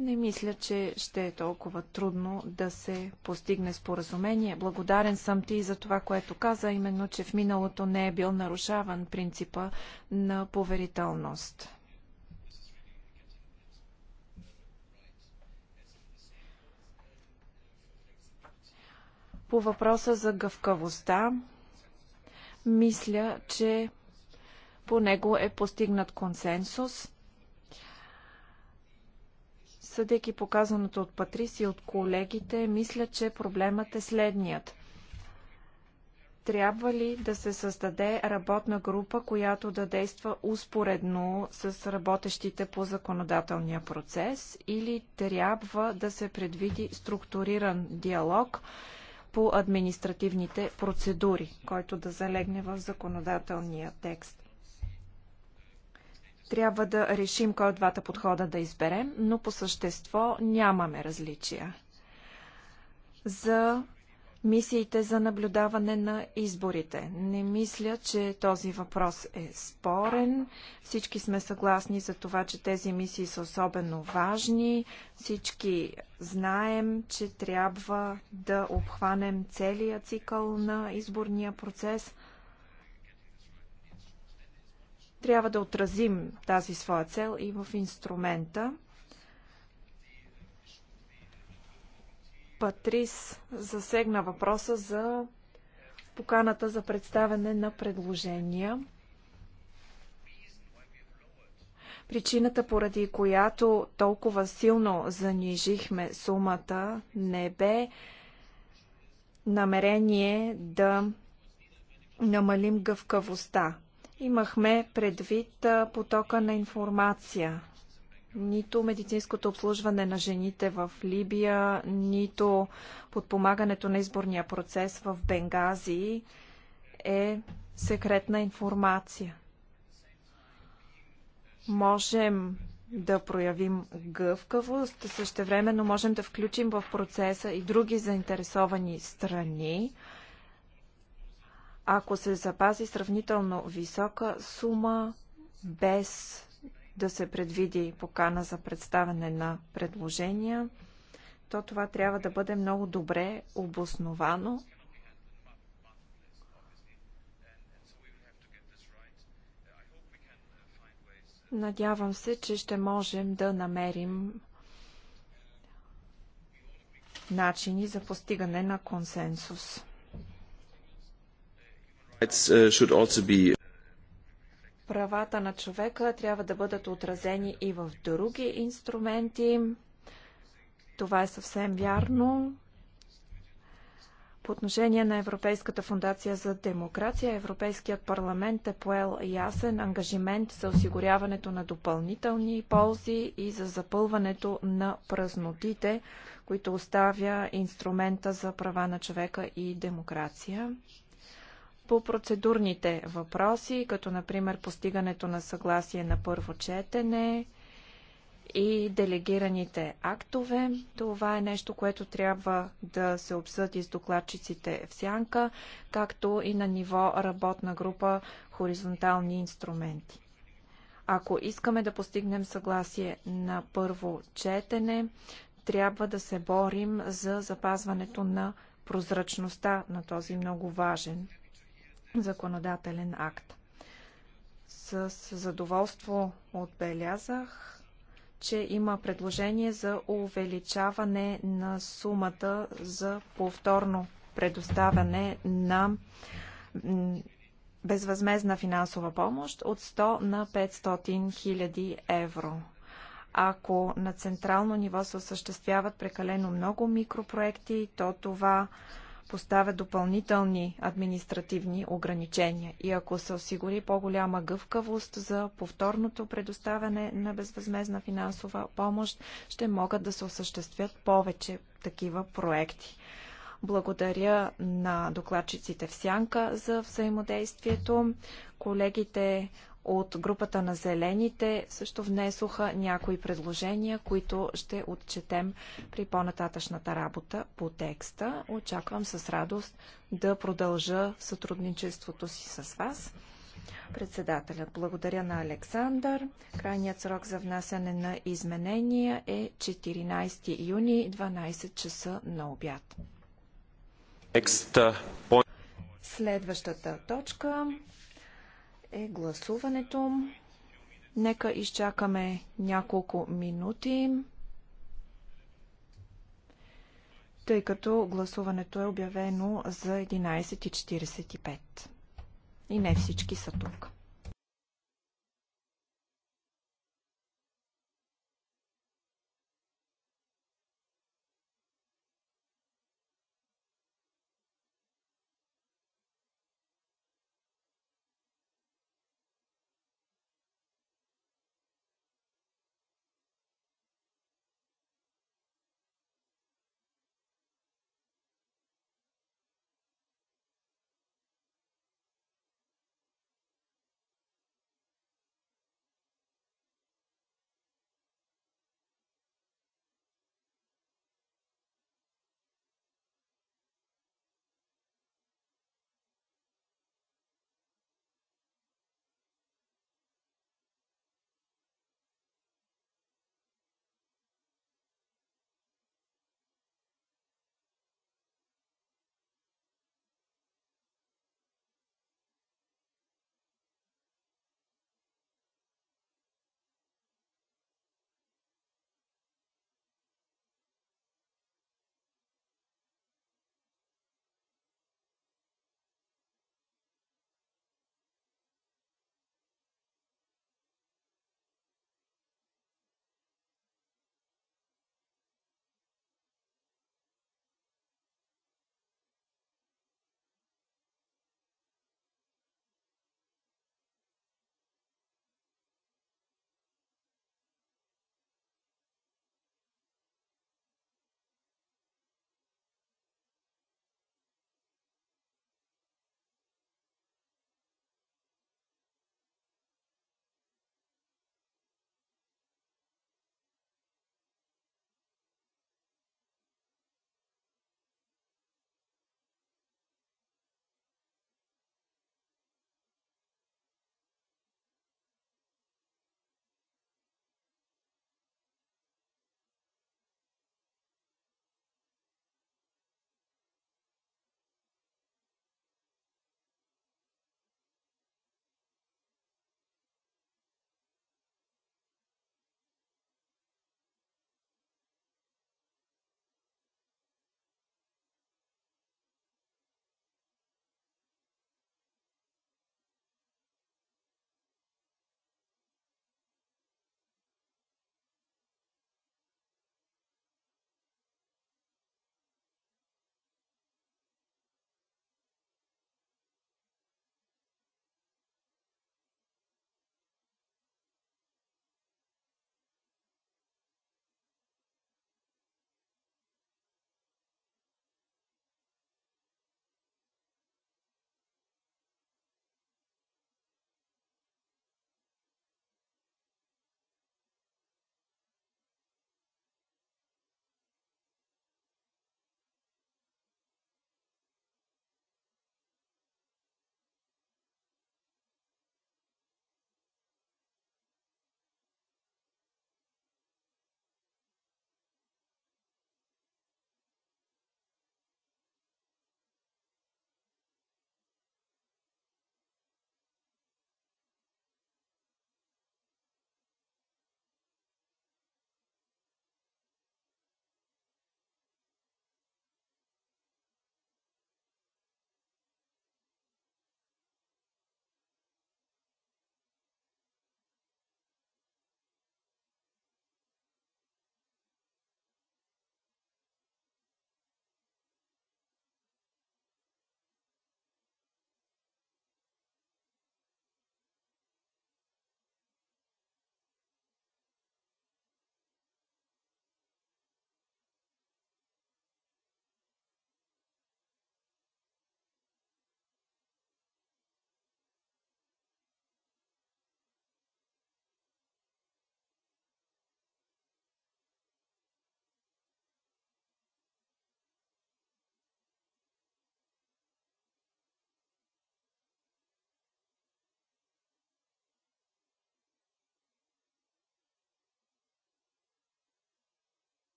Не мисля, че ще е толкова трудно да се постигне споразумение. Благодарен съм ти за това, което каза, именно, че в миналото не е бил нарушаван принципа на поверителност. По въпроса за гъвкавостта, мисля, че по него е постигнат консенсус. Съдейки показаното от Патрис и от колегите, мисля, че проблемът е следният. Трябва ли да се създаде работна група, която да действа успоредно с работещите по законодателния процес или трябва да се предвиди структуриран диалог, по административните процедури, който да залегне в законодателния текст. Трябва да решим кой от двата подхода да изберем, но по същество нямаме различия. За мисиите за наблюдаване на изборите. Не мисля, че този въпрос е спорен. Всички сме съгласни за това, че тези мисии са особено важни. Всички знаем, че трябва да обхванем целия цикъл на изборния процес. Трябва да отразим тази своя цел и в инструмента. Патрис засегна въпроса за поканата за представяне на предложения. Причината, поради която толкова силно занижихме сумата, не бе намерение да намалим гъвкавостта. Имахме предвид потока на информация нито медицинското обслужване на жените в Либия, нито подпомагането на изборния процес в Бенгази е секретна информация. Можем да проявим гъвкавост, същевременно можем да включим в процеса и други заинтересовани страни. Ако се запази сравнително висока сума без да се предвиди покана за представяне на предложения, то това трябва да бъде много добре обосновано. Надявам се, че ще можем да намерим начини за постигане на консенсус. Uh, be... Правата на човека трябва да бъдат отразени и в други инструменти. Това е съвсем вярно. По отношение на Европейската фундация за демокрация, Европейският парламент е поел ясен ангажимент за осигуряването на допълнителни ползи и за запълването на празнотите, които оставя инструмента за права на човека и демокрация по процедурните въпроси, като например постигането на съгласие на първо четене и делегираните актове. Това е нещо, което трябва да се обсъди с докладчиците в сянка, както и на ниво работна група хоризонтални инструменти. Ако искаме да постигнем съгласие на първо четене, трябва да се борим за запазването на прозрачността на този много важен законодателен акт. С задоволство отбелязах, че има предложение за увеличаване на сумата за повторно предоставяне на безвъзмезна финансова помощ от 100 на 500 хиляди евро. Ако на централно ниво се осъществяват прекалено много микропроекти, то това поставя допълнителни административни ограничения и ако се осигури по-голяма гъвкавост за повторното предоставяне на безвъзмезна финансова помощ, ще могат да се осъществят повече такива проекти. Благодаря на докладчиците в Сянка за взаимодействието. Колегите от групата на зелените също внесоха някои предложения, които ще отчетем при по-нататъчната работа по текста. Очаквам с радост да продължа сътрудничеството си с вас. Председателят благодаря на Александър. Крайният срок за внасяне на изменения е 14 юни 12 часа на обяд. Следващата точка е гласуването. Нека изчакаме няколко минути, тъй като гласуването е обявено за 11.45. И не всички са тук.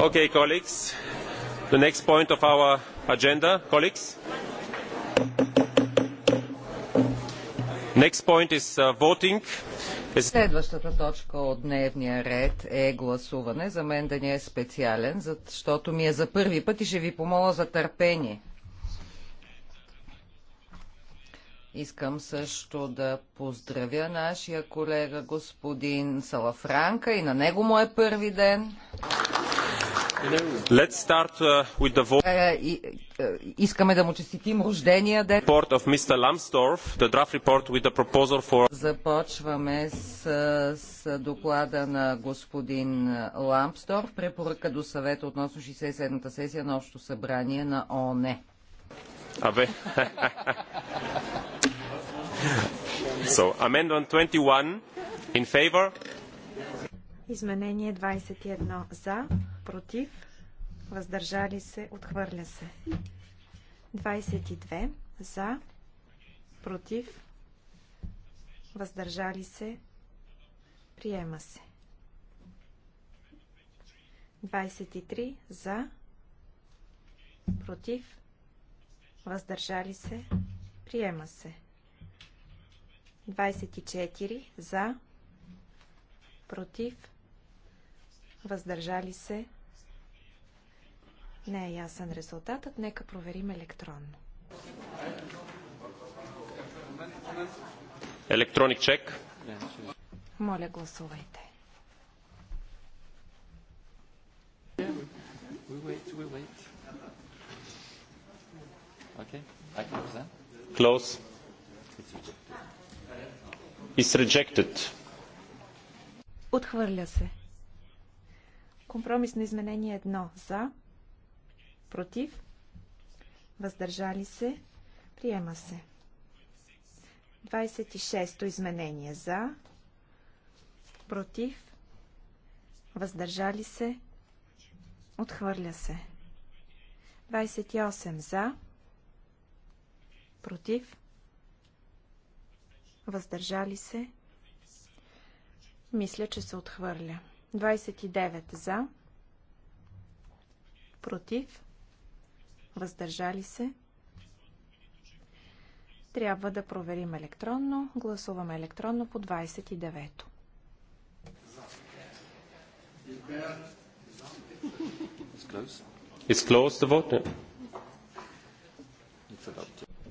Okay, colleagues, the next point of our agenda, colleagues. Next point is uh, voting. Следващата точка от дневния ред е гласуване. За мен да не е специален, защото ми е за първи път и ще ви помоля за търпение. Искам също да поздравя нашия колега господин Салафранка и на него му е първи ден. Uh, е, е, искаме да му честитим рождения ден. Започваме с, с доклада на господин Ламсторф, препоръка до съвета относно 67-та сесия на Общо събрание на ООН. Абе. so, amendment 21 in favor Изменение 21 за, против, въздържали се, отхвърля се. 22 за, против, въздържали се, приема се. 23 за, против, въздържали се, приема се. 24 за, против, въздържали се. Не е ясен резултатът. Нека проверим електронно. Електроник чек. Моля, гласувайте. Клоус. wait, It's rejected. Отхвърля се. Компромисно изменение 1 за, против, въздържали се, приема се. 26-то изменение за, против, въздържали се, отхвърля се. 28 за, против, въздържали се, мисля, че се отхвърля. 29 29 за, против, въздържали се. Трябва да проверим електронно. Гласуваме електронно по 29-то.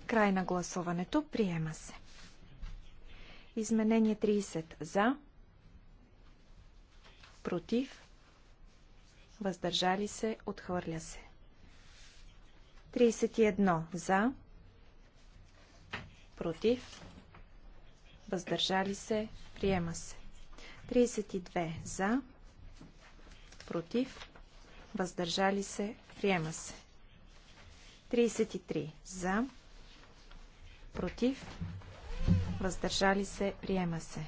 Край на гласуването. Приема се. Изменение 30 за, против, въздържали се, отхвърля се. 31 за, против, въздържали се, приема се. 32 за, против, въздържали се, приема се. 33 за, против, въздържали се, приема се.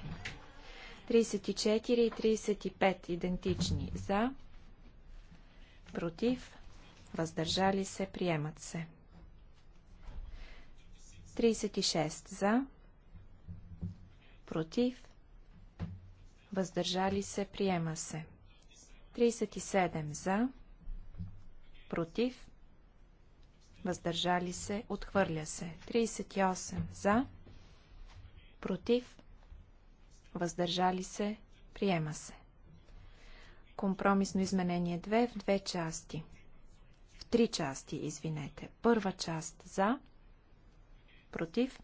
34 и 35 идентични. За, против, въздържали се, приемат се. 36 за, против, въздържали се, приема се. 37 за, против, въздържали се, отхвърля се. 38 за, против, въздържали се, приема се. Компромисно изменение 2 в две части. В три части, извинете. Първа част за, против,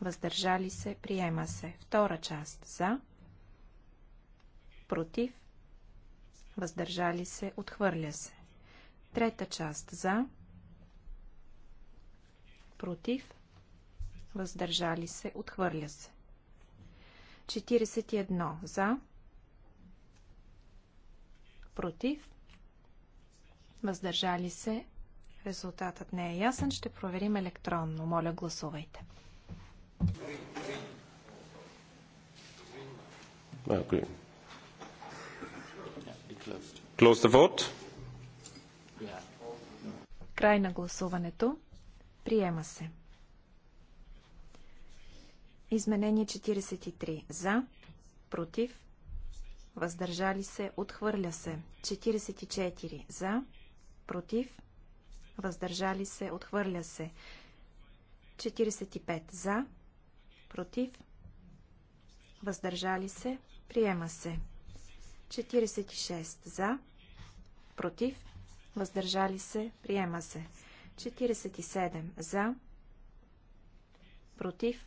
въздържали се, приема се. Втора част за, против, въздържали се, отхвърля се. Трета част за, против, въздържали се, отхвърля се. 41 за, против, въздържали се. Резултатът не е ясен. Ще проверим електронно. Моля, гласувайте. Close the vote. Край на гласуването. Приема се. Изменение 43. За, против, въздържали се, отхвърля се. 44. За, против, въздържали се, отхвърля се. 45. За, против, въздържали се, приема се. 46. За, против, въздържали се, приема се. 47. За, против,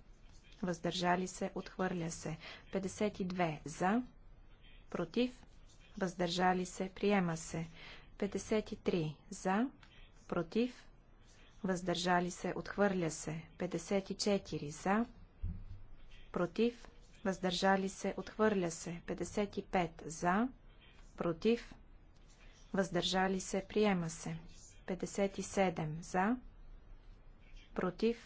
въздържали се, отхвърля се. 52 за, против, въздържали се, приема се. 53 за, против, въздържали се, отхвърля се. 54 за, против, въздържали се, отхвърля се. 55 за, против, въздържали се, приема се. 57 за, против,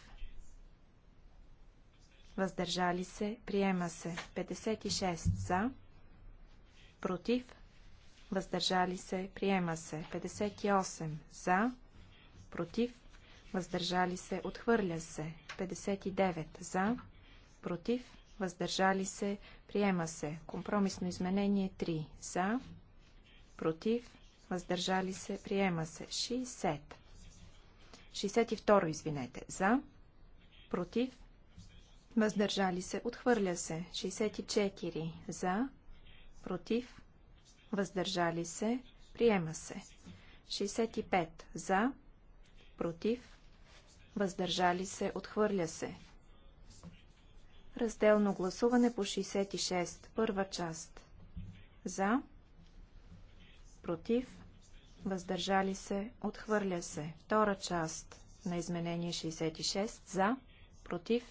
въздържали се, приема се. 56 за, против, въздържали се, приема се. 58 за, против, въздържали се, отхвърля се. 59 за, против, въздържали се, приема се. Компромисно изменение 3 за, против, въздържали се, приема се. 60. 62, извинете, за, против, въздържали се, отхвърля се. 64 за, против, въздържали се, приема се. 65 за, против, въздържали се, отхвърля се. Разделно гласуване по 66, първа част. За, против, въздържали се, отхвърля се. Втора част на изменение 66, за, против,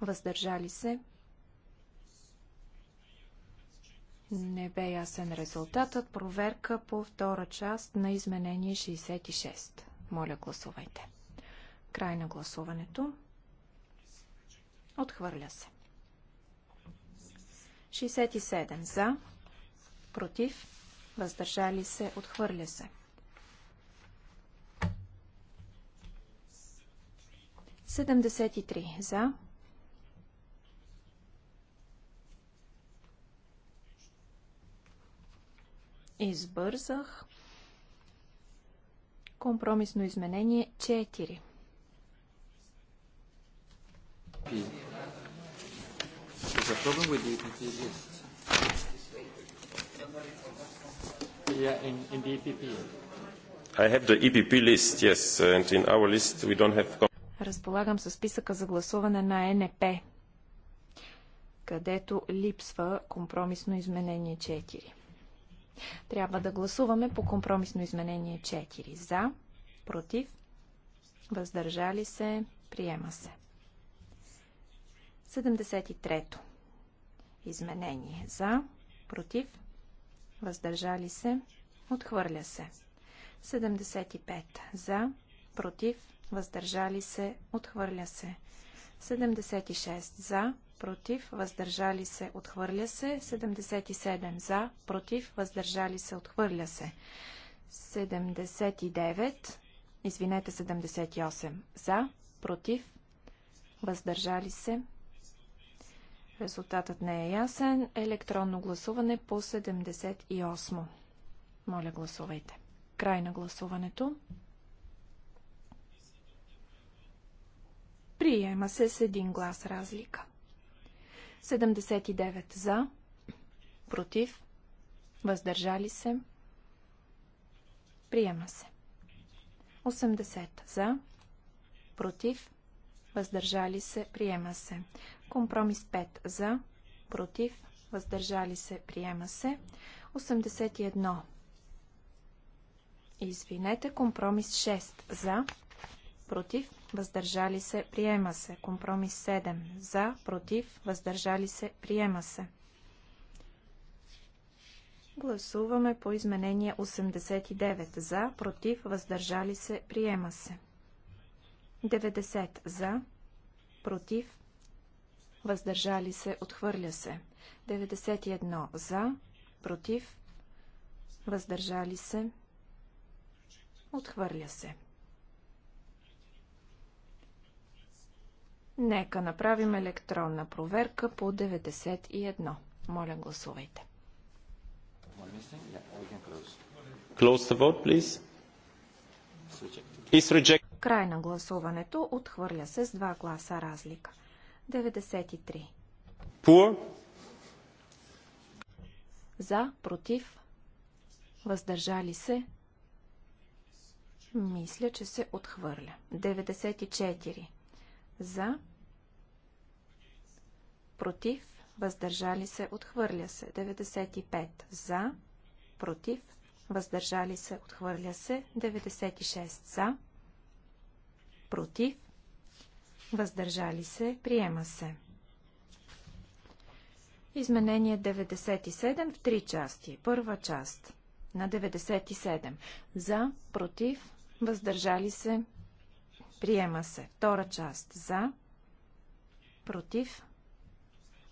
въздържали се. Не бе ясен резултатът. Проверка по втора част на изменение 66. Моля, гласувайте. Край на гласуването. Отхвърля се. 67 за, против, въздържали се, отхвърля се. 73 за, Избързах. Компромисно изменение 4. E e e Разполагам с списъка за гласуване на НП, където липсва компромисно изменение 4. Трябва да гласуваме по компромисно изменение 4. За, против, въздържали се, приема се. 73-то. Изменение за, против, въздържали се, отхвърля се. 75 за, против, въздържали се, отхвърля се. 76 за, против, въздържали се, отхвърля се. 77 за, против, въздържали се, отхвърля се. 79, извинете, 78 за, против, въздържали се. Резултатът не е ясен. Електронно гласуване по 78. Моля, гласувайте. Край на гласуването. Приема се с един глас разлика. 79 за, против, въздържали се, приема се. 80 за, против, въздържали се, приема се. Компромис 5 за, против, въздържали се, приема се. 81. Извинете, компромис 6 за, против, въздържали се, приема се. Компромис 7 за, против, въздържали се, приема се. Гласуваме по изменение 89 за, против, въздържали се, приема се. 90 за, против, въздържали се, отхвърля се. 91 за, против, въздържали се, отхвърля се. Нека направим електронна проверка по 91. Моля, гласувайте. Край на гласуването отхвърля се с два гласа разлика. 93. Pour. За, против, въздържали се. Мисля, че се отхвърля. 94. За, против, въздържали се, отхвърля се. 95 за, против, въздържали се, отхвърля се. 96 за, против, въздържали се, приема се. Изменение 97 в три части. Първа част на 97. За, против, въздържали се, приема се. Втора част. За, против,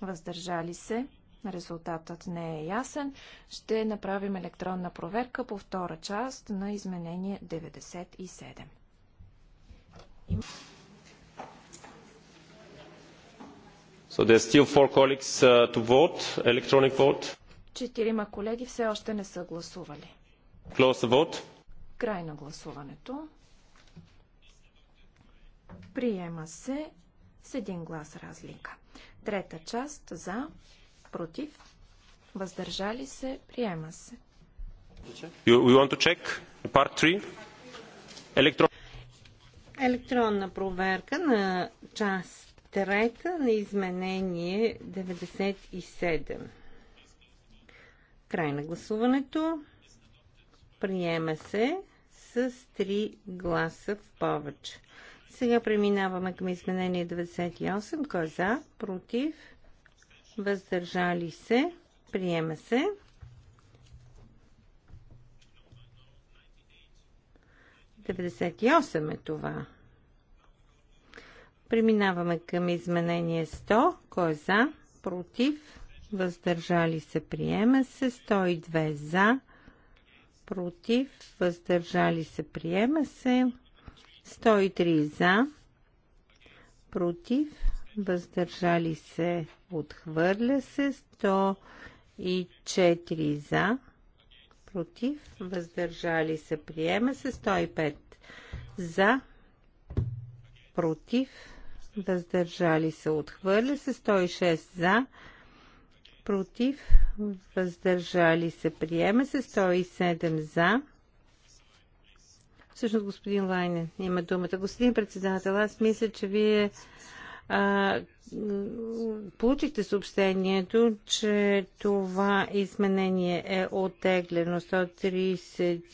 въздържали се. Резултатът не е ясен. Ще направим електронна проверка по втора част на изменение 97. So there's still four colleagues uh, to vote, electronic vote. Четирима колеги все още не са гласували. Close the vote. Край на гласуването. Приема се с един глас разлика. Трета част за, против, въздържали се, приема се. want to check part Електронна проверка на част трета на изменение 97. Край на гласуването. Приема се с 3 гласа в повече. Сега преминаваме към изменение 98. Кой е за? Против? Въздържали се? Приема се. е това. Преминаваме към изменение 100. Кой е за? Против? Въздържали се? Приема се. 102 за. Против? Въздържали се? Приема се. 103 за, против, въздържали се, отхвърля се, 104 за, против, въздържали се, приема се, 105 за, против, въздържали се, отхвърля се, 106 за, против, въздържали се, приема се, 107 за, Всъщност господин Лайне, има думата. Господин председател, аз мисля, че вие а, получихте съобщението, че това изменение е оттеглено 135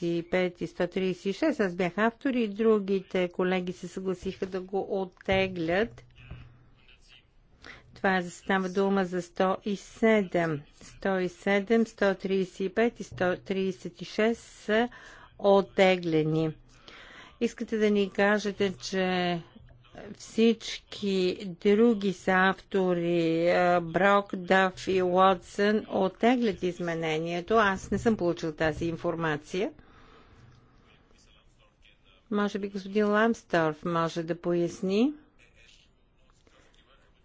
и 136. Аз бях автори и другите колеги се съгласиха да го оттеглят. Това е става дума за 107. 107, 135 и 136 са отеглени. Искате да ни кажете, че всички други са автори, Брок, Даф и Уотсън, оттеглят изменението. Аз не съм получил тази информация. Може би господин Ламсторф може да поясни.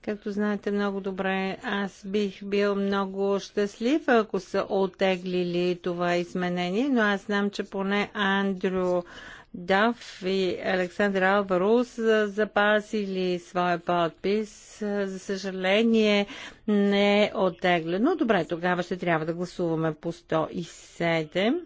Както знаете много добре, аз бих бил много щастлив, ако са отеглили това изменение, но аз знам, че поне Андрю Дав и Александър Алварус запазили своя подпис. За съжаление не е оттеглено. Добре, тогава ще трябва да гласуваме по 107.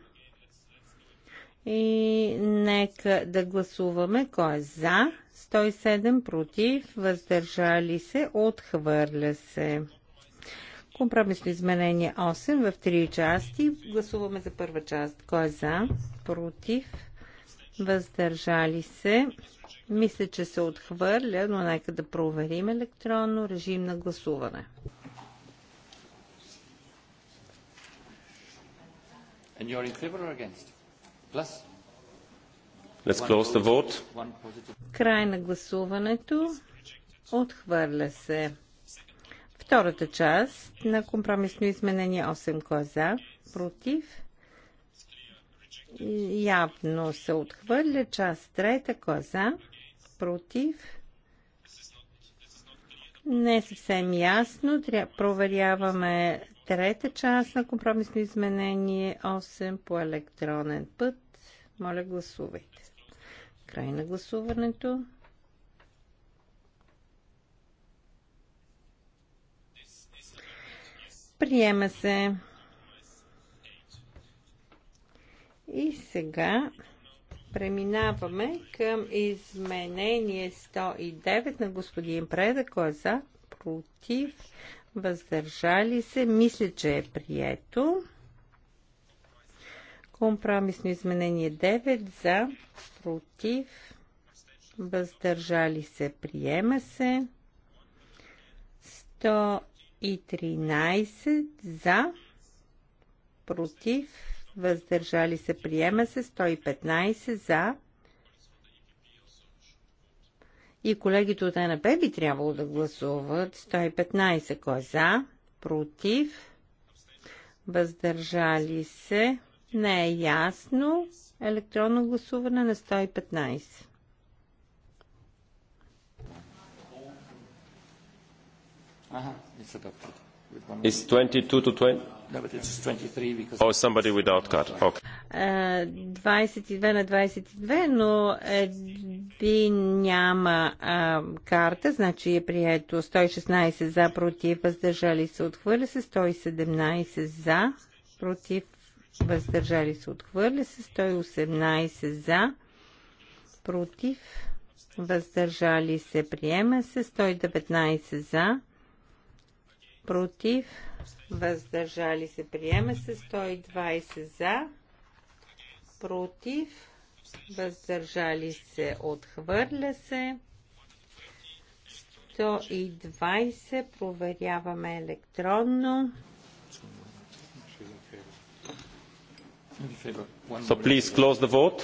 И нека да гласуваме кой е за 107, против, въздържали се, отхвърля се. Компромисно изменение 8 в 3 части. Гласуваме за първа част. Кой е за? Против? въздържали се. Мисля, че се отхвърля, но нека да проверим електронно режим на гласуване. And you're in favor or against? Plus? Let's close the vote. Край на гласуването. Отхвърля се. Втората част на компромисно изменение 8 кой е за, против, явно се отхвърля. Част трета, коза е за? Против? Не съвсем ясно. Проверяваме трета част на компромисно изменение 8 по електронен път. Моля, гласувайте. Край на гласуването. Приема се. И сега преминаваме към изменение 109 на господин Преда, кой е за, против, въздържали се. Мисля, че е прието. Компромисно изменение 9 за, против, въздържали се, приема се. 113 за, против, въздържали се, приема се 115 за. И колегите от НП би трябвало да гласуват 115 кой е за, против, въздържали се, не е ясно, електронно гласуване на 115. Ага, it's adopted. It's 22 to 20. No, but it's 23 because... Oh, somebody without card. Okay. Uh, е, 22 на 22, но един няма uh, карта, значи е прието 116 за, против, въздържали се, отхвърля се, 117 за, против, въздържали се, отхвърля се, 118 за, против, въздържали се, приема се, 119 за, против, въздържали се, приема се 120 за, против, въздържали се, отхвърля се. 120 проверяваме електронно. So please close the vote.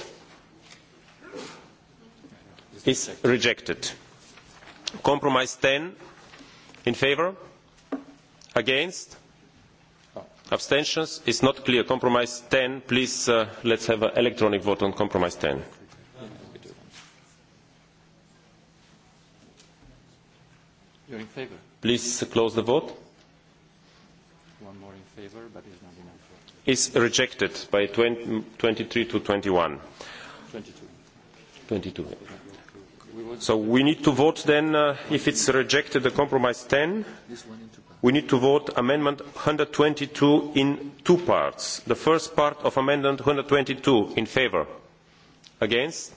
Is rejected. Compromise 10 in favor against abstentions it's not clear compromise ten. please uh, let's have an electronic vote on compromise ten. you're in favor please close the vote one more in favor but it's not enough is rejected by 20, 23 to 21 22 22 so we need to vote then uh, if it's rejected the compromise 10 this one into we need to vote amendment one hundred and twenty two in two parts. the first part of amendment one hundred and twenty two in favour against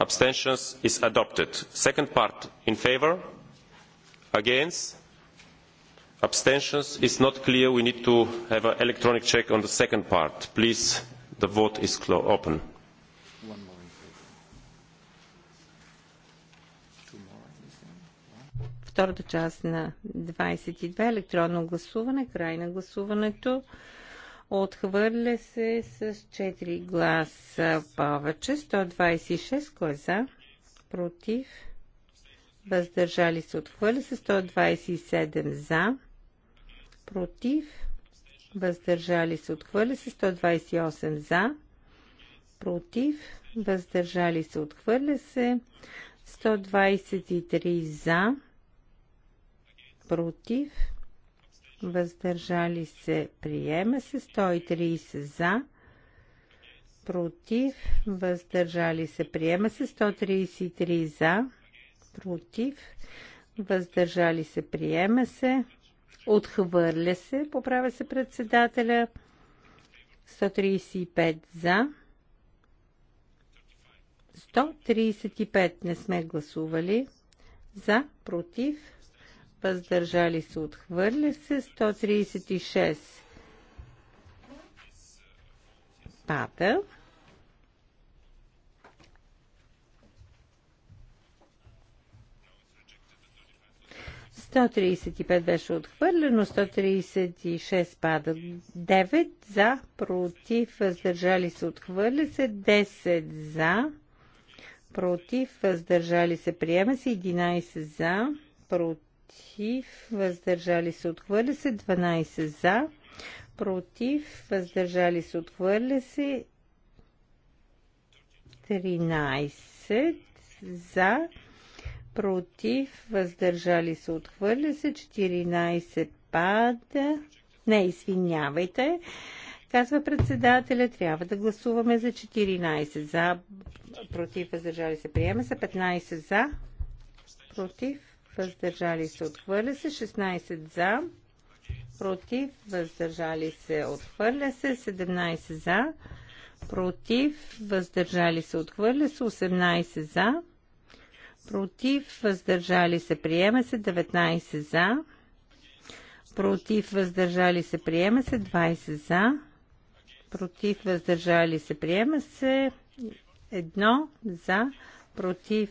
abstentions is adopted. second part in favour against abstentions is not clear we need to have an electronic check on the second part. please the vote is open втората част на 22 електронно гласуване, край на гласуването. Отхвърля се с 4 гласа повече. 126, кой е за? Против. Въздържали се отхвърля се 127 за. Против. Въздържали се отхвърля се 128 за. Против. Въздържали се отхвърля се 123 за против, въздържали се, приема се 130 за, против, въздържали се, приема се 133 за, против, въздържали се, приема се, отхвърля се, поправя се председателя, 135 за, 135 не сме гласували, за, против, въздържали се, отхвърля се. 136 пада. Сто беше отхвърлено, 136 пада. 9 за, против, въздържали се, отхвърля се, 10 за, против, въздържали се, приема се, 11 за, против против, въздържали се, отхвърля се, 12 за, против, въздържали се, отхвърля се, 13 за, против, въздържали се, отхвърля се, 14 пада, не, извинявайте, казва председателя, трябва да гласуваме за 14 за, против, въздържали се, приема се, 15 за, против, въздържали се, отхвърля се. 16 за, против, въздържали се, отхвърля се. 17 за, против, въздържали се, отхвърля се. 18 за, против, въздържали се, приема се. 19 за, против, въздържали се, приема се. 20 за, против, въздържали се, приема се. 1 за, против,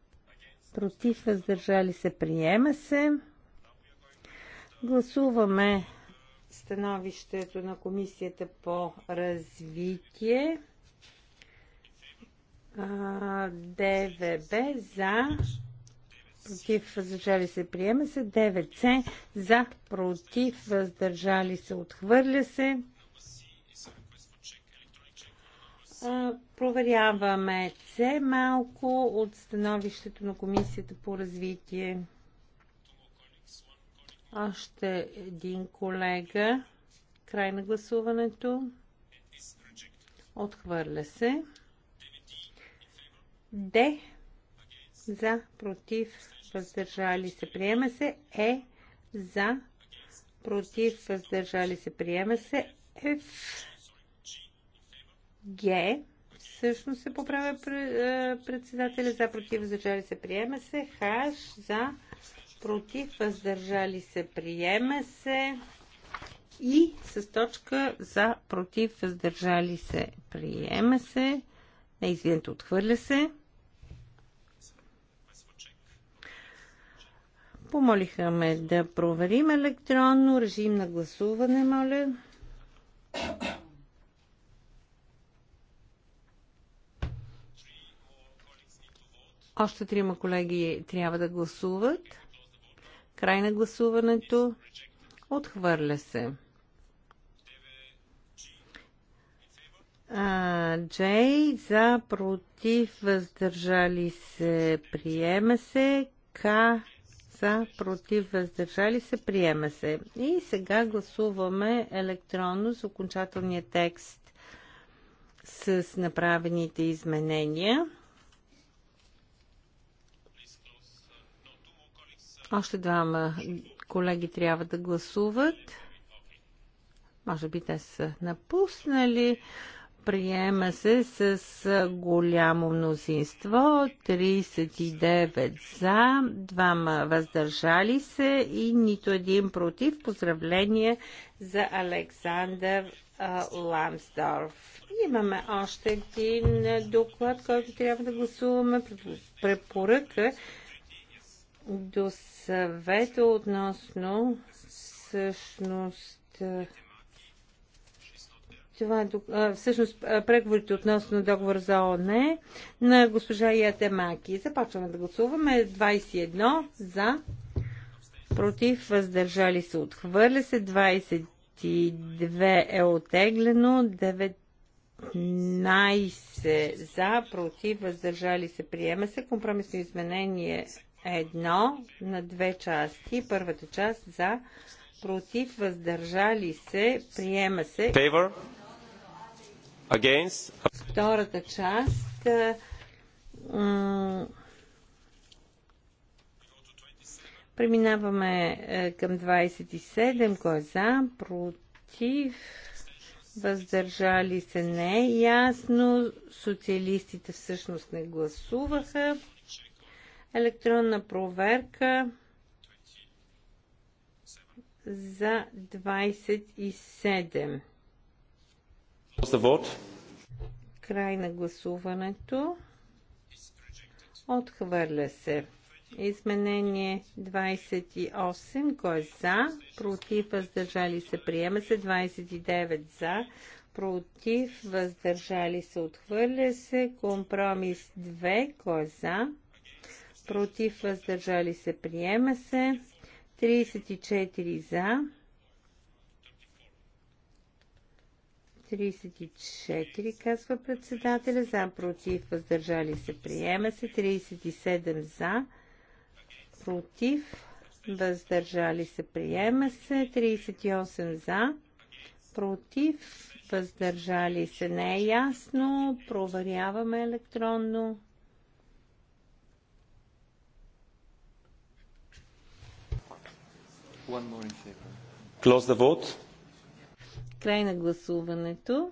против, въздържали се, приема се. Гласуваме становището на Комисията по развитие. ДВБ за против въздържали се приема се 9 с за против въздържали се отхвърля се проверяваме се малко от становището на Комисията по развитие. Още един колега. Край на гласуването. Отхвърля се. Д. За, против, въздържали се, приема се. Е. За, против, въздържали се, приема се. Е. Г. Всъщност се поправя е, председателя за против въздържали се приема се. Х за против въздържали се приема се. И с точка за против въздържали се приема се. Не, извинете, отхвърля се. Помолиха ме да проверим електронно. Режим на гласуване, моля. Още трима колеги трябва да гласуват. Край на гласуването. Отхвърля се. Джей за против въздържали се приема се. К за против въздържали се приема се. И сега гласуваме електронно с окончателния текст с направените изменения. Още двама колеги трябва да гласуват. Може би те са напуснали. Приема се с голямо мнозинство 39 за, двама въздържали се и нито един против. Поздравление за Александър Ламсдорф. Имаме още един доклад, който трябва да гласуваме. Препоръка до съвета относно всъщност това е, всъщност преговорите относно договор за ООН на госпожа Ятемаки. Започваме да гласуваме. 21 за, против, въздържали се, отхвърля се. 22 е отеглено, 19 за, против, въздържали се, приема се. Компромисно изменение едно на две части. Първата част за, против, въздържали се, приема се. Favor. Against. Втората част. Е, преминаваме е, към 27. Кой е за? Против? Въздържали се? Не е ясно. Социалистите всъщност не гласуваха електронна проверка за 27. Край на гласуването. Отхвърля се. Изменение 28. Кой е за? Против, въздържали се. Приема се 29 за. Против, въздържали се. Отхвърля се. Компромис 2. Кой е за? против, въздържали се, приема се. 34 за. 34, казва председателя, за, против, въздържали се, приема се. 37 за, против, въздържали се, приема се. 38 за, против, въздържали се, не е ясно. Проверяваме електронно. Close the vote. Край на гласуването.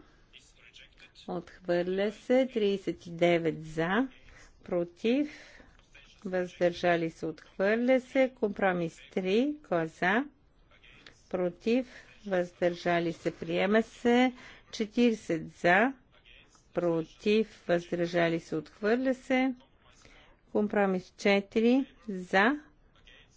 Отхвърля се 39 за, против, въздържали се, отхвърля се. Компромис 3, кой е за, против, въздържали се, приема се. 40 за, против, въздържали се, отхвърля се. Компромис 4 за,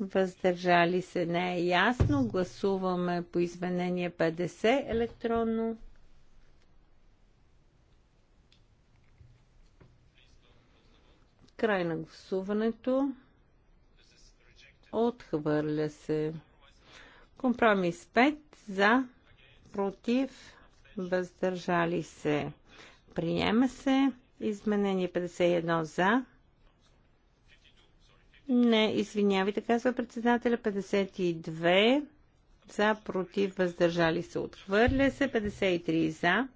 въздържали се не е ясно. Гласуваме по изменение 50 електронно. Край на гласуването. Отхвърля се. Компромис 5 за, против, въздържали се. Приема се. Изменение 51 за, не, извинявайте, казва председателя 52 за, против, въздържали се, отхвърля се, 53 за,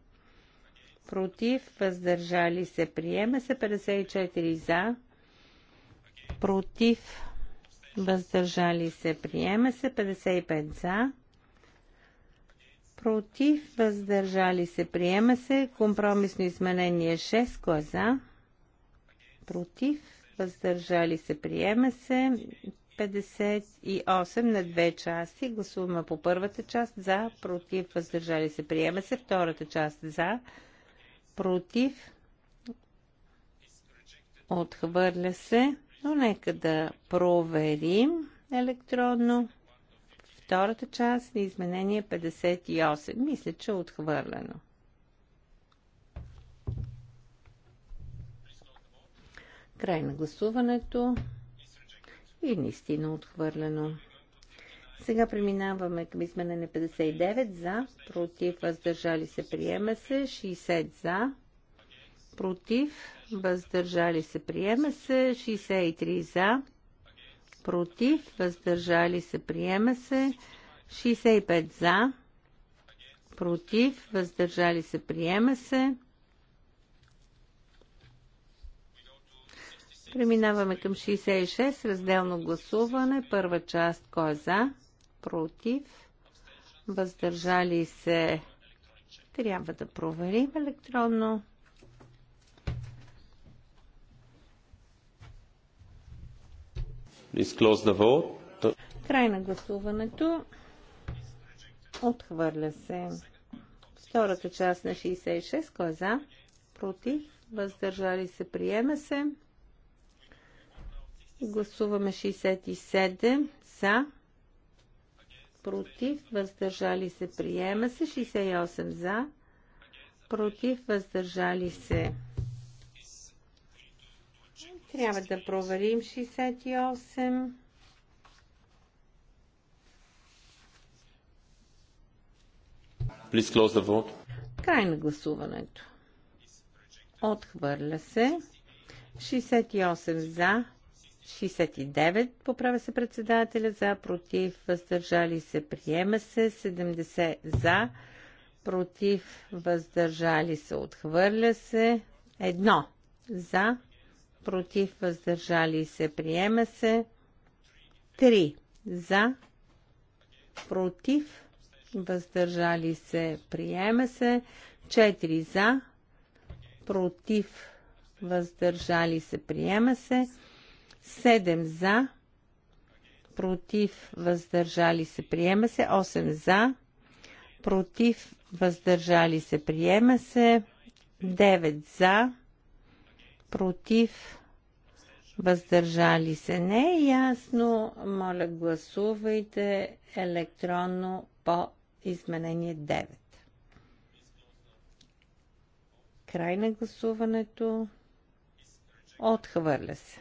против, въздържали се, приема се, 54 за, против, въздържали се, приема се, 55 за, против, въздържали се, приема се, компромисно изменение 6, кое за, против, въздържали се, приема се. 58 на две части. Гласуваме по първата част за, против, въздържали се, приема се. Втората част за, против, отхвърля се. Но нека да проверим електронно. Втората част на изменение 58. Мисля, че е отхвърлено. Край на гласуването. И наистина отхвърлено. Сега преминаваме към изменене 59 за, против, въздържали се, приема се, 60 за, против, въздържали се, приема се, 63 за, против, въздържали се, приема се, 65 за, против, въздържали се, приема се, Преминаваме към 66, разделно гласуване. Първа част, кой е за? Против? Въздържали се? Трябва да проверим електронно. Край на гласуването. Отхвърля се. Втората част на 66. Кой е за? Против? Въздържали се? Приема се. Гласуваме 67 за, против, въздържали се, приема се. 68 за, против, въздържали се. Трябва да проверим 68. Please close the vote. Край на гласуването. Отхвърля се. 68 за, 69 поправя се председателя за, против, въздържали се, приема се, 70 за, против, въздържали се, отхвърля се, 1 за, против, въздържали се, приема се, 3 за, против, въздържали се, приема се, 4 за, против, въздържали се, приема се, 7 за, против, въздържали се, приема се. 8 за, против, въздържали се, приема се. 9 за, против, въздържали се. Не е ясно. Моля, гласувайте електронно по изменение 9. Край на гласуването. Отхвърля се.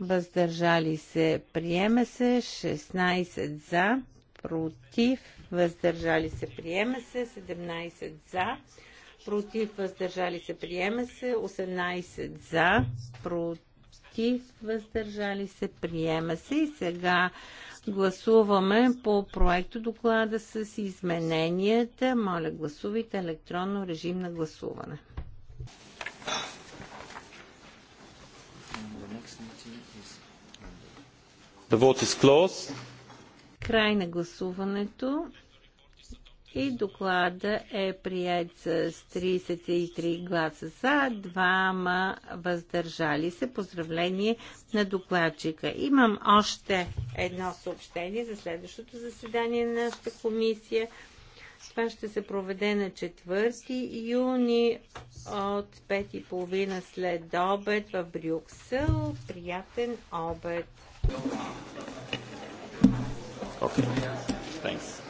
въздържали се, приема се, 16 за, против, въздържали се, приема се, 17 за, против, въздържали се, приема се, 18 за, против, въздържали се, приема се. И сега гласуваме по проекто доклада с измененията. Моля, гласувайте електронно режим на гласуване. The vote is closed. Край на гласуването. И доклада е прият с 33 гласа за, двама въздържали се. Поздравление на докладчика. Имам още едно съобщение за следващото заседание на нашата комисия. Това ще се проведе на 4 юни от 5.30 след обед в Брюксел. Приятен обед! Okay. Thanks.